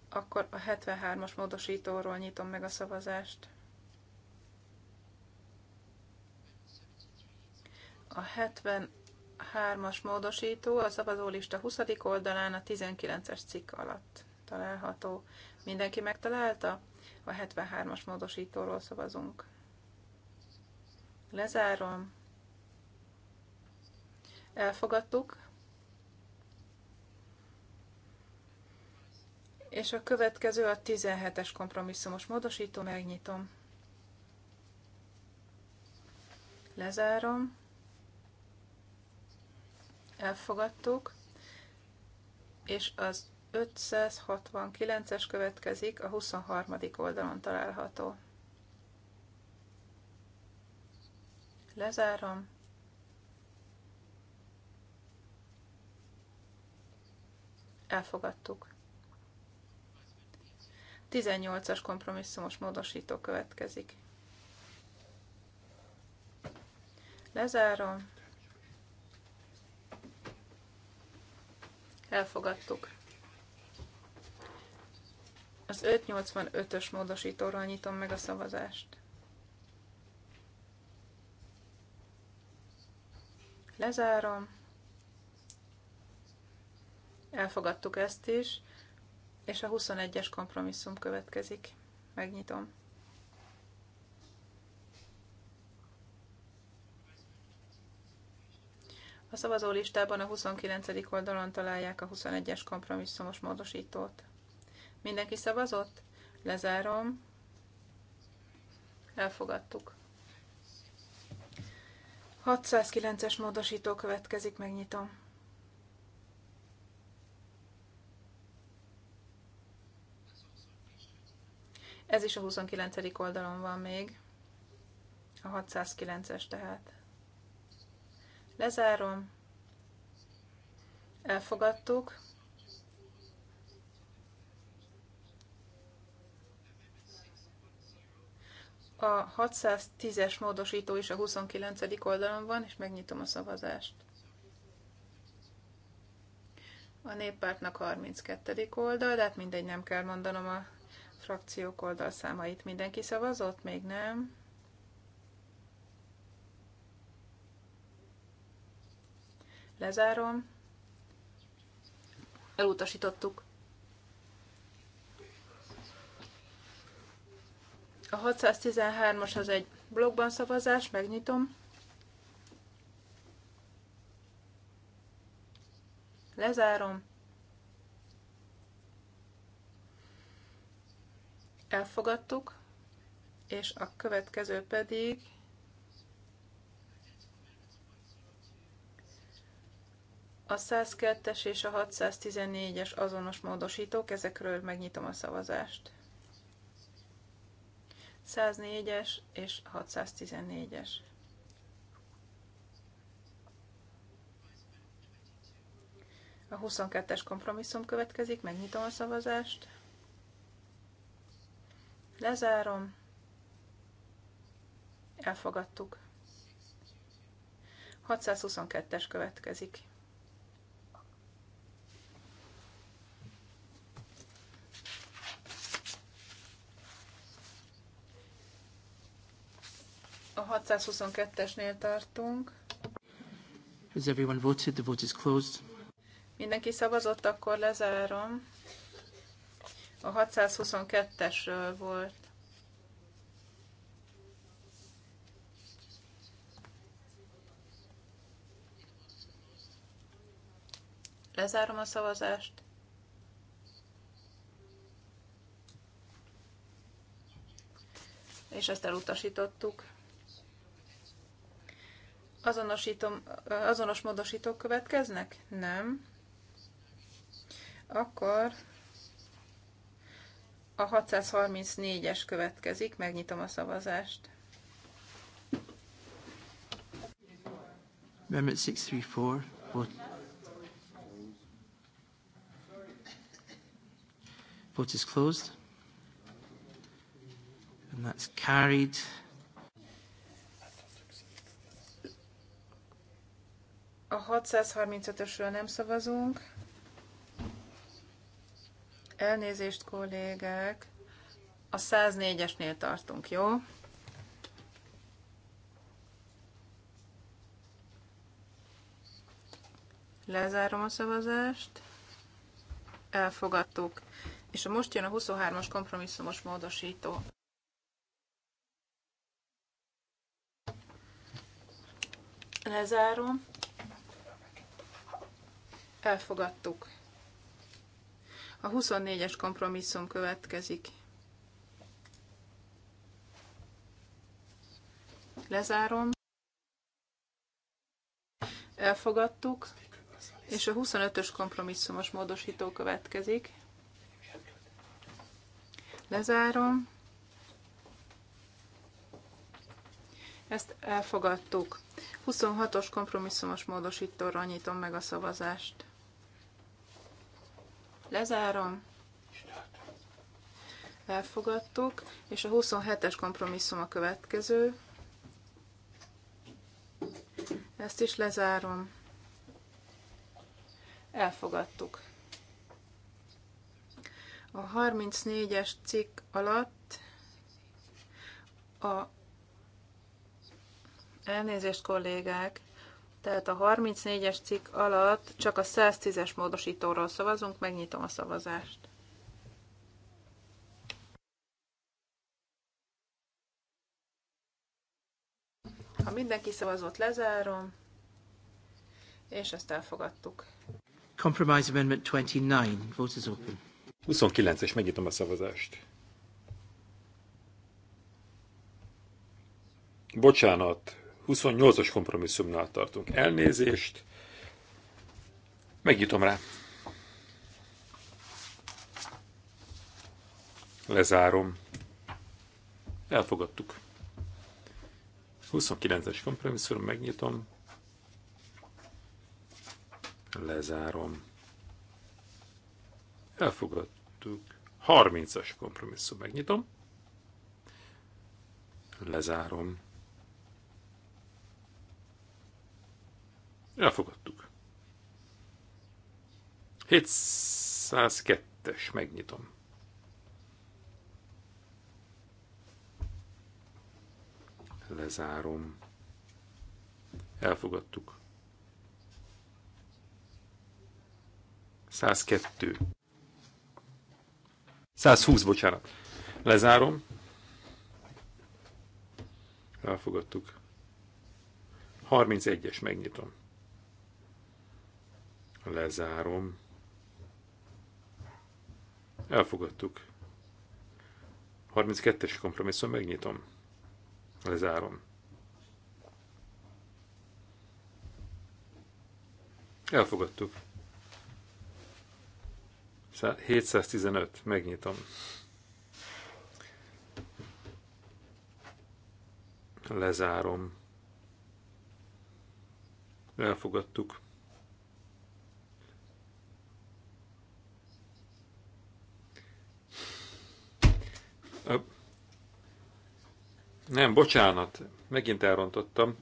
akkor a 73-as módosítóról nyitom meg a szavazást. A 73-as módosító a szavazólista 20. oldalán a 19-es cikk alatt található. Mindenki megtalálta? A 73-as módosítóról szavazunk. Lezárom. Elfogadtuk. És a következő a 17-es kompromisszumos módosító, megnyitom. Lezárom. Elfogadtuk. És az 569-es következik, a 23. oldalon található. Lezárom. Elfogadtuk. 18-as kompromisszumos módosító következik. Lezárom. Elfogadtuk. Az 585-ös módosítóról nyitom meg a szavazást. Lezárom. Elfogadtuk ezt is. És a 21-es kompromisszum következik. Megnyitom. A szavazólistában a 29. oldalon találják a 21-es kompromisszumos módosítót. Mindenki szavazott? Lezárom. Elfogadtuk. 609-es módosító következik, megnyitom. Ez is a 29. oldalon van még. A 609-es tehát. Lezárom. Elfogadtuk. A 610-es módosító is a 29. oldalon van, és megnyitom a szavazást. A néppártnak 32. oldal, de hát mindegy, nem kell mondanom a frakciók oldalszámait. Mindenki szavazott? Még nem. Lezárom. Elutasítottuk. A 613-as az egy blogban szavazás, megnyitom. Lezárom. elfogadtuk, és a következő pedig a 102-es és a 614-es azonos módosítók, ezekről megnyitom a szavazást. 104-es és 614-es. A 22-es kompromisszum következik, megnyitom a szavazást. Lezárom. Elfogadtuk. 622-es következik. A 622-esnél tartunk. Has everyone voted? The vote is closed. Mindenki szavazott, akkor lezárom. A 622-esről volt. Lezárom a szavazást. És ezt elutasítottuk. Azonosítom, azonos módosítók következnek? Nem. Akkor a 634-es következik, megnyitom a szavazást. Amendment 634. Vote. Vote is closed. And that's carried. A 635-ösről nem szavazunk. Elnézést, kollégák. A 104-esnél tartunk, jó? Lezárom a szavazást. Elfogadtuk. És most jön a 23-as kompromisszumos módosító. Lezárom. Elfogadtuk. A 24-es kompromisszum következik. Lezárom. Elfogadtuk. És a 25-ös kompromisszumos módosító következik. Lezárom. Ezt elfogadtuk. 26-os kompromisszumos módosítóra nyitom meg a szavazást. Lezárom. Elfogadtuk, és a 27-es kompromisszum a következő. Ezt is lezárom. Elfogadtuk. A 34-es cikk alatt a elnézést kollégák, tehát a 34-es cikk alatt csak a 110-es módosítóról szavazunk, megnyitom a szavazást. Ha mindenki szavazott, lezárom, és ezt elfogadtuk. Compromise Amendment 29. Vote is open. 29, és megnyitom a szavazást. Bocsánat, 28-as kompromisszumnál tartunk. Elnézést. Megnyitom rá. Lezárom. Elfogadtuk. 29-es kompromisszum, megnyitom. Lezárom. Elfogadtuk. 30-as kompromisszum, megnyitom. Lezárom. Elfogadtuk. 702-es, megnyitom. Lezárom. Elfogadtuk. 102. 120, bocsánat. Lezárom. Elfogadtuk. 31-es megnyitom. Lezárom. Elfogadtuk. 32-es kompromisszum megnyitom. Lezárom. Elfogadtuk. 715, megnyitom. Lezárom. Elfogadtuk. Nem, bocsánat, megint elrontottam.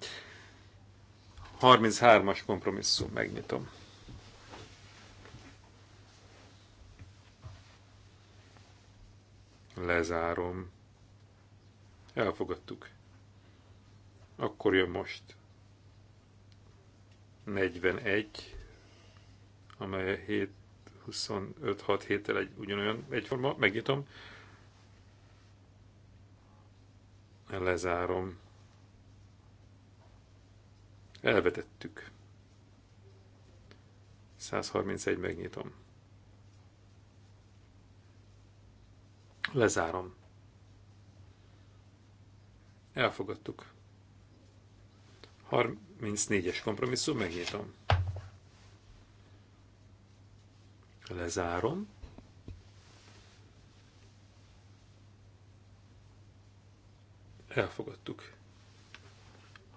33-as kompromisszum, megnyitom. Lezárom. Elfogadtuk. Akkor jön most 41, amely 7, 25, 6 héttel egy, ugyanolyan egyforma, megnyitom. Lezárom. Elvetettük. 131 megnyitom. Lezárom. Elfogadtuk. 34-es kompromisszum, megnyitom. Lezárom. Elfogadtuk.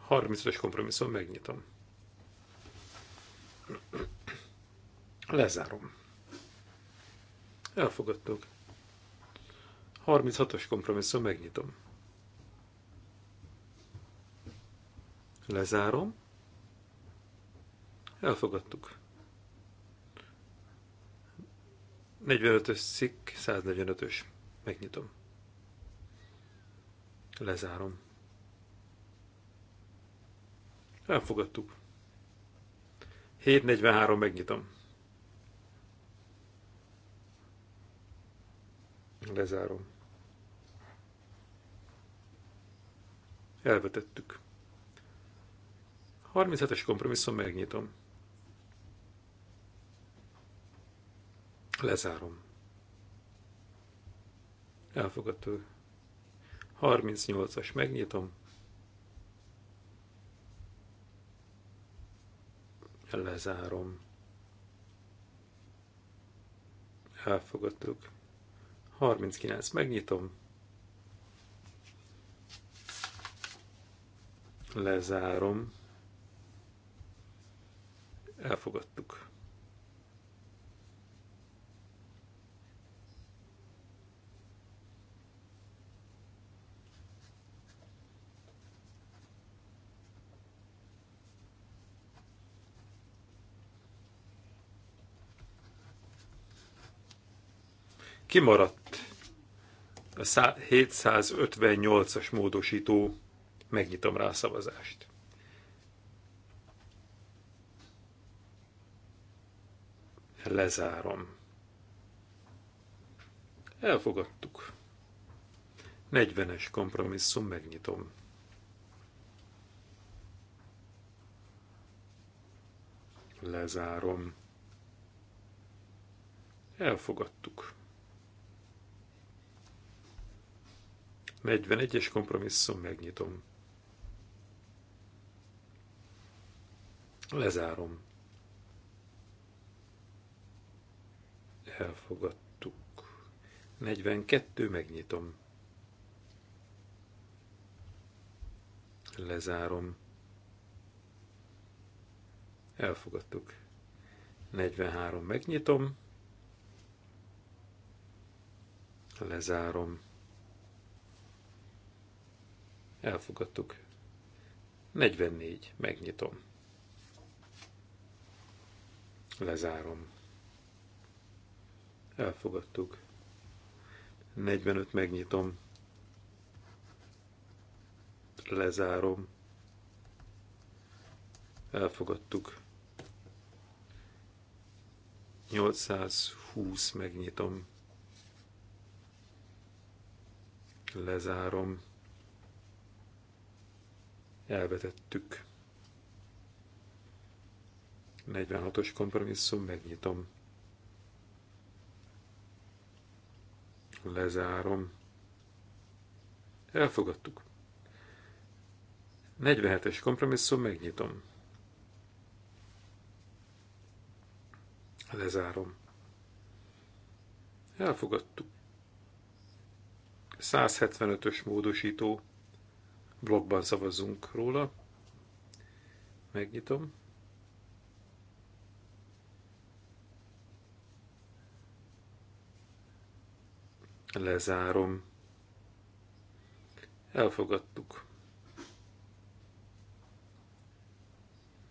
35-ös kompromisszum, megnyitom. Lezárom. Elfogadtuk. 36-os kompromisszum, megnyitom. Lezárom. Elfogadtuk. 45-ös szik, 145-ös. Megnyitom. Lezárom. Elfogadtuk. 7.43 megnyitom. Lezárom. Elvetettük. 37-es kompromisszum megnyitom. Lezárom. Elfogadtuk. 38-as, megnyitom. Lezárom. Elfogadtuk. 39, megnyitom. Lezárom. Elfogadtuk. Kimaradt a 758-as módosító, megnyitom rá a szavazást. Lezárom. Elfogadtuk. 40-es kompromisszum, megnyitom. Lezárom. Elfogadtuk. 41-es kompromisszum, megnyitom. Lezárom. Elfogadtuk. 42, megnyitom. Lezárom. Elfogadtuk. 43, megnyitom. Lezárom. Elfogadtuk. 44. Megnyitom. Lezárom. Elfogadtuk. 45. Megnyitom. Lezárom. Elfogadtuk. 820. Megnyitom. Lezárom elvetettük. 46-os kompromisszum, megnyitom. Lezárom. Elfogadtuk. 47-es kompromisszum, megnyitom. Lezárom. Elfogadtuk. 175-ös módosító, Blogban szavazunk róla. Megnyitom. Lezárom. Elfogadtuk.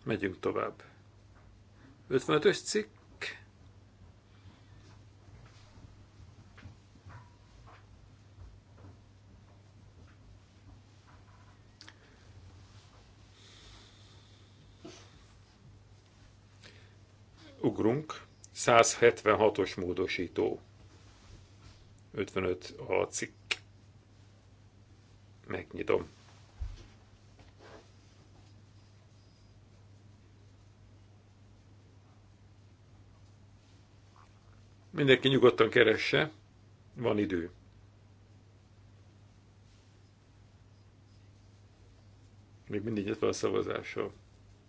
Megyünk tovább. 55-ös cikk. ugrunk. 176-os módosító. 55 a cikk. Megnyitom. Mindenki nyugodtan keresse, van idő. Még mindig nyitva a szavazással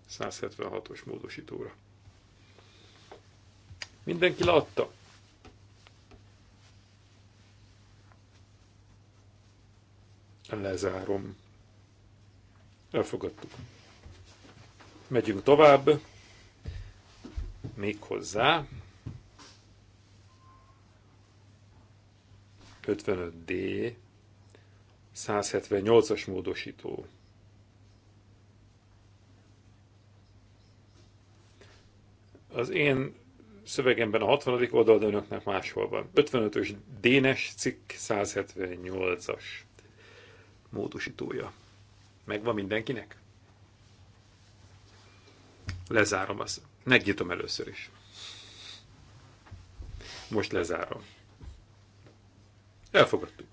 176-os módosítóra. Mindenki látta. Lezárom. Elfogadtuk. Megyünk tovább. Még hozzá. 55D 178-as módosító. Az én szövegemben a 60. oldal, de önöknek máshol van. 55-ös Dénes cikk 178-as módosítója. Megvan mindenkinek? Lezárom azt. Megnyitom először is. Most lezárom. Elfogadtuk.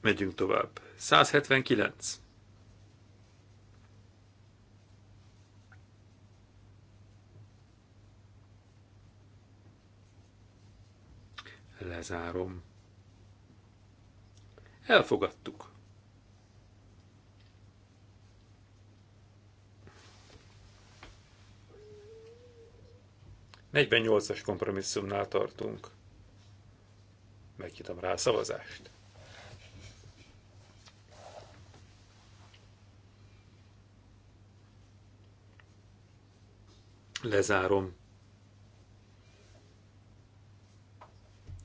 Megyünk tovább. 179. Lezárom. Elfogadtuk. Negyvennyolcas kompromisszumnál tartunk. Megnyitom rá a szavazást. Lezárom.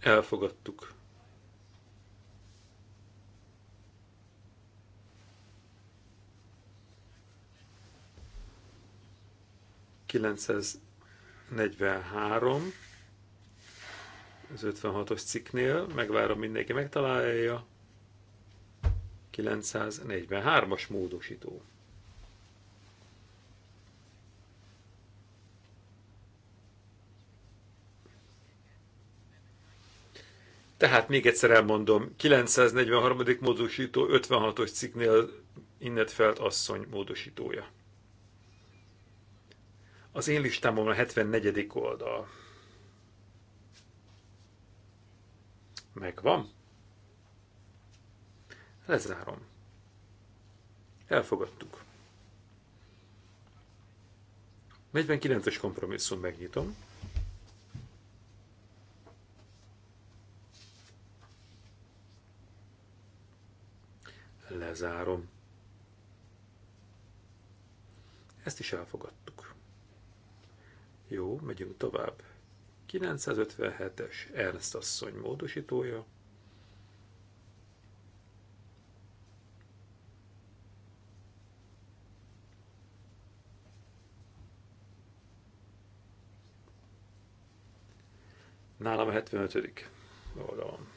Elfogadtuk. Kilencszáz 43 az 56-os cikknél, megvárom mindenki megtalálja, 943-as módosító. Tehát még egyszer elmondom, 943. módosító 56-os cikknél felt asszony módosítója. Az én listámon a 74. oldal. Megvan? Lezárom. Elfogadtuk. 49-es kompromisszum megnyitom. Lezárom. Ezt is elfogadtuk. Jó, megyünk tovább. 957-es Ernst asszony módosítója. Nálam a 75. oldalon.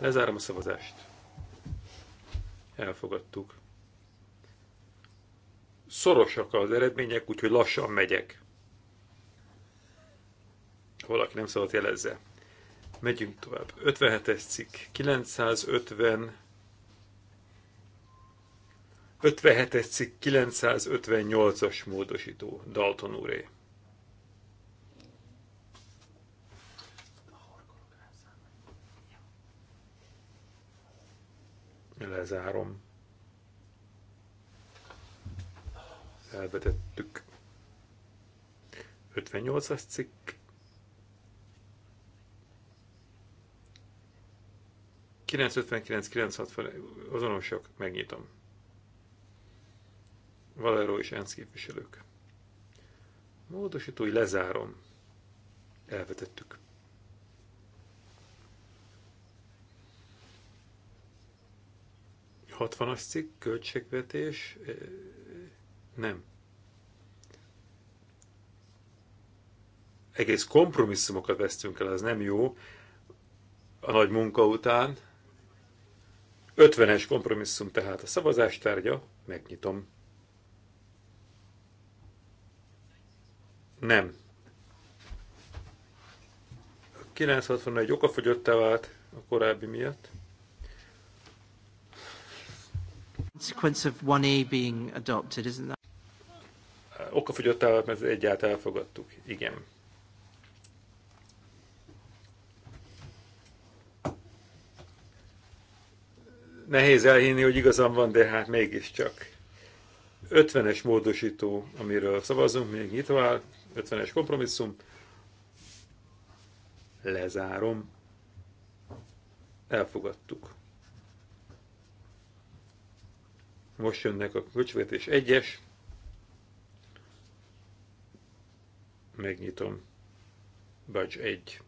Lezárom a szavazást. Elfogadtuk. Szorosak az eredmények, úgyhogy lassan megyek. Valaki nem szabad jelezze. Megyünk tovább. 57-es cikk. 950 57-es cikk 958-as módosító Dalton úré. Lezárom. Elvetettük. 58-as cikk. 959 azonosok, megnyitom. Valero és ENSZ képviselők. Módosítói lezárom. Elvetettük. 60-as cikk, költségvetés, nem. Egész kompromisszumokat vesztünk el, ez nem jó. A nagy munka után 50-es kompromisszum tehát a szavazás tárgya, megnyitom. Nem. A 961 okafogyottá vált a korábbi miatt. Sequence of 1A being adopted, isn't that? Uh, okafogyott állat, mert egyáltalán elfogadtuk. Igen. Nehéz elhinni, hogy igazam van, de hát mégiscsak. 50-es módosító, amiről szavazunk, még nyitva áll, 50-es kompromisszum. Lezárom. Elfogadtuk. Most jönnek a költségvetés egyes. Megnyitom. Bacs 1.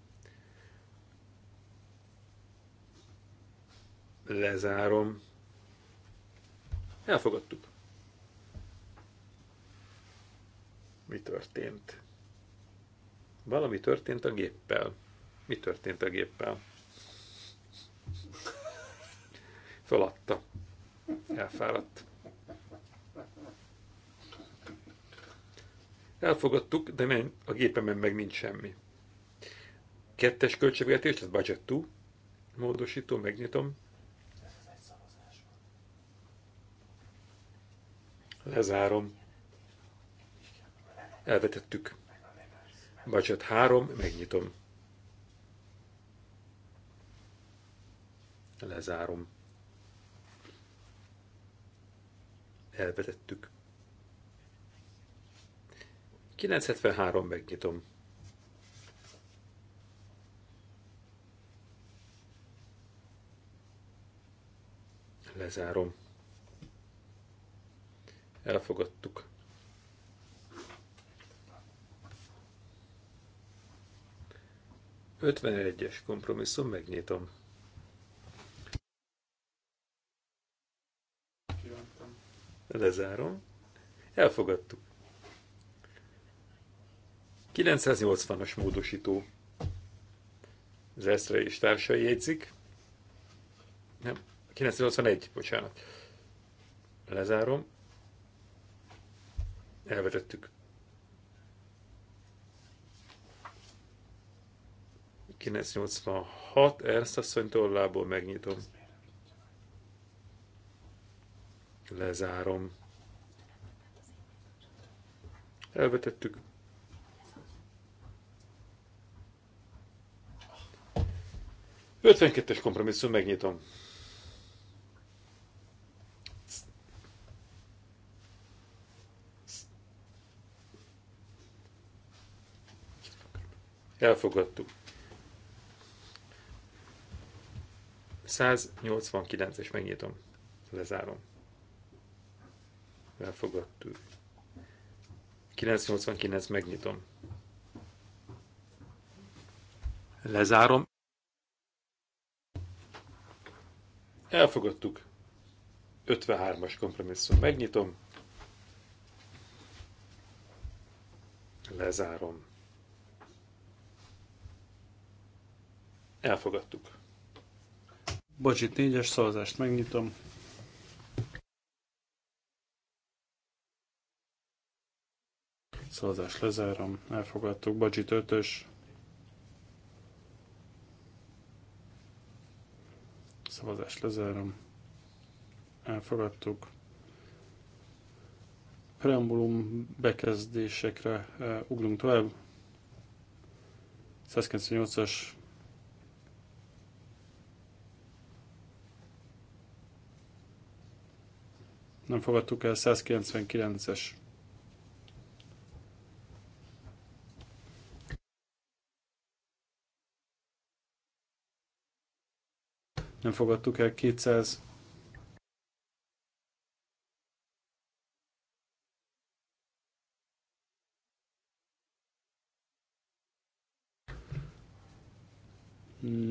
Lezárom. Elfogadtuk. Mi történt? Valami történt a géppel. Mi történt a géppel? Feladta. Elfáradt. Elfogadtuk, de nem, a gépemen meg nincs semmi. Kettes költségvetés, tehát budget 2. Módosító, megnyitom. Lezárom. Elvetettük. Budget 3, megnyitom. Lezárom. elvetettük. 973 megnyitom. Lezárom. Elfogadtuk. Ötvenegyes kompromisszum megnyitom. lezárom. Elfogadtuk. 980-as módosító. Az Eszre és társai jegyzik. Nem, 981, bocsánat. Lezárom. Elvetettük. 986 Ernst asszony tollából megnyitom. Lezárom. Elvetettük. Ötvenkettes kompromisszum, megnyitom. Elfogadtuk. 189-es megnyitom. Lezárom. Elfogadtuk. 989 megnyitom. Lezárom. Elfogadtuk. 53-as kompromisszum. Megnyitom. Lezárom. Elfogadtuk. Bocsit, négyes szavazást megnyitom. Szavazást lezárom, elfogadtuk. Bacsit 5 Szavazást lezárom, elfogadtuk. Preambulum bekezdésekre eh, ugrunk tovább. 198-as nem fogadtuk el 199-es nem fogadtuk el 200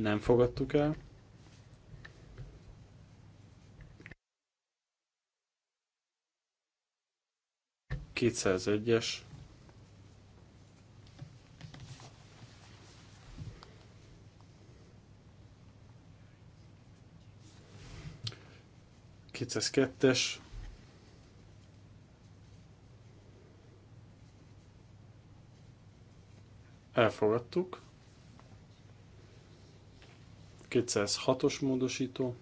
nem fogadtuk el. Kétszázegyes. 202-es, elfogadtuk, 206-os módosító,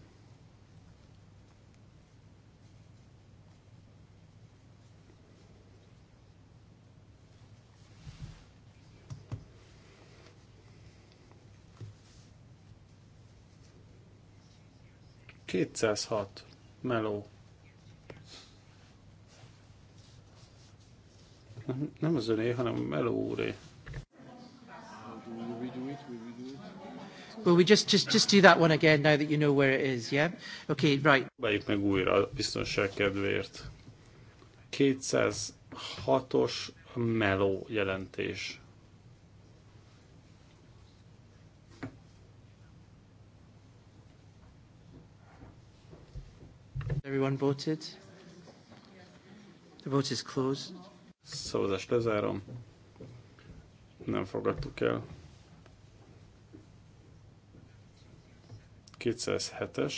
Kétszázhat meló. Nem az öné, hanem meló úré. Well, we just, just, just do that one again now that you know where it is, yeah? Okay, right. Próbáljuk meg újra a biztonság kedvéért. 206-os meló jelentés. Everyone voted? The vote is closed. Szavazást lezárom. Nem fogadtuk el. 207-es.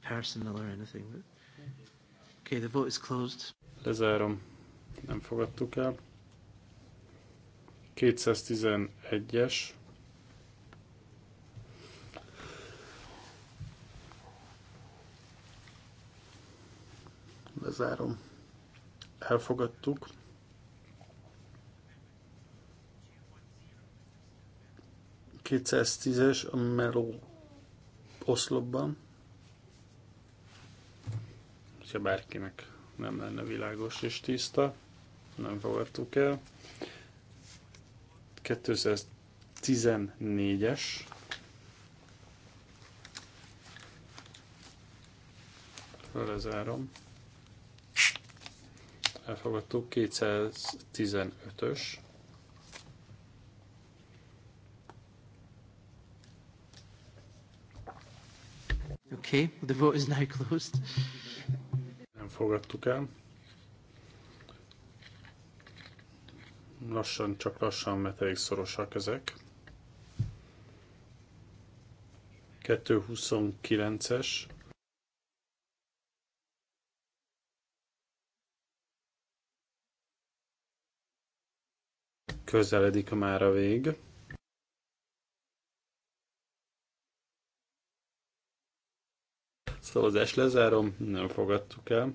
Personal or anything. Okay, the vote is closed. Lezárom nem fogadtuk el. 211-es. Bezárom. Elfogadtuk. es a meló oszlopban. Ha bárkinek nem lenne világos és tiszta nem fogadtuk el. 2014 es Lezárom. Elfogadtuk 215-ös. Okay, the vote is now closed. Nem fogadtuk el. lassan, csak lassan, mert elég szorosak ezek. 229-es. Közeledik már a vég. Szavazást lezárom, nem fogadtuk el.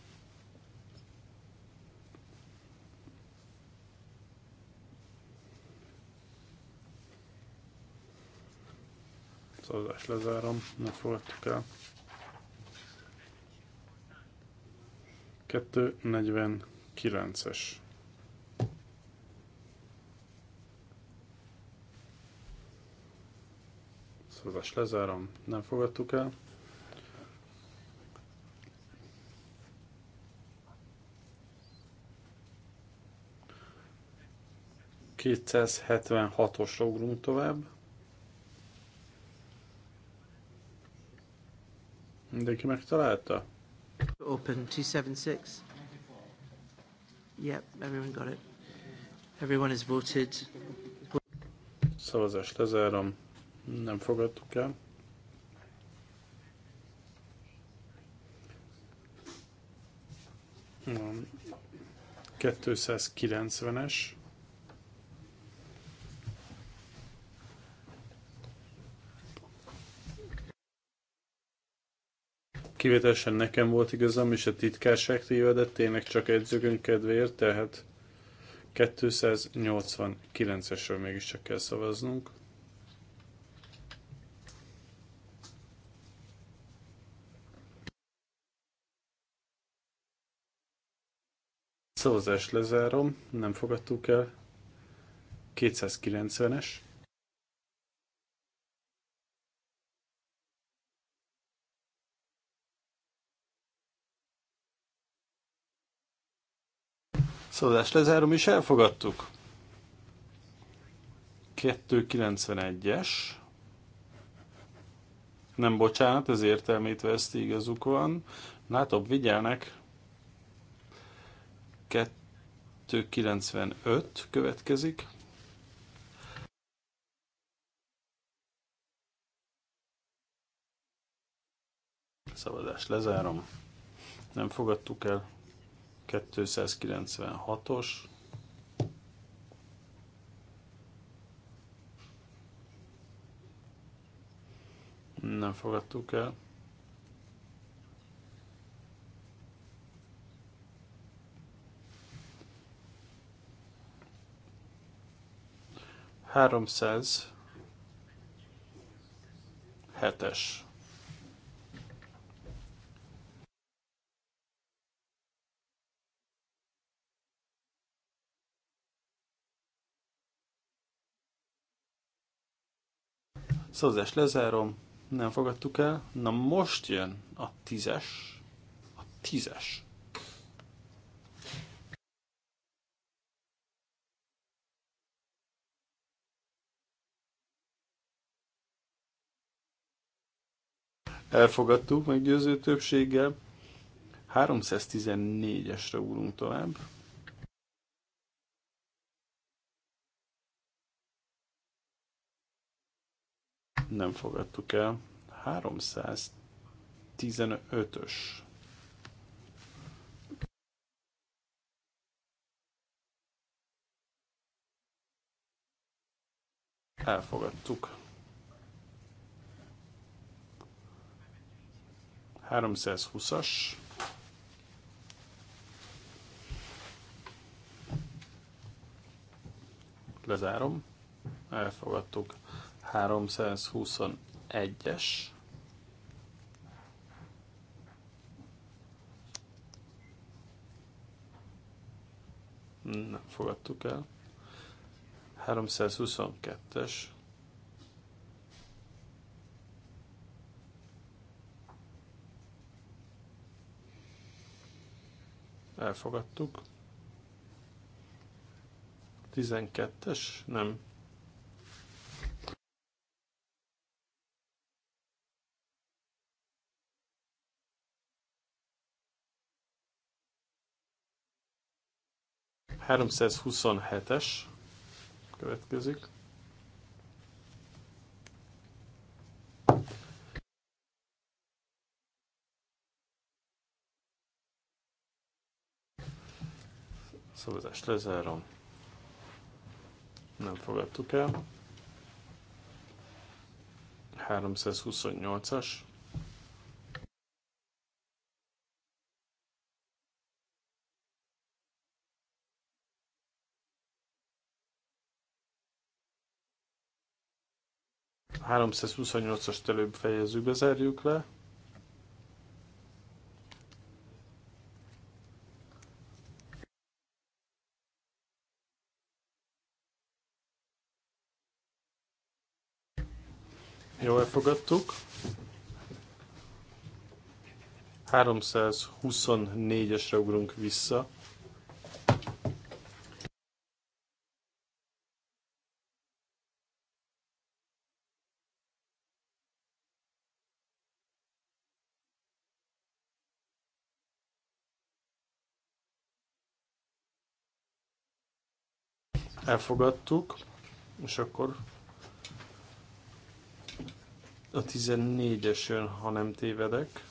szavazást lezárom, ne fogadtuk el. 249-es. Szavazás lezárom, nem fogadtuk el. Kétszázhetvenhatosra ugrunk tovább. Mindenki megtalálta? Open 276. Yep, everyone got it. Everyone has voted. Szavazást lezárom. Nem fogadtuk el. Um, 290-es. kivételesen nekem volt igazam, és a titkárság tévedett, tényleg csak edzőkünk kedvéért, tehát 289-esről mégiscsak kell szavaznunk. Szavazást lezárom, nem fogadtuk el. 290-es. Szóval lezárom és elfogadtuk. 291-es. Nem bocsánat, ez értelmét veszti, igazuk van. Látom, vigyelnek. 295 következik. Szavazást lezárom. Nem fogadtuk el. 296-os, nem fogadtuk el. Háromszáz hetes. Szavazást lezárom, nem fogadtuk el. Na most jön a tízes. A tízes. Elfogadtuk meggyőző többséggel. 314-esre úrunk tovább. nem fogadtuk el. 315-ös. Elfogadtuk. 320-as. Lezárom. Elfogadtuk. 321-es. Nem fogadtuk el. 322-es. Elfogadtuk. 12-es, nem 327-es következik. Szavazást lezárom. Nem fogadtuk el. 328-as. 328-ast előbb fejezzük be, zárjuk le. Jó, elfogadtuk. 324-esre ugrunk vissza. elfogadtuk, és akkor a 14 es jön, ha nem tévedek.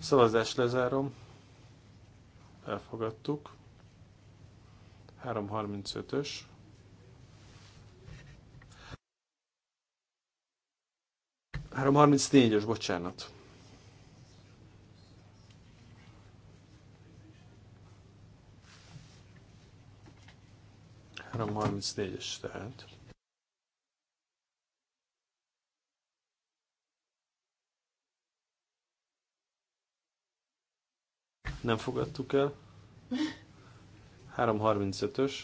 Szavazás lezárom. Elfogadtuk. 335-ös. Három harminc négyes, bocsánat. 34 es tehát. Nem fogadtuk el. 335-ös.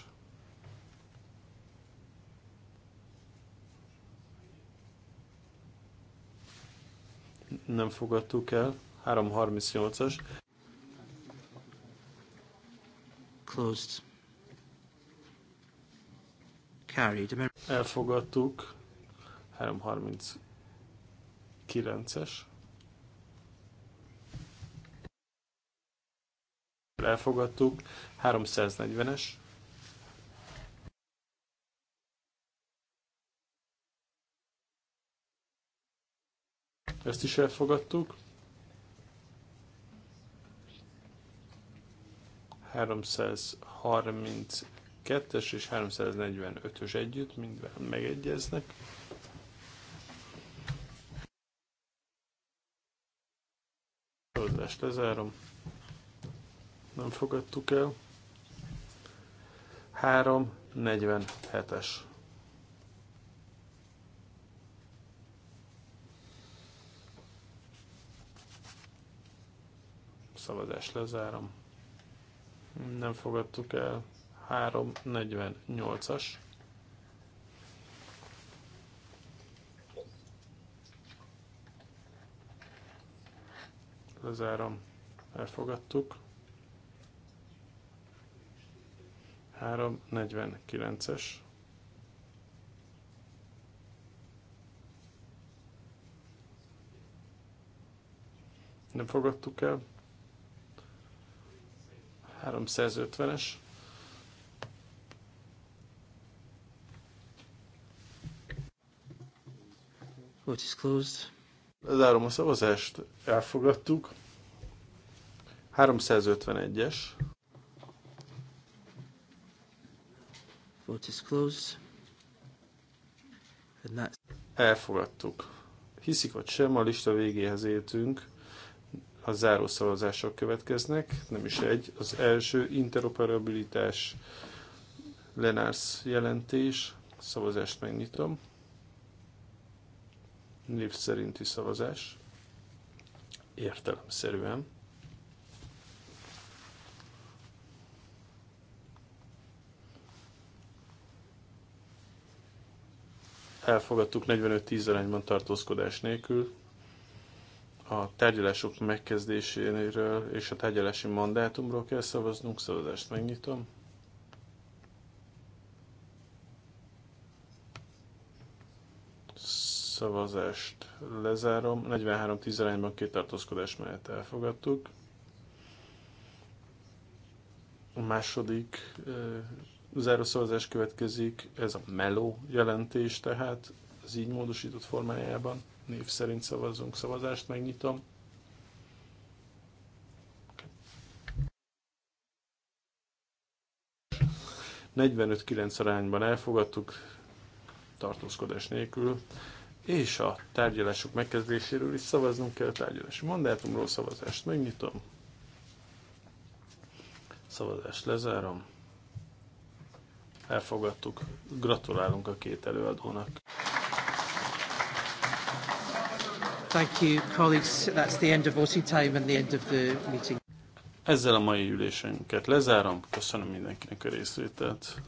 Nem fogadtuk el. 338-as. Closed. Carried. Elfogadtuk. 339-es. Elfogadtuk. 340-es. Ezt is elfogadtuk. 342-es és 345-ös együtt, mindben megegyeznek. Szavazást lezárom. Nem fogadtuk el. 347-es. Szavazást lezárom. Nem fogadtuk el. 348-as. Lezárom, elfogadtuk. 349-es. Nem fogadtuk el. 350-es. Vote is closed. Lezárom a szavazást, elfogadtuk. 351-es. Vote is closed. Not... Elfogadtuk. Hiszik vagy sem, a lista végéhez értünk. A záró szavazások következnek, nem is egy. Az első interoperabilitás Lenárs jelentés. Szavazást megnyitom név szerinti szavazás értelemszerűen. Elfogadtuk 45-10 arányban tartózkodás nélkül. A tárgyalások megkezdéséről és a tárgyalási mandátumról kell szavaznunk, szavazást megnyitom. szavazást lezárom. 43-10 arányban két tartózkodás mellett elfogadtuk. A második zárószavazás következik, ez a meló jelentés tehát, az így módosított formájában. Név szerint szavazunk, szavazást megnyitom. Okay. 45-9 arányban elfogadtuk, tartózkodás nélkül és a tárgyalások megkezdéséről is szavaznunk kell a tárgyalási mandátumról. Szavazást megnyitom. Szavazást lezárom. Elfogadtuk. Gratulálunk a két előadónak. Thank you, colleagues. That's the end of voting time and the end of the meeting. Ezzel a mai ülésünket lezárom. Köszönöm mindenkinek a részvételt.